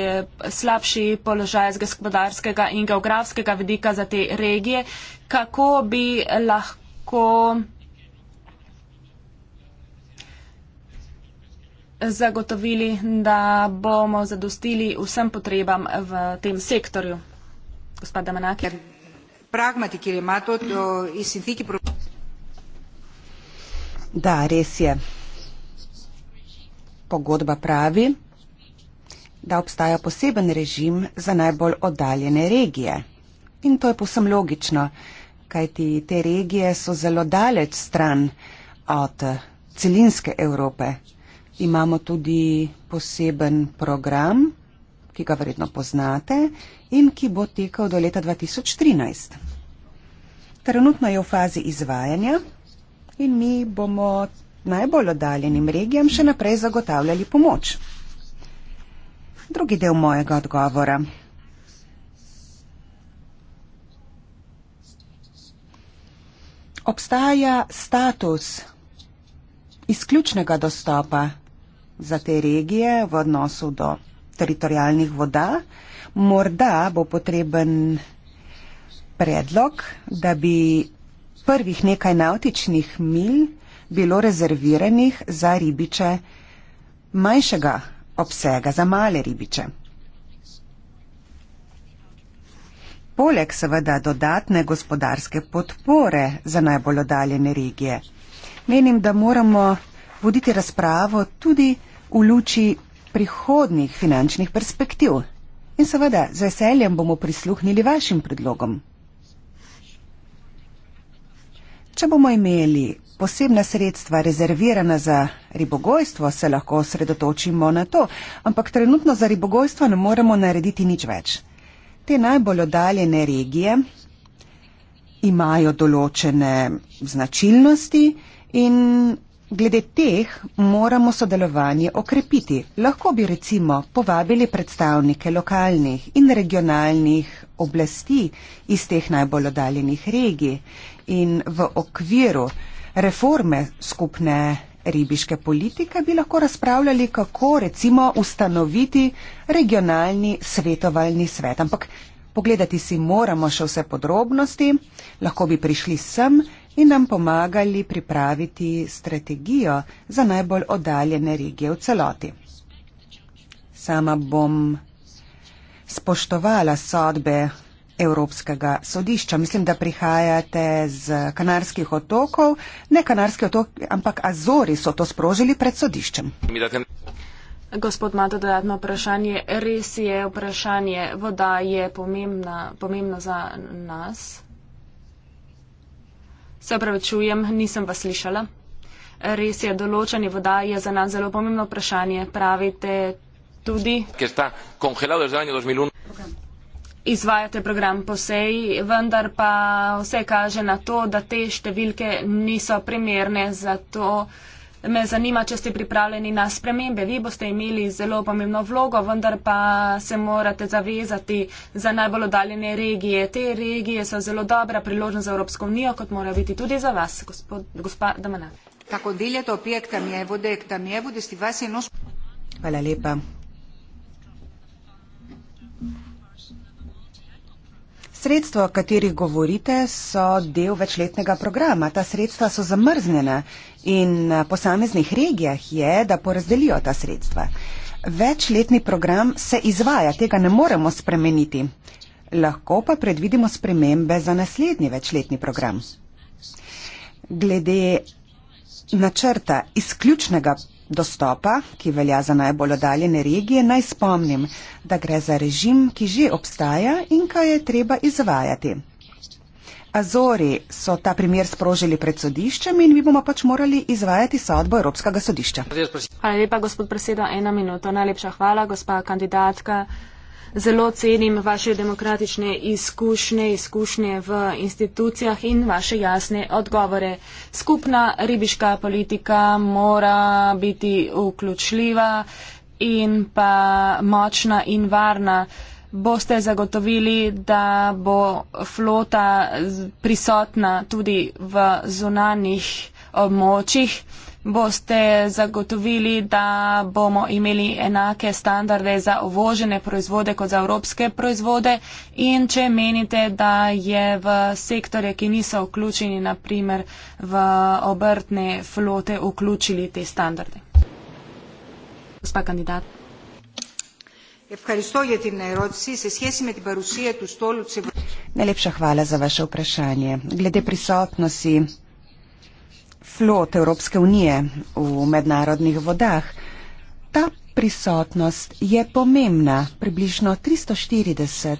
slabši položaj z gospodarskega in geografskega vidika za te regije, kako bi lahko zagotovili, da bomo zadostili vsem potrebam v tem sektorju. Gospod Damanaki. Da, res je. Pogodba pravi, da obstaja poseben režim za najbolj oddaljene regije. In to je posem logično, kajti te regije so zelo daleč stran od celinske Evrope. Imamo tudi poseben program, ki ga verjetno poznate in ki bo tekel do leta 2013. Trenutno je v fazi izvajanja in mi bomo najbolj oddaljenim regijam še naprej zagotavljali pomoč. Drugi del mojega odgovora. Obstaja status izključnega dostopa za te regije v odnosu do teritorijalnih voda. Morda bo potreben predlog, da bi prvih nekaj nautičnih mil bilo rezerviranih za ribiče manjšega obsega, za male ribiče. Poleg seveda dodatne gospodarske podpore za najbolj oddaljene regije, menim, da moramo voditi razpravo tudi v luči prihodnih finančnih perspektiv. In seveda z veseljem bomo prisluhnili vašim predlogom. Če bomo imeli posebna sredstva rezervirana za ribogojstvo, se lahko osredotočimo na to, ampak trenutno za ribogojstvo ne moremo narediti nič več. Te najbolj oddaljene regije imajo določene značilnosti in glede teh moramo sodelovanje okrepiti. Lahko bi recimo povabili predstavnike lokalnih in regionalnih oblasti iz teh najbolj oddaljenih regij in v okviru reforme skupne ribiške politike bi lahko razpravljali, kako recimo ustanoviti regionalni svetovalni svet. Ampak pogledati si moramo še vse podrobnosti, lahko bi prišli sem in nam pomagali pripraviti strategijo za najbolj oddaljene regije v celoti. Sama bom spoštovala sodbe Evropskega sodišča. Mislim, da prihajate z Kanarskih otokov, ne Kanarski otok, ampak Azori so to sprožili pred sodiščem. Gospod, imate dodatno vprašanje. Res je vprašanje, voda je pomembna, pomembna za nas. Se opravičujem, nisem vas slišala. Res je, določanje voda je za nas zelo pomembno vprašanje. Pravite tudi izvajate program po seji, vendar pa vse kaže na to, da te številke niso primerne. Zato me zanima, če ste pripravljeni na spremembe. Vi boste imeli zelo pomembno vlogo, vendar pa se morate zavezati za najbolj oddaljene regije. Te regije so zelo dobra priložnost za Evropsko unijo, kot mora biti tudi za vas, gospod, gospa Damana. Hvala lepa. Sredstva, o katerih govorite, so del večletnega programa. Ta sredstva so zamrznjena in na posameznih regijah je, da porazdelijo ta sredstva. Večletni program se izvaja, tega ne moremo spremeniti. Lahko pa predvidimo spremembe za naslednji večletni program. Glede načrta izključnega dostopa, ki velja za najbolj oddaljene regije, naj spomnim, da gre za režim, ki že obstaja in ga je treba izvajati. Azori so ta primer sprožili pred sodiščem in mi bomo pač morali izvajati sodbo Evropskega sodišča. Hvala lepa, gospod predseda. Ena minuta. Najlepša hvala, gospa kandidatka zelo cenim vaše demokratične izkušnje, izkušnje v institucijah in vaše jasne odgovore. Skupna ribiška politika mora biti vključljiva in pa močna in varna. Boste zagotovili, da bo flota prisotna tudi v zunanjih območjih? boste zagotovili, da bomo imeli enake standarde za uvožene proizvode kot za evropske proizvode in če menite, da je v sektore, ki niso vključeni, naprimer v obrtne flote, vključili te standarde. Gospa kandidat. Najlepša hvala za vaše vprašanje. Glede prisotnosti flot Evropske unije v mednarodnih vodah. Ta prisotnost je pomembna. Približno 340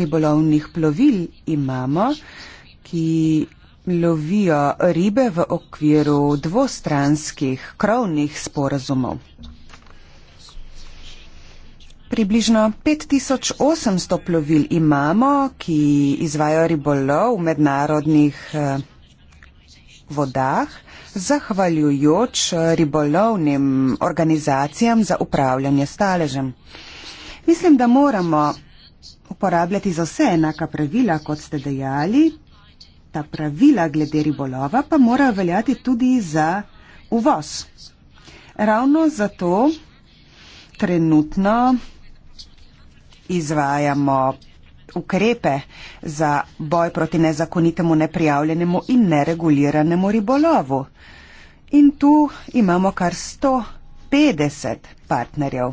ribolovnih plovil imamo, ki lovijo ribe v okviru dvostranskih krovnih sporazumov. Približno 5800 plovil imamo, ki izvajo ribolov v mednarodnih eh, vodah zahvaljujoč ribolovnim organizacijam za upravljanje staležem. Mislim, da moramo uporabljati za vse enaka pravila, kot ste dejali. Ta pravila glede ribolova pa morajo veljati tudi za uvoz. Ravno zato trenutno izvajamo ukrepe za boj proti nezakonitemu, neprijavljenemu in nereguliranemu ribolovu. In tu imamo kar 150 partnerjev.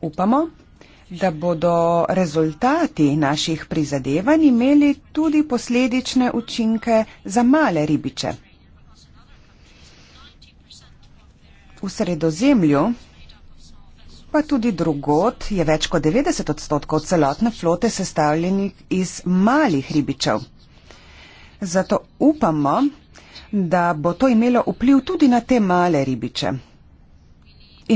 Upamo, da bodo rezultati naših prizadevanj imeli tudi posledične učinke za male ribiče. V sredozemlju pa tudi drugot je več kot 90 odstotkov celotne flote sestavljenih iz malih ribičev. Zato upamo, da bo to imelo vpliv tudi na te male ribiče.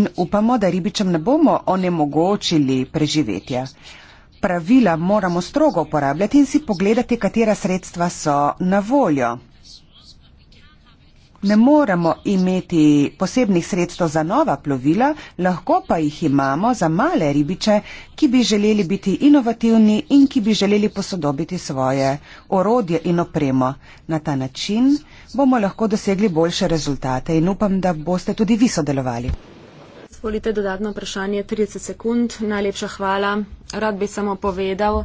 In upamo, da ribičem ne bomo onemogočili preživetja. Pravila moramo strogo uporabljati in si pogledati, katera sredstva so na voljo. Ne moremo imeti posebnih sredstev za nova plovila, lahko pa jih imamo za male ribiče, ki bi želeli biti inovativni in ki bi želeli posodobiti svoje orodje in opremo. Na ta način bomo lahko dosegli boljše rezultate in upam, da boste tudi vi sodelovali. Zvolite dodatno vprašanje 30 sekund. Najlepša hvala. Rad bi samo povedal.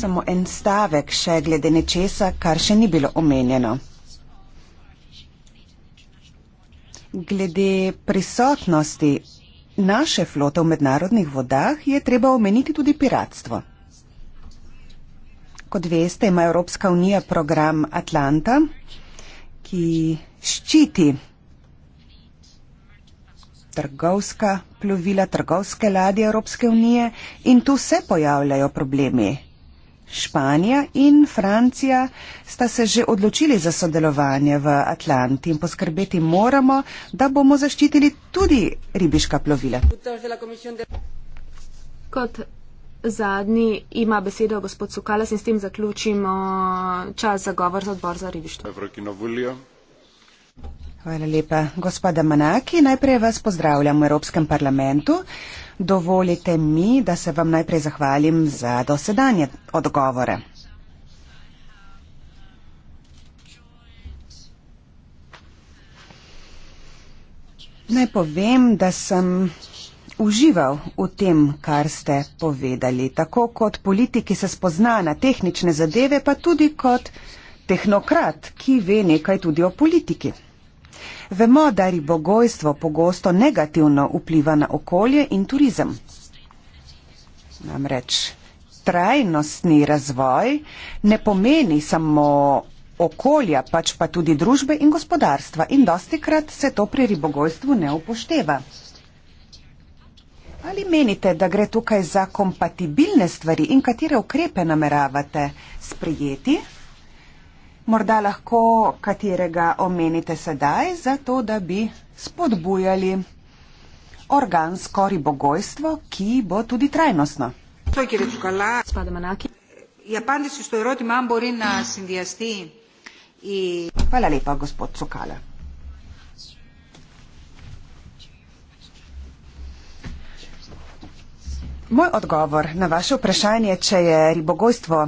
Samo en stavek še glede nečesa, kar še ni bilo omenjeno. Glede prisotnosti naše flote v mednarodnih vodah je treba omeniti tudi piratstvo. Kot veste, ima Evropska unija program Atlanta, ki ščiti trgovska plovila, trgovske ladje Evropske unije in tu se pojavljajo problemi Španija in Francija sta se že odločili za sodelovanje v Atlanti in poskrbeti moramo, da bomo zaščitili tudi ribiška plovila. Kot zadnji ima besedo gospod Sukales in s tem zaključimo čas za govor za odbor za ribištvo. Hvala lepa. Gospoda Manaki, najprej vas pozdravljam v Evropskem parlamentu. Dovolite mi, da se vam najprej zahvalim za dosedanje odgovore. Naj povem, da sem užival v tem, kar ste povedali, tako kot politiki se spozna na tehnične zadeve, pa tudi kot tehnokrat, ki ve nekaj tudi o politiki. Vemo, da ribogojstvo pogosto negativno vpliva na okolje in turizem. Namreč trajnostni razvoj ne pomeni samo okolja, pač pa tudi družbe in gospodarstva. In dosti krat se to pri ribogojstvu ne upošteva. Ali menite, da gre tukaj za kompatibilne stvari in katere ukrepe nameravate sprejeti? Morda lahko katerega omenite sedaj, zato da bi spodbujali organsko ribogojstvo, ki bo tudi trajnostno. Ja, Hvala lepa, gospod Cukala. Moj odgovor na vaše vprašanje, če je ribogojstvo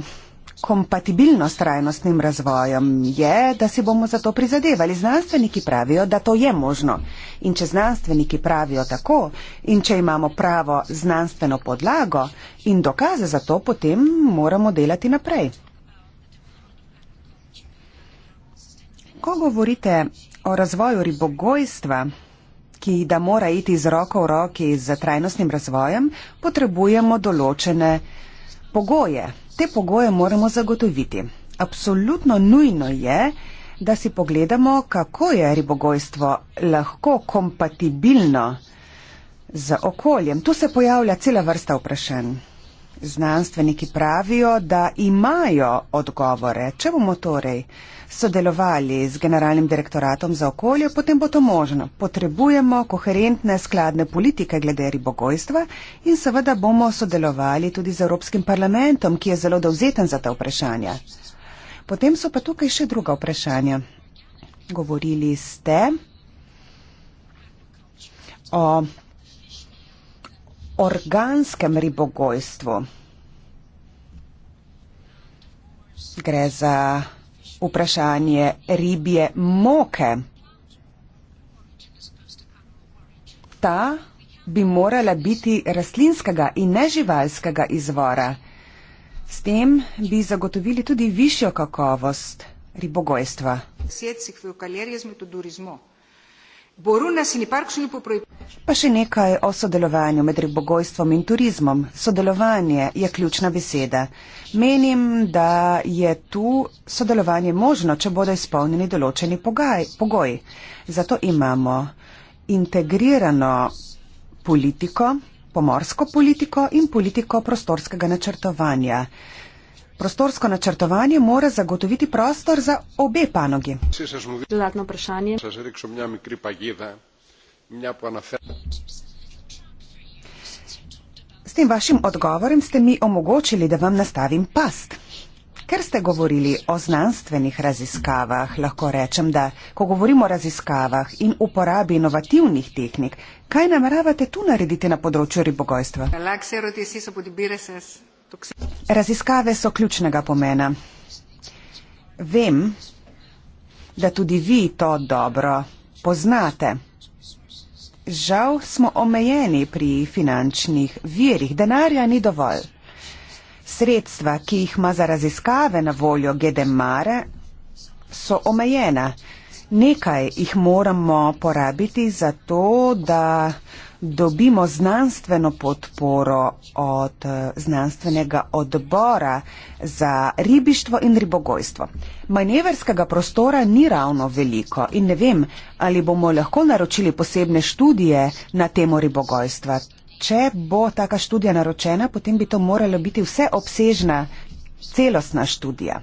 kompatibilno s trajnostnim razvojem, je, da si bomo za to prizadevali. Znanstveniki pravijo, da to je možno. In če znanstveniki pravijo tako, in če imamo pravo znanstveno podlago in dokaze za to, potem moramo delati naprej. Ko govorite o razvoju ribogojstva, ki da mora iti z roko v roki z trajnostnim razvojem, potrebujemo določene pogoje te pogoje moramo zagotoviti. Absolutno nujno je, da si pogledamo, kako je ribogojstvo lahko kompatibilno z okoljem. Tu se pojavlja cela vrsta vprašanj znanstveniki pravijo, da imajo odgovore. Če bomo torej sodelovali z generalnim direktoratom za okolje, potem bo to možno. Potrebujemo koherentne skladne politike glede ribogojstva in seveda bomo sodelovali tudi z Evropskim parlamentom, ki je zelo dovzeten za ta vprašanja. Potem so pa tukaj še druga vprašanja. Govorili ste o organskem ribogojstvu. Gre za vprašanje ribje moke. Ta bi morala biti rastlinskega in neživalskega izvora. S tem bi zagotovili tudi višjo kakovost ribogojstva. Borunas in Parkšnju poprojekt. Pa še nekaj o sodelovanju med ribogojstvom in turizmom. Sodelovanje je ključna beseda. Menim, da je tu sodelovanje možno, če bodo izpolnjeni določeni pogoji. Zato imamo integrirano politiko, pomorsko politiko in politiko prostorskega načrtovanja. Prostorsko načrtovanje mora zagotoviti prostor za obe panogi. Dodatno vprašanje. S tem vašim odgovorem ste mi omogočili, da vam nastavim past. Ker ste govorili o znanstvenih raziskavah, lahko rečem, da ko govorimo o raziskavah in uporabi inovativnih tehnik, kaj nameravate tu narediti na področju ribogojstva? Raziskave so ključnega pomena. Vem, da tudi vi to dobro poznate. Žal smo omejeni pri finančnih virih, denarja ni dovolj. Sredstva, ki jih ima za raziskave na voljo GDMare, so omejena. Nekaj jih moramo porabiti za to, da dobimo znanstveno podporo od eh, znanstvenega odbora za ribištvo in ribogojstvo. Manevrskega prostora ni ravno veliko in ne vem, ali bomo lahko naročili posebne študije na temo ribogojstva. Če bo taka študija naročena, potem bi to morala biti vseobsežna celostna študija.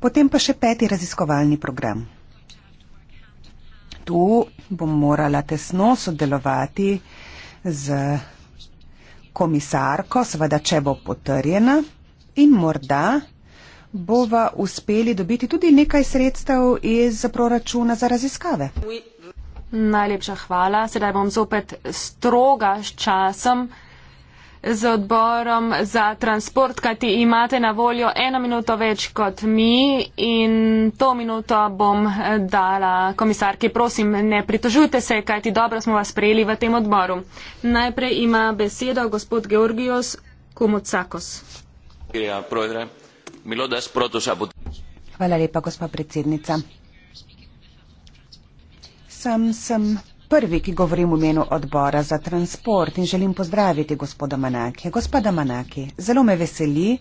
Potem pa še peti raziskovalni program tu bom morala tesno sodelovati z komisarko, seveda, če bo potrjena in morda bova uspeli dobiti tudi nekaj sredstev iz proračuna za raziskave. Najlepša hvala. Sedaj bom zopet stroga s časom z odborom za transport, kajti imate na voljo eno minuto več kot mi in to minuto bom dala komisarki. Prosim, ne pritožujte se, kajti dobro smo vas prijeli v tem odboru. Najprej ima besedo gospod Georgios Kumocakos. Hvala lepa, gospa predsednica. Sam sem prvi, ki govorim v imenu odbora za transport in želim pozdraviti gospoda Manaki. Gospoda Manaki, zelo me veseli,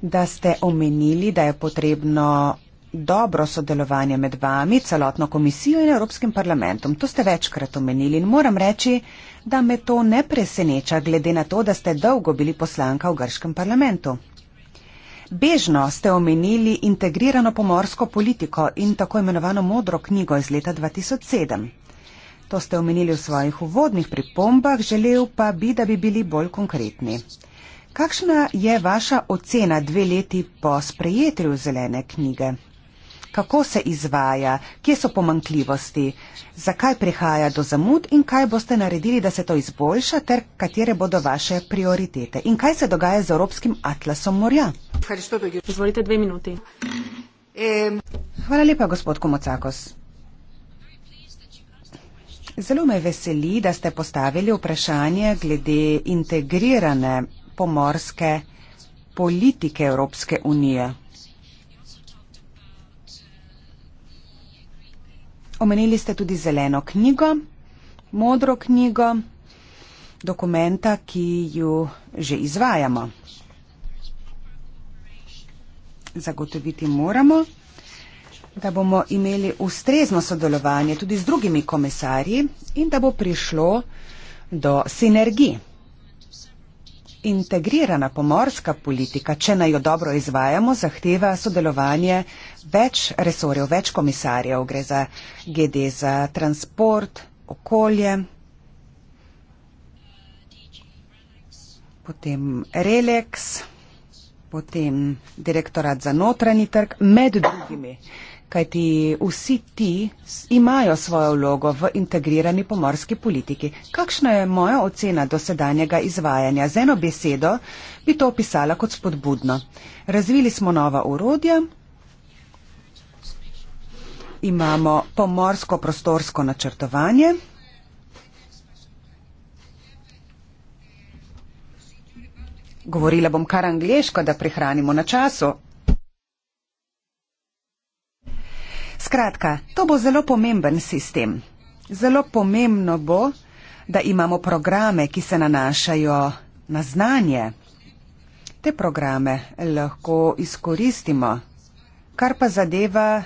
da ste omenili, da je potrebno dobro sodelovanje med vami, celotno komisijo in Evropskim parlamentom. To ste večkrat omenili in moram reči, da me to ne preseneča, glede na to, da ste dolgo bili poslanka v grškem parlamentu. Bežno ste omenili integrirano pomorsko politiko in tako imenovano modro knjigo iz leta 2007. To ste omenili v svojih uvodnih pripombah, želel pa bi, da bi bili bolj konkretni. Kakšna je vaša ocena dve leti po sprejetju zelene knjige? Kako se izvaja, kje so pomankljivosti, zakaj prihaja do zamud in kaj boste naredili, da se to izboljša, ter katere bodo vaše prioritete? In kaj se dogaja z Evropskim atlasom morja? Izvolite dve minuti. Hvala lepa, gospod Komocakos. Zelo me veseli, da ste postavili vprašanje glede integrirane pomorske politike Evropske unije. Omenili ste tudi zeleno knjigo, modro knjigo, dokumenta, ki ju že izvajamo. Zagotoviti moramo, da bomo imeli ustrezno sodelovanje tudi z drugimi komisarji in da bo prišlo do sinergij. Integrirana pomorska politika, če naj jo dobro izvajamo, zahteva sodelovanje več resorjev, več komisarjev. Gre za GD za transport, okolje, potem Relex, potem direktorat za notranji trg, med drugimi. Uh, kajti vsi ti imajo svojo vlogo v integrirani pomorski politiki. Kakšna je moja ocena dosedanjega izvajanja? Z eno besedo bi to opisala kot spodbudno. Razvili smo nova urodja, imamo pomorsko prostorsko načrtovanje. Govorila bom kar angliško, da prihranimo na času. Skratka, to bo zelo pomemben sistem. Zelo pomembno bo, da imamo programe, ki se nanašajo na znanje. Te programe lahko izkoristimo. Kar pa zadeva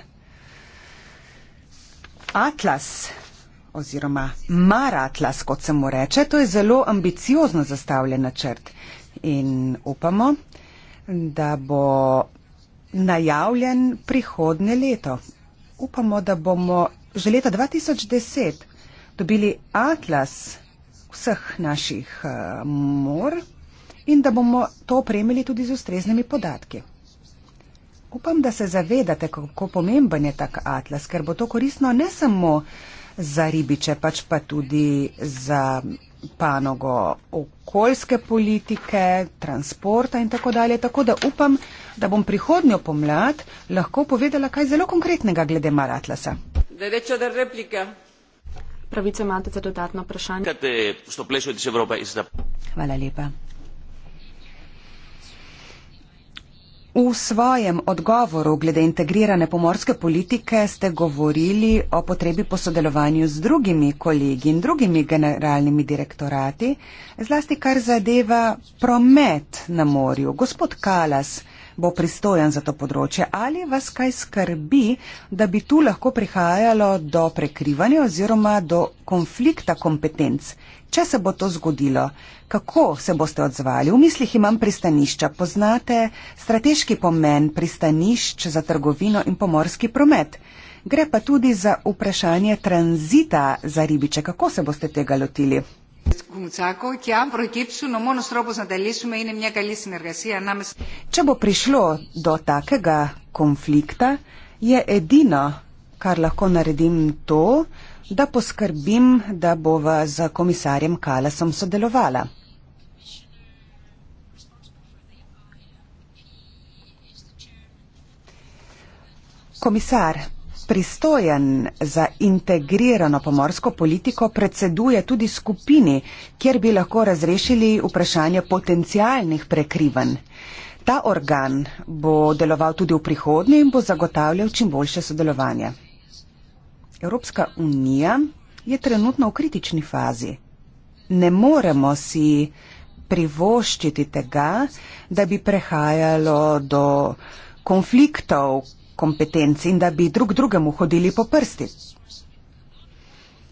Atlas oziroma Mar Atlas, kot se mu reče, to je zelo ambiciozno zastavljen načrt. In upamo, da bo najavljen prihodne leto upamo, da bomo že leta 2010 dobili atlas vseh naših eh, mor in da bomo to opremili tudi z ustreznimi podatki. Upam, da se zavedate, kako pomemben je tak atlas, ker bo to koristno ne samo za ribiče, pač pa tudi za panogo okoljske politike, transporta in tako dalje. Tako da upam, da bom prihodnjo pomlad lahko povedala kaj zelo konkretnega glede Maratlasa. Pravice imate za dodatno vprašanje. Hvala lepa. V svojem odgovoru glede integrirane pomorske politike ste govorili o potrebi po sodelovanju z drugimi kolegi in drugimi generalnimi direktorati, zlasti kar zadeva promet na morju. Gospod Kalas bo pristojen za to področje. Ali vas kaj skrbi, da bi tu lahko prihajalo do prekrivanja oziroma do konflikta kompetenc, če se bo to zgodilo, kako se boste odzvali? V mislih imam pristanišča. Poznate strateški pomen pristanišč za trgovino in pomorski promet. Gre pa tudi za vprašanje tranzita za ribiče. Kako se boste tega lotili? No, če bo prišlo do takega konflikta, je edino, kar lahko naredim, to, da poskrbim, da bova z komisarjem Kalasom sodelovala. Komisar, pristojen za integrirano pomorsko politiko, predseduje tudi skupini, kjer bi lahko razrešili vprašanje potencijalnih prekriven. Ta organ bo deloval tudi v prihodnje in bo zagotavljal čim boljše sodelovanje. Evropska unija je trenutno v kritični fazi. Ne moremo si privoščiti tega, da bi prehajalo do konfliktov kompetenc in da bi drug drugemu hodili po prsti.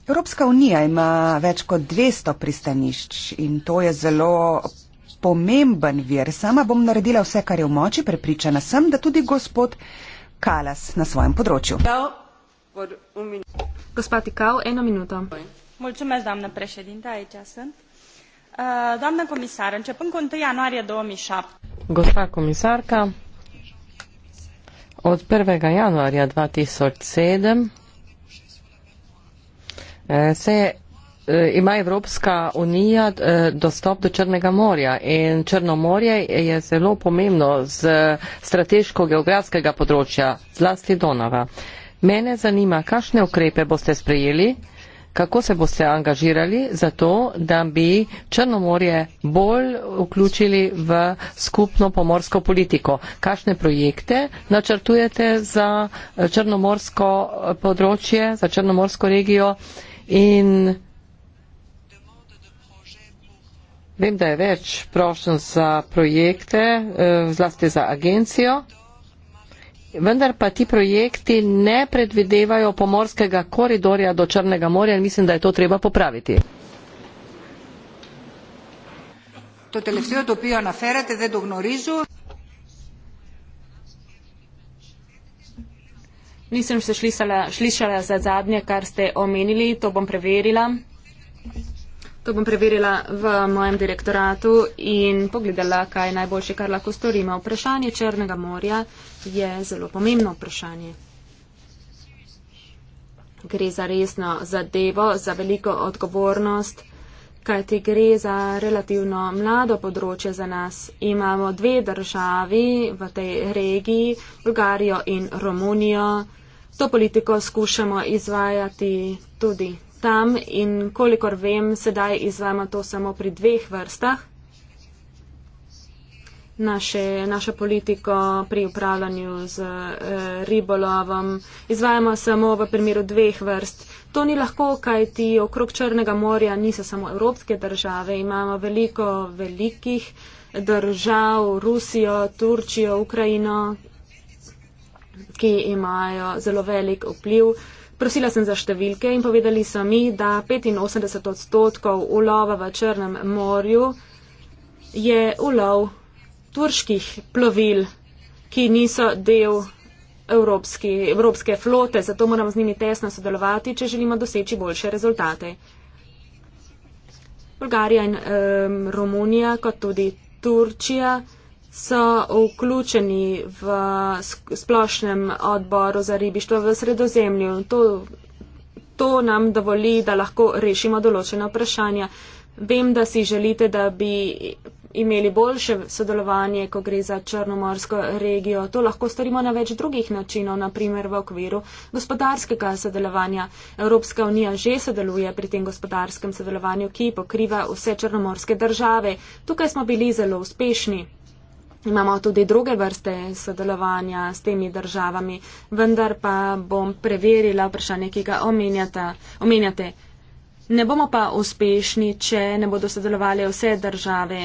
Evropska unija ima več kot 200 pristanišč in to je zelo pomemben vir. Sama bom naredila vse, kar je v moči, prepričana sem, da tudi gospod Kalas na svojem področju. No. Uh, doamnă comisar, începând cu 1 ianuarie 2007... Gospa komisarka, od 1. januarja 2007 eh, se eh, ima Evropska unija eh, dostop do Črnega morja in Črno morje je zelo pomembno z strateško-geografskega področja, zlasti Donava. Mene zanima, kakšne ukrepe boste sprejeli, kako se boste angažirali za to, da bi Črnomorje bolj vključili v skupno pomorsko politiko. Kakšne projekte načrtujete za eh, Črnomorsko eh, področje, za Črnomorsko regijo in Vem, da je več prošen za projekte, eh, zlasti za agencijo vendar pa ti projekti ne predvidevajo pomorskega koridorja do Črnega morja in mislim, da je to treba popraviti. Nisem se slišala za zadnje, kar ste omenili, to bom preverila. To bom preverila v mojem direktoratu in pogledala, kaj je najboljše, kar lahko storimo. Vprašanje Črnega morja je zelo pomembno vprašanje. Gre za resno zadevo, za veliko odgovornost, kajti gre za relativno mlado področje za nas. Imamo dve državi v tej regiji, Bulgarijo in Romunijo. To politiko skušamo izvajati tudi tam in kolikor vem, sedaj izvajamo to samo pri dveh vrstah. Naše, našo politiko pri upravljanju z eh, ribolovom izvajamo samo v primeru dveh vrst. To ni lahko, kaj ti okrog Črnega morja niso samo evropske države. Imamo veliko velikih držav, Rusijo, Turčijo, Ukrajino, ki imajo zelo velik vpliv eh, Prosila sem za številke in povedali so mi, da 85 odstotkov ulova v Črnem morju je ulov turških plovil, ki niso del evropski, evropske flote, zato moramo z njimi tesno sodelovati, če želimo doseči boljše rezultate. Bolgarija in um, Romunija, kot tudi Turčija, so vključeni v splošnem odboru za ribištvo v sredozemlju. To, to nam dovoli, da lahko rešimo določene vprašanja. Vem, da si želite, da bi imeli boljše sodelovanje, ko gre za Črnomorsko regijo. To lahko storimo na več drugih načinov, naprimer v okviru gospodarskega sodelovanja. Evropska unija že sodeluje pri tem gospodarskem sodelovanju, ki pokriva vse črnomorske države. Tukaj smo bili zelo uspešni. Imamo tudi druge vrste sodelovanja s temi državami, vendar pa bom preverila vprašanje, ki ga omenjate. Ne bomo pa uspešni, če ne bodo sodelovali vse države.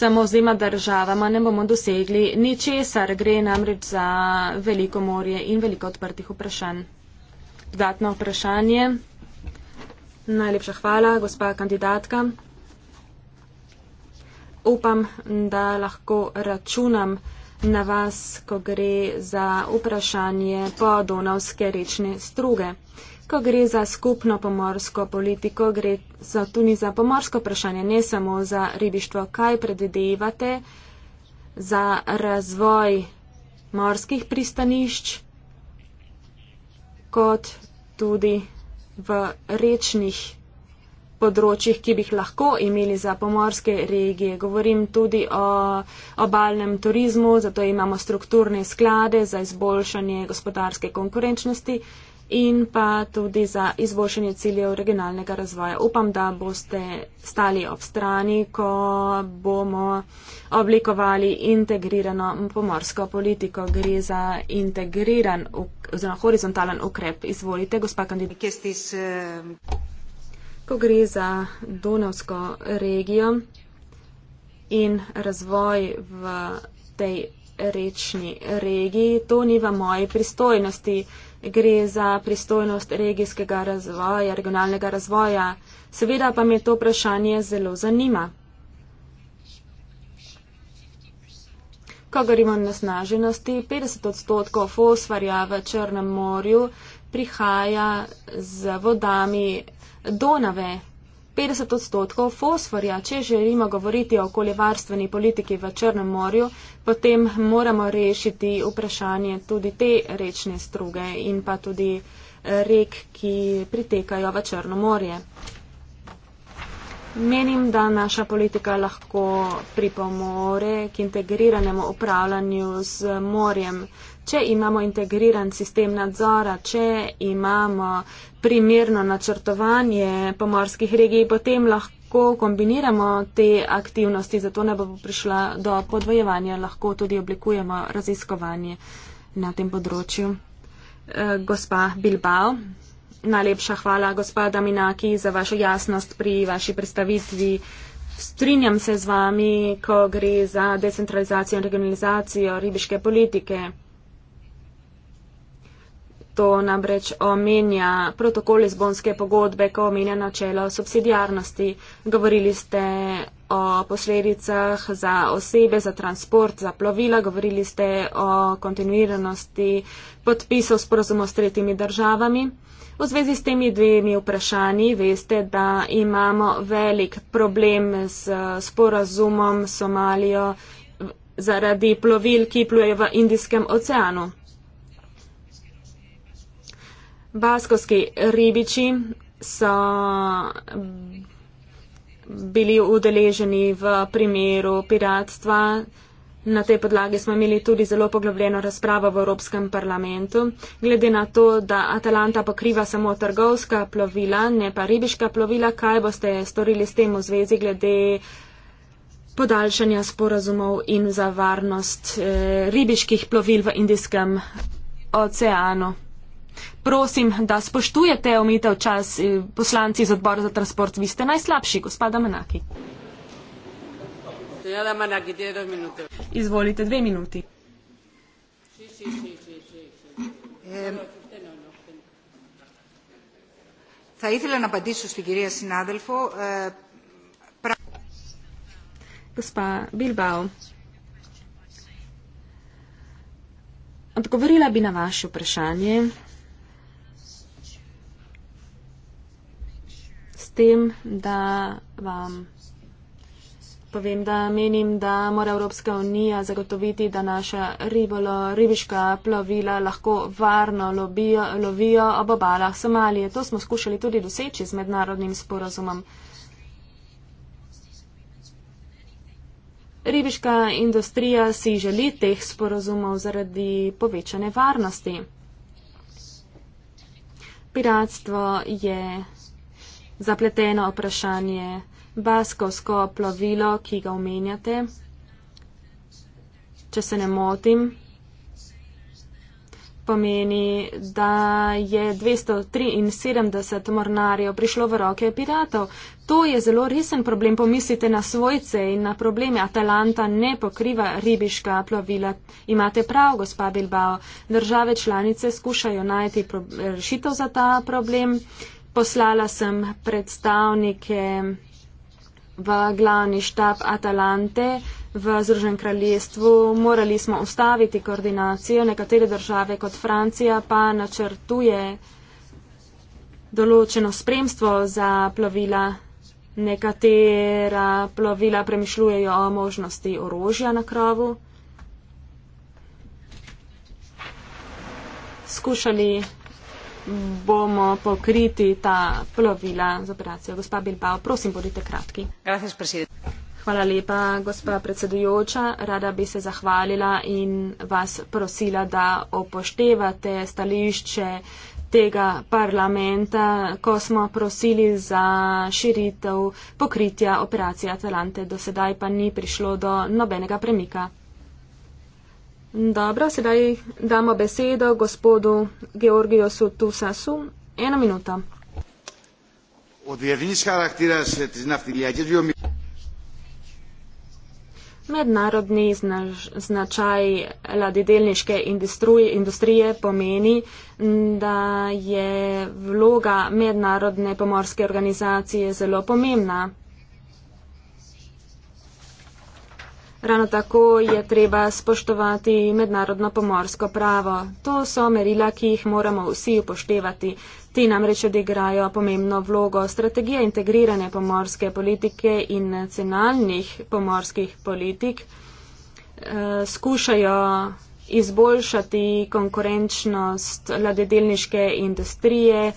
Samo z dvema državama ne bomo dosegli ničesar, gre namreč za veliko morje in veliko odprtih vprašanj. Dodatno vprašanje. Najlepša hvala, gospa kandidatka upam, da lahko računam na vas, ko gre za vprašanje po donovske rečne struge. Ko gre za skupno pomorsko politiko, gre za, tudi za pomorsko vprašanje, ne samo za ribištvo. Kaj predvidevate za razvoj morskih pristanišč, kot tudi v rečnih pristanišč? področjih, ki bi jih lahko imeli za pomorske regije. Govorim tudi o obalnem turizmu, zato imamo strukturne sklade za izboljšanje gospodarske konkurenčnosti in pa tudi za izboljšanje ciljev regionalnega razvoja. Upam, da boste stali ob strani, ko bomo oblikovali integrirano pomorsko politiko. Gre za integriran oziroma horizontalen ukrep. Izvolite, gospa kandidatka ko gre za Donavsko regijo in razvoj v tej rečni regiji. To ni v moji pristojnosti. Gre za pristojnost regijskega razvoja, regionalnega razvoja. Seveda pa me to vprašanje zelo zanima. Ko govorimo o nasnaženosti, 50 odstotkov fosfarja v Črnem morju prihaja z vodami Donave. 50 odstotkov fosforja, če želimo govoriti o okoljevarstveni politiki v Črnem morju, potem moramo rešiti vprašanje tudi te rečne struge in pa tudi rek, ki pritekajo v Črno morje. Menim, da naša politika lahko pripomore k integriranemu upravljanju z morjem. Če imamo integriran sistem nadzora, če imamo primerno načrtovanje pomorskih regij, potem lahko kombiniramo te aktivnosti, zato ne bo prišla do podvojevanja, lahko tudi oblikujemo raziskovanje na tem področju. Eh, gospa Bilbao. Najlepša hvala, gospoda Minaki, za vašo jasnost pri vaši predstavitvi. Strinjam se z vami, ko gre za decentralizacijo in regionalizacijo ribiške politike. To namreč omenja protokol iz bonske pogodbe, ko omenja načelo subsidijarnosti. Govorili ste o posledicah za osebe, za transport, za plovila, govorili ste o kontinuiranosti podpisov sporozumov s tretjimi državami. V zvezi s temi dvemi vprašanji veste, da imamo velik problem s sporazumom Somalijo zaradi plovil, ki plujejo v Indijskem oceanu. Baskovski ribiči so bili udeleženi v primeru piratstva Na tej podlagi smo imeli tudi zelo poglobljeno razpravo v Evropskem parlamentu. Glede na to, da Atalanta pokriva samo trgovska plovila, ne pa ribiška plovila, kaj boste storili s tem v zvezi glede podaljšanja sporazumov in za varnost eh, ribiških plovil v Indijskem oceanu? Prosim, da spoštujete omitev čas eh, poslanci iz odbora za transport. Vi ste najslabši, gospoda Menaki. Señora Damana, aquí tiene dos minutos. Izvolite, dve minuti. Sí, sí, sí, sí, sí. sí. Eh, no, no, no, no. Θα ήθελα να απαντήσω στην κυρία συνάδελφο. Ε, πρα... Γκοσπά, Μπιλμπάο. Odgovorila bi na vaše vprašanje s tem, da vam povem, da menim, da mora Evropska unija zagotoviti, da naša ribolo, ribiška plovila lahko varno lobijo, lovijo ob obalah Somalije. To smo skušali tudi doseči z mednarodnim sporozumom. Ribiška industrija si želi teh sporozumov zaradi povečane varnosti. Piratstvo je zapleteno vprašanje baskovsko plovilo, ki ga omenjate, če se ne motim, pomeni, da je 273 mornarjev prišlo v roke piratov. To je zelo resen problem. Pomislite na svojce in na probleme. Atalanta ne pokriva ribiška plovila. Imate prav, gospa Bilbao. Države članice skušajo najti rešitev za ta problem. Poslala sem predstavnike v glavni štab Atalante v Združenem kraljestvu. Morali smo ustaviti koordinacijo, nekatere države kot Francija pa načrtuje določeno spremstvo za plovila. Nekatera plovila premišljujejo o možnosti orožja na krovu. Skušali bomo pokriti ta plovila z operacijo. Gospa Bilbao, prosim, bodite kratki. Hvala lepa, gospa predsedujoča. Rada bi se zahvalila in vas prosila, da upoštevate stališče tega parlamenta, ko smo prosili za širitev pokritja operacije Atalante. Do sedaj pa ni prišlo do nobenega premika. Dobro, sedaj damo besedo gospodu Georgiju Sutusasu. Ena minuta. Mednarodni značaj ladidelniške industrije pomeni, da je vloga mednarodne pomorske organizacije zelo pomembna. Ravno tako je treba spoštovati mednarodno pomorsko pravo. To so merila, ki jih moramo vsi upoštevati. Ti namreč odigrajo pomembno vlogo. Strategija integrirane pomorske politike in nacionalnih pomorskih politik eh, skušajo izboljšati konkurenčnost ladedelniške industrije.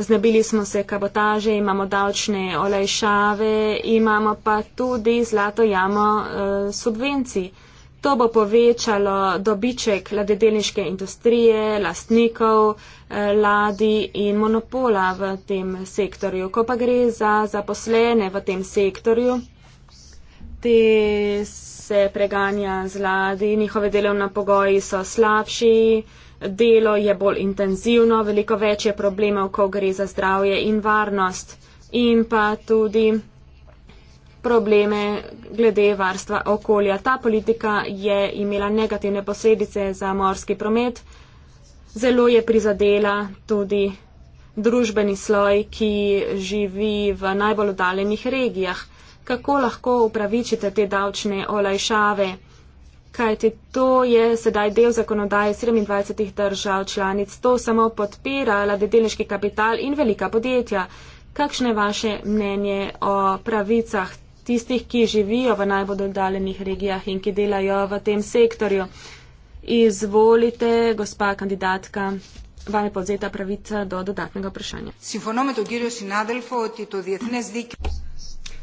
Znebili smo se kabotaže, imamo davčne olajšave, imamo pa tudi zlato jamo eh, subvencij. To bo povečalo dobiček ladedelniške industrije, lastnikov, eh, ladi in monopola v tem sektorju. Ko pa gre za zaposlene v tem sektorju, te se preganja z ladi, njihove delovne pogoji so slabši. Eh, Delo je bolj intenzivno, veliko več je problemov, ko gre za zdravje in varnost in pa tudi probleme glede varstva okolja. Ta politika je imela negativne posledice za morski promet. Zelo je prizadela tudi družbeni sloj, ki živi v najbolj oddaljenih regijah. Kako lahko upravičite te davčne olajšave? kajti to je sedaj del zakonodaje 27 držav članic. To samo podpira ladedelniški kapital in velika podjetja. Kakšno je vaše mnenje o pravicah tistih, ki živijo v najbolj oddaljenih regijah in ki delajo v tem sektorju? Izvolite, gospa kandidatka. Vam je povzeta pravica do dodatnega vprašanja.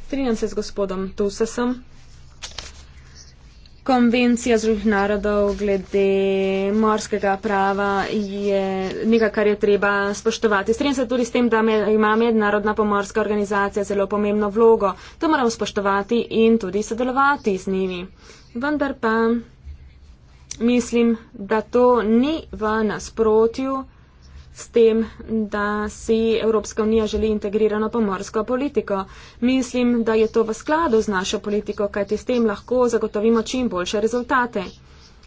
Strinjam se s gospodom Tusasom. Konvencija Združenih narodov glede morskega prava je nekaj, kar je treba spoštovati. Strenj se tudi s tem, da ima mednarodna pomorska organizacija zelo pomembno vlogo. To moramo spoštovati in tudi sodelovati z njimi. Vendar pa mislim, da to ni v nasprotju s tem, da si Evropska unija želi integrirano pomorsko politiko. Mislim, da je to v skladu z našo politiko, kajti s tem lahko zagotovimo čim boljše rezultate.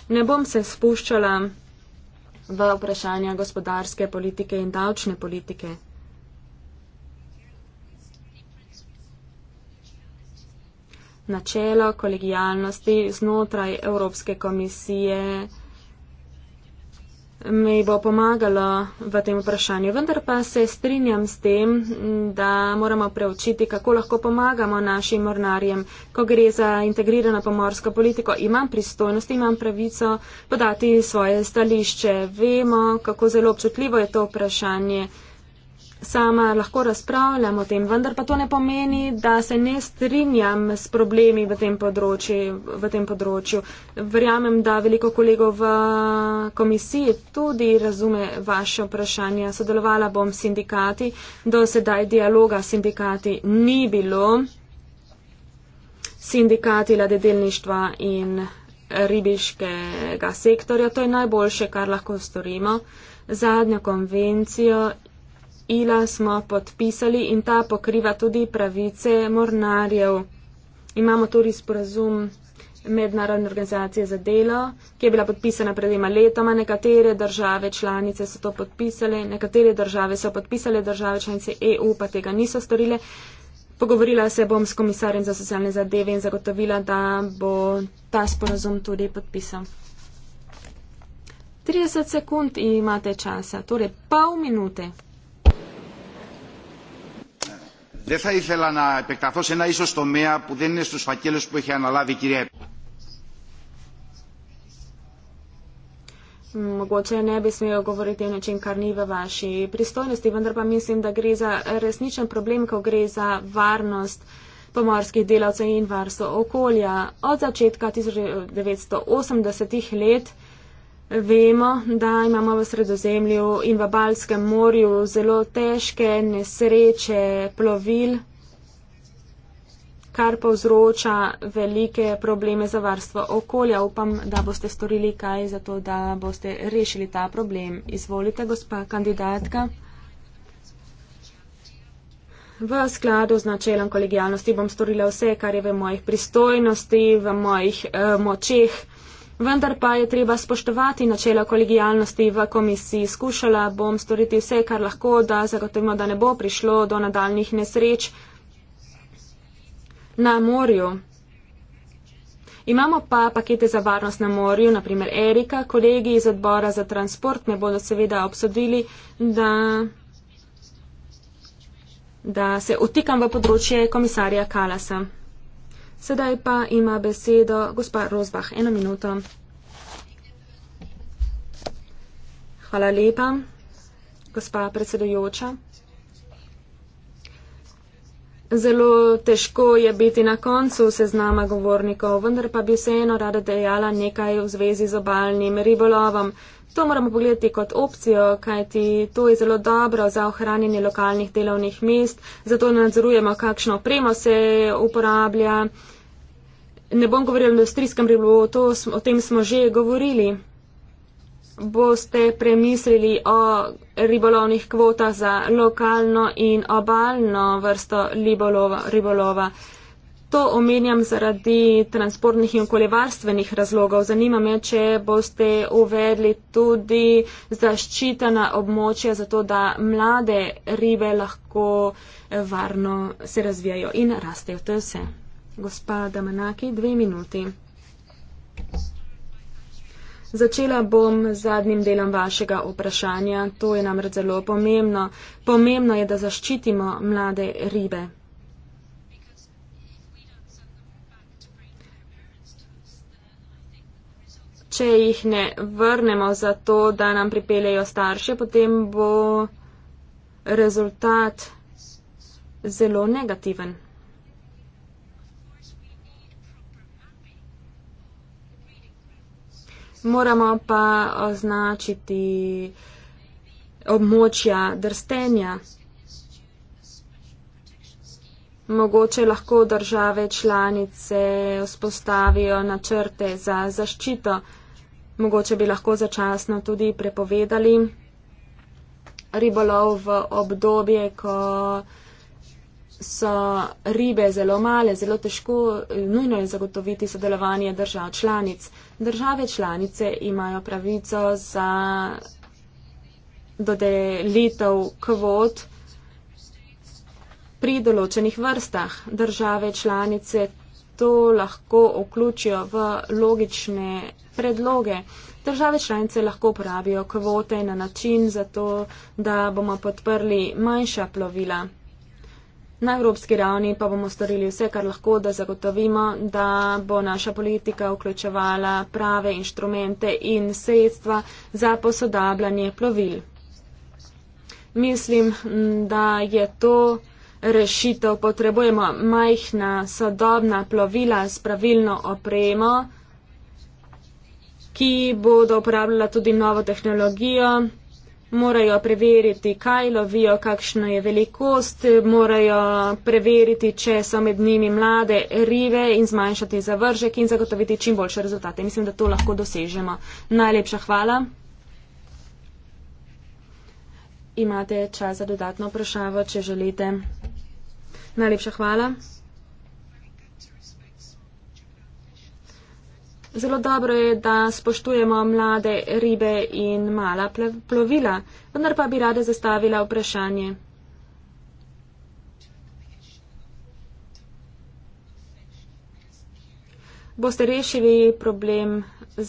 Ne bom se spuščala v vprašanja gospodarske politike in davčne politike. Načelo kolegijalnosti znotraj Evropske komisije mi bo pomagalo v tem vprašanju. Vendar pa se strinjam s tem, da moramo preučiti, kako lahko pomagamo našim mornarjem, ko gre za integrirano pomorsko politiko. Imam pristojnost, imam pravico podati svoje stališče. Vemo, kako zelo občutljivo je to vprašanje sama lahko razpravljam o tem, vendar pa to ne pomeni, da se ne strinjam s problemi v tem področju. V tem področju. Verjamem, da veliko kolegov v komisiji tudi razume vaše vprašanje. Sodelovala bom s sindikati. Do sedaj dialoga s sindikati ni bilo. Sindikati ladedelništva in ribiškega sektorja, to je najboljše, kar lahko storimo. Zadnjo konvencijo ila smo podpisali in ta pokriva tudi pravice mornarjev. Imamo tudi sporazum mednarodne organizacije za delo, ki je bila podpisana pred dvema letoma. Nekatere države članice so to podpisale, nekatere države so podpisale, države članice EU pa tega niso storile. Pogovorila se bom s komisarjem za socialne zadeve in zagotovila, da bo ta sporazum tudi podpisan. 30 sekund imate časa, torej pol minute. Δεν θα ήθελα να επεκταθώ σε ένα ίσω τομέα που δεν είναι στους φακέλους που έχει αναλάβει η κυρία Mogoče ne bi smel govoriti o nečem, kar ni v vaši pristojnosti, vendar pa mislim, da gre za resničen problem, ko gre za varnost pomorskih delavcev in varstvo okolja. Od začetka 1980-ih let Vemo, da imamo v sredozemlju in v Balskem morju zelo težke nesreče plovil, kar povzroča velike probleme za varstvo okolja. Upam, da boste storili kaj za to, da boste rešili ta problem. Izvolite, gospa kandidatka. V skladu z načelom kolegijalnosti bom storila vse, kar je v mojih pristojnosti, v mojih uh, močeh. Vendar pa je treba spoštovati načelo kolegijalnosti v komisiji. Skušala bom storiti vse, kar lahko, da zagotovimo, da ne bo prišlo do nadaljnih nesreč na morju. Imamo pa pakete za varnost na morju, naprimer Erika. Kolegi iz odbora za transport me bodo seveda obsodili, da, da se utikam v področje komisarja Kalasa. Sedaj pa ima besedo gospa Rozbah. Eno minuto. Hvala lepa, gospa predsedujoča. Zelo težko je biti na koncu seznama govornikov, vendar pa bi vseeno rada dejala nekaj v zvezi z obaljnim ribolovom. To moramo pogledati kot opcijo, kajti to je zelo dobro za ohranjanje lokalnih delovnih mest, zato nadzorujemo, kakšno opremo se uporablja. Ne bom govoril o industrijskem ribolovu, o tem smo že govorili. Boste premislili o ribolovnih kvotah za lokalno in obaljno vrsto ribolova. ribolova. To omenjam zaradi transportnih in okoljevarstvenih razlogov. Zanima me, če boste uvedli tudi zaščitena območja za to, da mlade ribe lahko eh, varno se razvijajo in rastejo. To je vse. Gospa Damanaki, dve minuti. Začela bom z zadnjim delom vašega vprašanja. To je namreč zelo pomembno. Pomembno je, da zaščitimo mlade ribe. če jih ne vrnemo za to, da nam pripeljejo starše, potem bo rezultat zelo negativen. Moramo pa označiti območja drstenja. Mogoče lahko države članice vzpostavijo načrte za zaščito mogoče bi lahko začasno tudi prepovedali ribolov v obdobje, ko so ribe zelo male, zelo težko, nujno je zagotoviti sodelovanje držav članic. Države članice imajo pravico za dodelitev kvot pri določenih vrstah. Države članice to lahko vključijo v logične predloge. Države članice lahko uporabijo kvote na način za to, da bomo podprli manjša plovila. Na evropski ravni pa bomo storili vse, kar lahko, da zagotovimo, da bo naša politika vključevala prave inštrumente in sredstva za posodabljanje plovil. Mislim, da je to rešitev. Potrebujemo majhna, sodobna plovila s pravilno opremo ki bodo uporabljala tudi novo tehnologijo, morajo preveriti, kaj lovijo, kakšno je velikost, morajo preveriti, če so med njimi mlade rive in zmanjšati zavržek in zagotoviti čim boljše rezultate. Mislim, da to lahko dosežemo. Najlepša hvala. Imate čas za dodatno vprašanje, če želite. Najlepša hvala. Zelo dobro je, da spoštujemo mlade ribe in mala plovila, vendar pa bi rada zastavila vprašanje. Boste rešili problem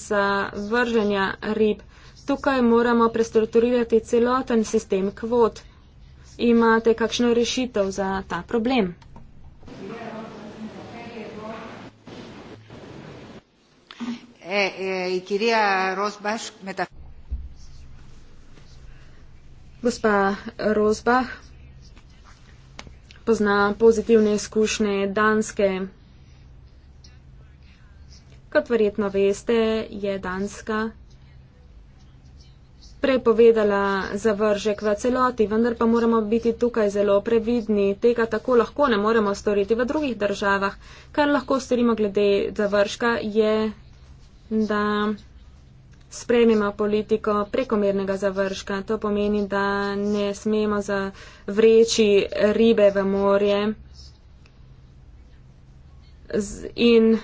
zavrženja rib? Tukaj moramo prestrukturirati celoten sistem kvot. Imate kakšno rešitev za ta problem? Yeah. Ε, ε, η κυρία Ρόσμπαχ μεταφράζει. pozna pozitivne izkušnje Danske. Kot verjetno veste, je Danska prepovedala zavržek v celoti, vendar pa moramo biti tukaj zelo previdni. Tega tako lahko ne moremo storiti v drugih državah. Kar lahko storimo glede zavržka je da sprejmemo politiko prekomernega završka. To pomeni, da ne smemo zavreči ribe v morje in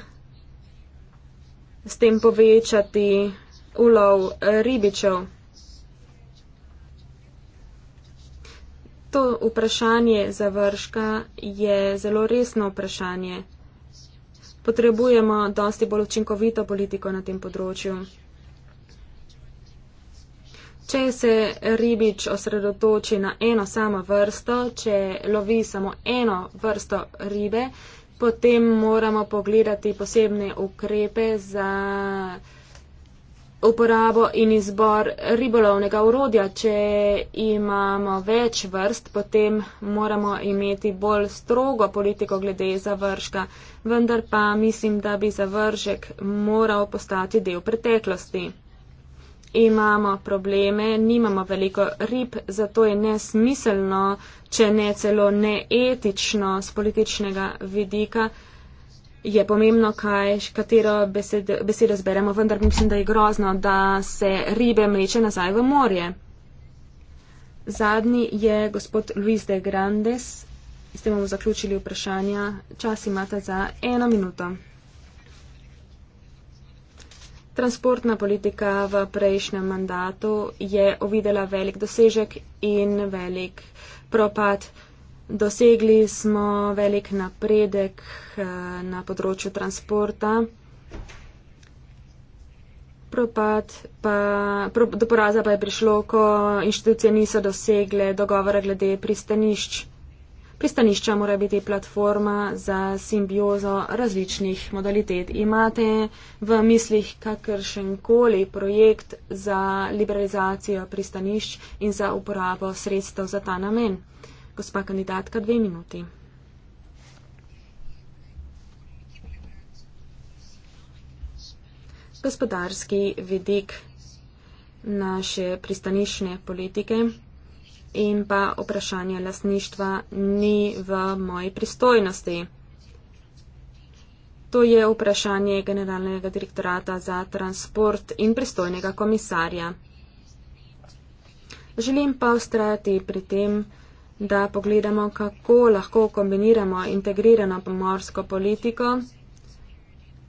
s tem povečati ulov ribičev. To vprašanje završka je zelo resno vprašanje potrebujemo dosti bolj učinkovito politiko na tem področju. Če se ribič osredotoči na eno samo vrsto, če lovi samo eno vrsto ribe, potem moramo pogledati posebne ukrepe za uporabo in izbor ribolovnega urodja. Če imamo več vrst, potem moramo imeti bolj strogo politiko glede završka vendar pa mislim, da bi zavržek moral postati del preteklosti. Imamo probleme, nimamo veliko rib, zato je nesmiselno, če ne celo neetično z političnega vidika. Je pomembno, kaj, katero besed, besedo zberemo, vendar mislim, da je grozno, da se ribe meče nazaj v morje. Zadnji je gospod Luis de Grandes, Zdaj bomo zaključili vprašanja. Čas imate za eno minuto. Transportna politika v prejšnjem mandatu je uvidela velik dosežek in velik propad. Dosegli smo velik napredek eh, na področju transporta. Propad pa, do poraza pa je prišlo, ko inštitucije niso dosegle dogovora glede pristanišč pristanišča mora biti platforma za simbiozo različnih modalitet. Imate v mislih kakršen koli projekt za liberalizacijo pristanišč in za uporabo sredstev za ta namen? Gospa kandidatka, dve minuti. Gospodarski vidik naše pristanišne politike in pa vprašanje lasništva ni v moji pristojnosti. To je vprašanje generalnega direktorata za transport in pristojnega komisarja. Želim pa ustrajati pri tem, da pogledamo, kako lahko kombiniramo integrirano pomorsko politiko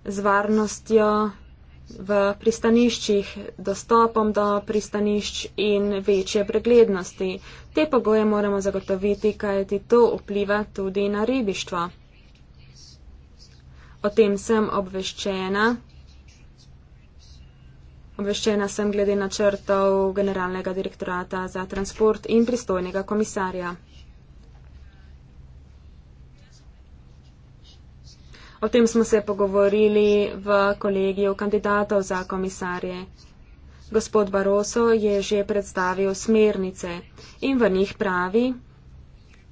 z varnostjo v pristaniščih, dostopom do pristanišč in večje preglednosti. Te pogoje moramo zagotoviti, kajti to vpliva tudi na ribištvo. O tem sem obveščena. Obveščena sem glede načrtov generalnega direktorata za transport in pristojnega komisarja. O tem smo se pogovorili v kolegiju kandidatov za komisarje. Gospod Baroso je že predstavil smernice in v njih pravi,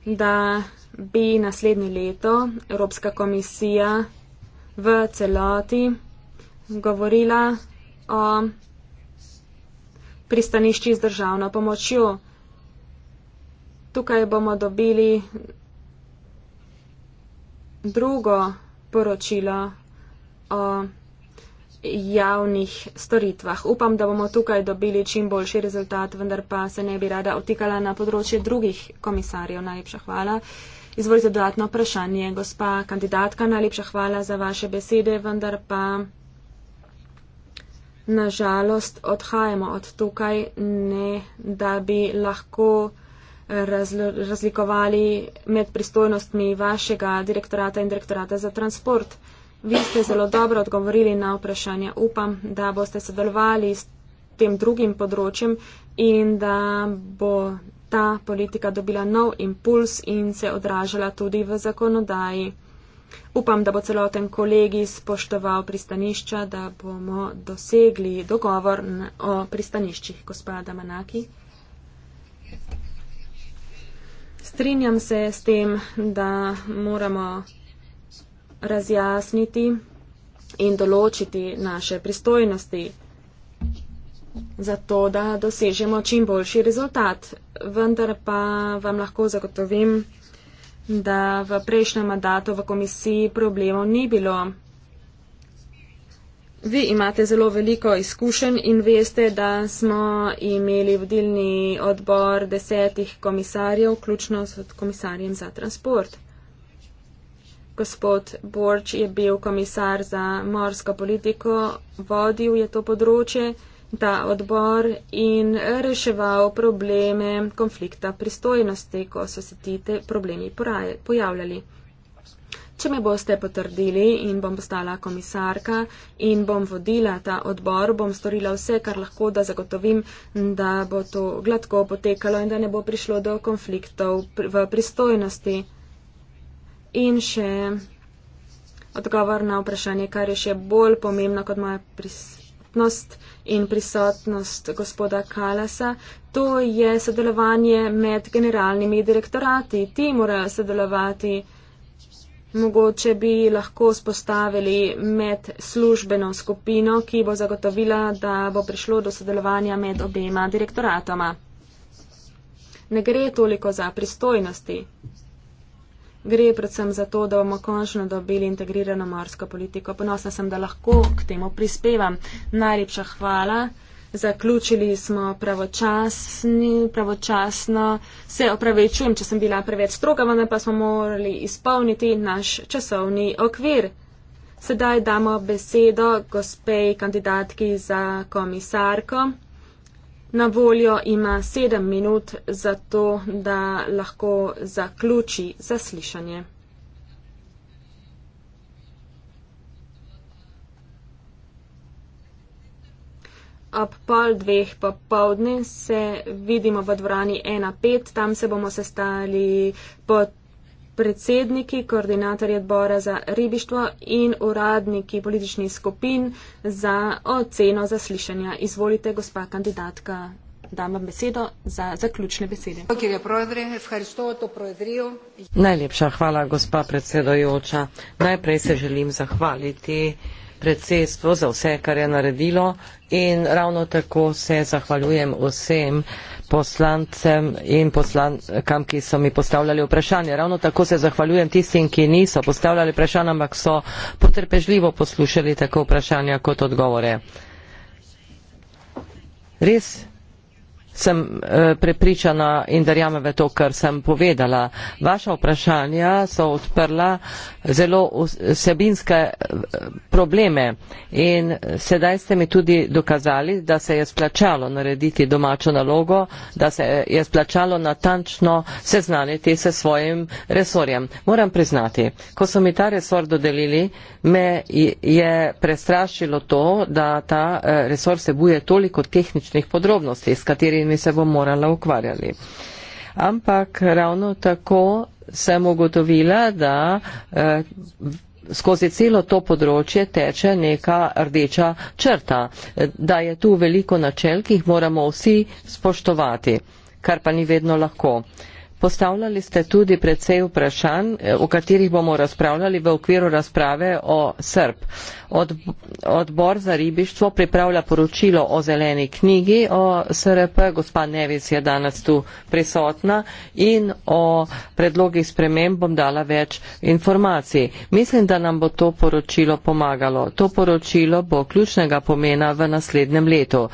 da bi naslednje leto Evropska komisija v celoti govorila o pristanišči z državno pomočjo. Tukaj bomo dobili drugo poročilo o javnih storitvah. Upam, da bomo tukaj dobili čim boljši rezultat, vendar pa se ne bi rada otikala na področje drugih komisarjev. Najlepša hvala. Izvolite dodatno vprašanje, gospa kandidatka. Najlepša hvala za vaše besede, vendar pa nažalost odhajamo od tukaj, ne da bi lahko razl razlikovali med pristojnostmi vašega direktorata in direktorata za transport. Vi ste zelo dobro odgovorili na vprašanje. Upam, da boste sodelovali s tem drugim področjem in da bo ta politika dobila nov impuls in se odražala tudi v zakonodaji. Upam, da bo celoten kolegi spoštoval pristanišča, da bomo dosegli dogovor o pristaniščih, gospoda Manaki. strinjam se s tem, da moramo razjasniti in določiti naše pristojnosti, zato da dosežemo čim boljši rezultat. Vendar pa vam lahko zagotovim, da v prejšnjem mandatu v komisiji problemov ni bilo. Vi imate zelo veliko izkušenj in veste, da smo imeli vodilni odbor desetih komisarjev, vključno s komisarjem za transport. Gospod Borč je bil komisar za morsko politiko, vodil je to področje, ta odbor in reševal probleme konflikta pristojnosti, ko so se ti problemi pojavljali če me boste potrdili in bom postala komisarka in bom vodila ta odbor, bom storila vse, kar lahko, da zagotovim, da bo to gladko potekalo in da ne bo prišlo do konfliktov v pristojnosti. In še odgovor na vprašanje, kar je še bolj pomembno kot moja prisotnost in prisotnost gospoda Kalasa, to je sodelovanje med generalnimi direktorati. Ti morajo sodelovati mogoče bi lahko spostavili med službeno skupino, ki bo zagotovila, da bo prišlo do sodelovanja med obema direktoratoma. Ne gre toliko za pristojnosti. Gre predvsem za to, da bomo končno dobili integrirano morsko politiko. Ponosna sem, da lahko k temu prispevam. Najlepša hvala zaključili smo pravočasni, pravočasno. Se opravičujem, če sem bila preveč stroga, vendar pa smo morali izpolniti naš časovni okvir. Sedaj damo besedo gospej kandidatki za komisarko. Na voljo ima sedem minut za to, da lahko zaključi zaslišanje. ob pol dveh popovdne se vidimo v dvorani 1.5, tam se bomo sestali pod predsedniki, koordinatorji odbora za ribištvo in uradniki političnih skupin za oceno zaslišanja. Izvolite, gospa kandidatka, dam vam besedo za zaključne besede. Najlepša hvala, gospa predsedojoča. Najprej se želim zahvaliti predsedstvo za vse, kar je naredilo in ravno tako se zahvaljujem vsem poslancem in poslankam, ki so mi postavljali vprašanje. Ravno tako se zahvaljujem tistim, ki niso postavljali vprašanje, ampak so potrpežljivo poslušali tako vprašanja kot odgovore. Res sem eh, prepričana in verjamem v to, kar sem povedala. Vaša vprašanja so odprla zelo vsebinske eh, probleme in sedaj ste mi tudi dokazali, da se je splačalo narediti domačo nalogo, da se je splačalo natančno seznaniti se svojim resorjem. Moram priznati, ko so mi ta resor dodelili, me je prestrašilo to, da ta eh, resor se buje toliko tehničnih podrobnosti, s katerimi katerimi se bo morala ukvarjali. Ampak ravno tako sem ugotovila, da eh, skozi celo to področje teče neka rdeča črta, da je tu veliko načel, ki jih moramo vsi spoštovati, kar pa ni vedno lahko. Postavljali ste tudi predvsej vprašanj, eh, o katerih bomo razpravljali v okviru razprave o Srb. Od, odbor za ribištvo pripravlja poročilo o zeleni knjigi o SRP, gospa Nevis je danes tu prisotna in o predlogih sprememb bom dala več informacij. Mislim, da nam bo to poročilo pomagalo. To poročilo bo ključnega pomena v naslednjem letu.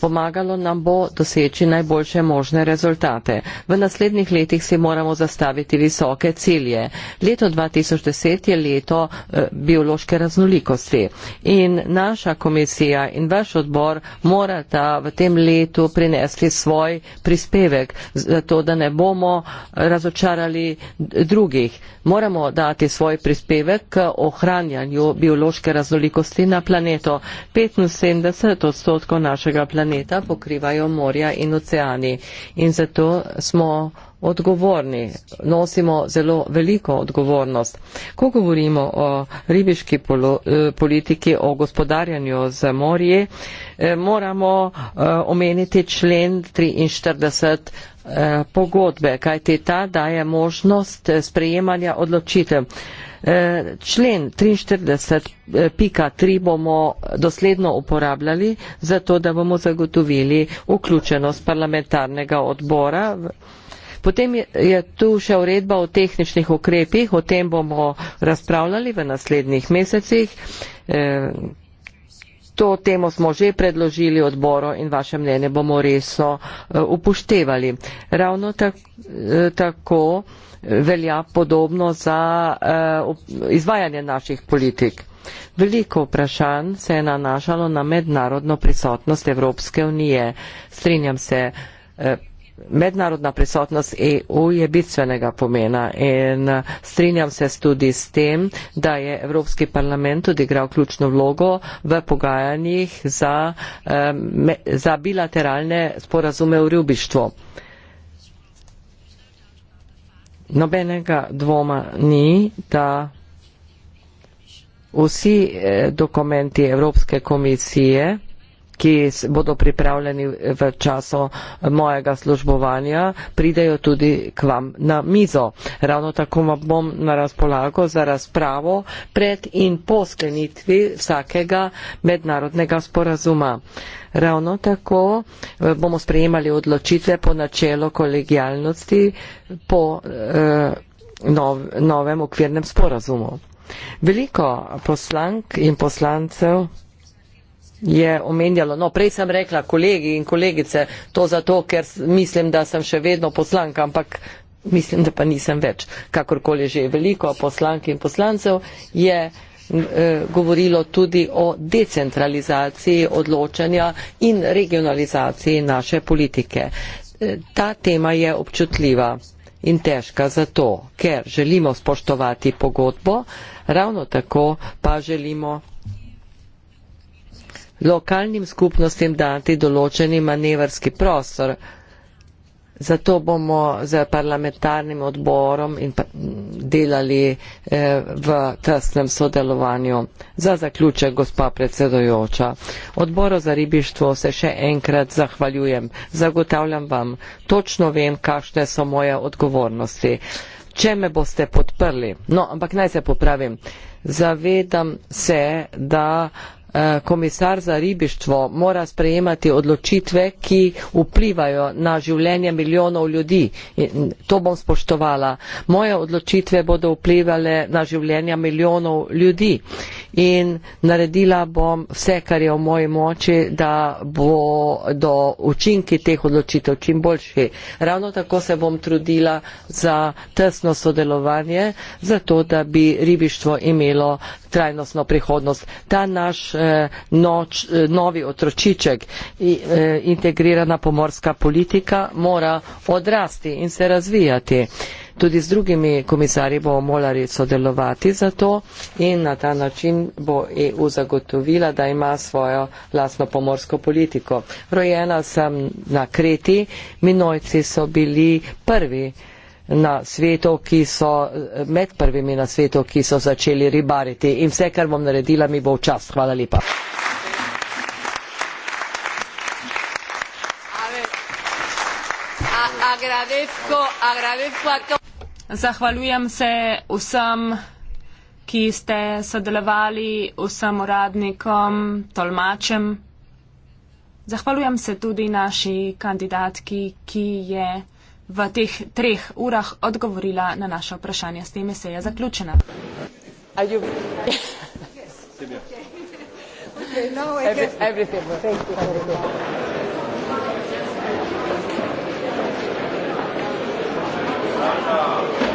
Pomagalo nam bo doseči najboljše možne rezultate. V naslednjih letih si moramo zastaviti visoke cilje. Leto 2010 je leto e, biološke raznolikosti in naša komisija in vaš odbor morata v tem letu prinesti svoj prispevek, zato da ne bomo razočarali drugih. Moramo dati svoj prispevek k ohranjanju biološke raznolikosti na planetu. 75 odstotkov našega planeta planeta pokrivajo morja in oceani. In zato smo odgovorni, nosimo zelo veliko odgovornost. Ko govorimo o ribiški polo, eh, politiki, o gospodarjanju z morje, eh, moramo eh, omeniti člen 43 pogodbe, kajti ta daje možnost sprejemanja odločitev. Eh, člen 43.3 eh, bomo dosledno uporabljali, zato da bomo zagotovili vključenost parlamentarnega odbora. Potem je tu še uredba o tehničnih ukrepih, o tem bomo razpravljali v naslednjih mesecih. Eh, to temo smo že predložili odboru in vaše mnenje bomo resno upoštevali. Ravno tako, tako velja podobno za uh, izvajanje naših politik. Veliko vprašanj se je nanašalo na mednarodno prisotnost Evropske unije. Strinjam se, eh, mednarodna prisotnost EU je bistvenega pomena in eh, strinjam se tudi s tem, da je Evropski parlament odigral ključno vlogo v pogajanjih za, za bilateralne sporazume v ribištvu nobenega dvoma ni, da vsi eh, dokumenti Evropske komisije ki bodo pripravljeni v času mojega službovanja, pridejo tudi k vam na mizo. Ravno tako vam bom na razpolago za razpravo pred in po sklenitvi vsakega mednarodnega sporazuma. Ravno tako eh, bomo sprejemali odločitve po načelu kolegijalnosti po eh, nov, novem okvirnem sporazumu. Veliko poslank in poslancev je omenjalo. No, prej sem rekla kolegi in kolegice, to zato, ker mislim, da sem še vedno poslanka, ampak mislim, da pa nisem več. Kakorkoli že je veliko poslank in poslancev, je e, govorilo tudi o decentralizaciji odločanja in regionalizaciji naše politike. E, ta tema je občutljiva in težka zato, ker želimo spoštovati pogodbo, ravno tako pa želimo lokalnim skupnostim dati določeni manevrski prostor. Zato bomo z parlamentarnim odborom in pa, delali eh, v tesnem sodelovanju. Za zaključek, gospa predsedojoča, odboru za ribištvo se še enkrat zahvaljujem. Zagotavljam vam, točno vem, kakšne so moje odgovornosti. Če me boste podprli, no, ampak naj se popravim, zavedam se, da. Eh, Eh, komisar za ribištvo mora sprejemati odločitve, ki vplivajo na življenje milijonov ljudi. To bom spoštovala. Moje odločitve bodo vplivale na življenje milijonov ljudi in naredila bom vse, kar je v moji moči, da bodo učinki teh odločitev čim boljši. Ravno tako se bom trudila za tesno sodelovanje, zato da bi ribištvo imelo trajnostno prihodnost. Ta naš Eh, noč, eh, novi otročiček. Eh, integrirana pomorska politika mora odrasti in se razvijati. Tudi z drugimi komisarji bomo morali sodelovati za to in na ta način bo EU zagotovila, da ima svojo lastno pomorsko politiko. Rojena sem na Kreti, minojci so bili prvi na svetu, ki so med prvimi na svetu, ki so začeli ribariti. In vse, kar bom naredila, mi bo v čast. Hvala lepa. Zahvaljujem se vsem, ki ste sodelovali, vsem uradnikom, tolmačem. Zahvaljujem se tudi naši kandidatki, ki je v teh treh urah odgovorila na naše vprašanje. S tem je seja zaključena. Thank you.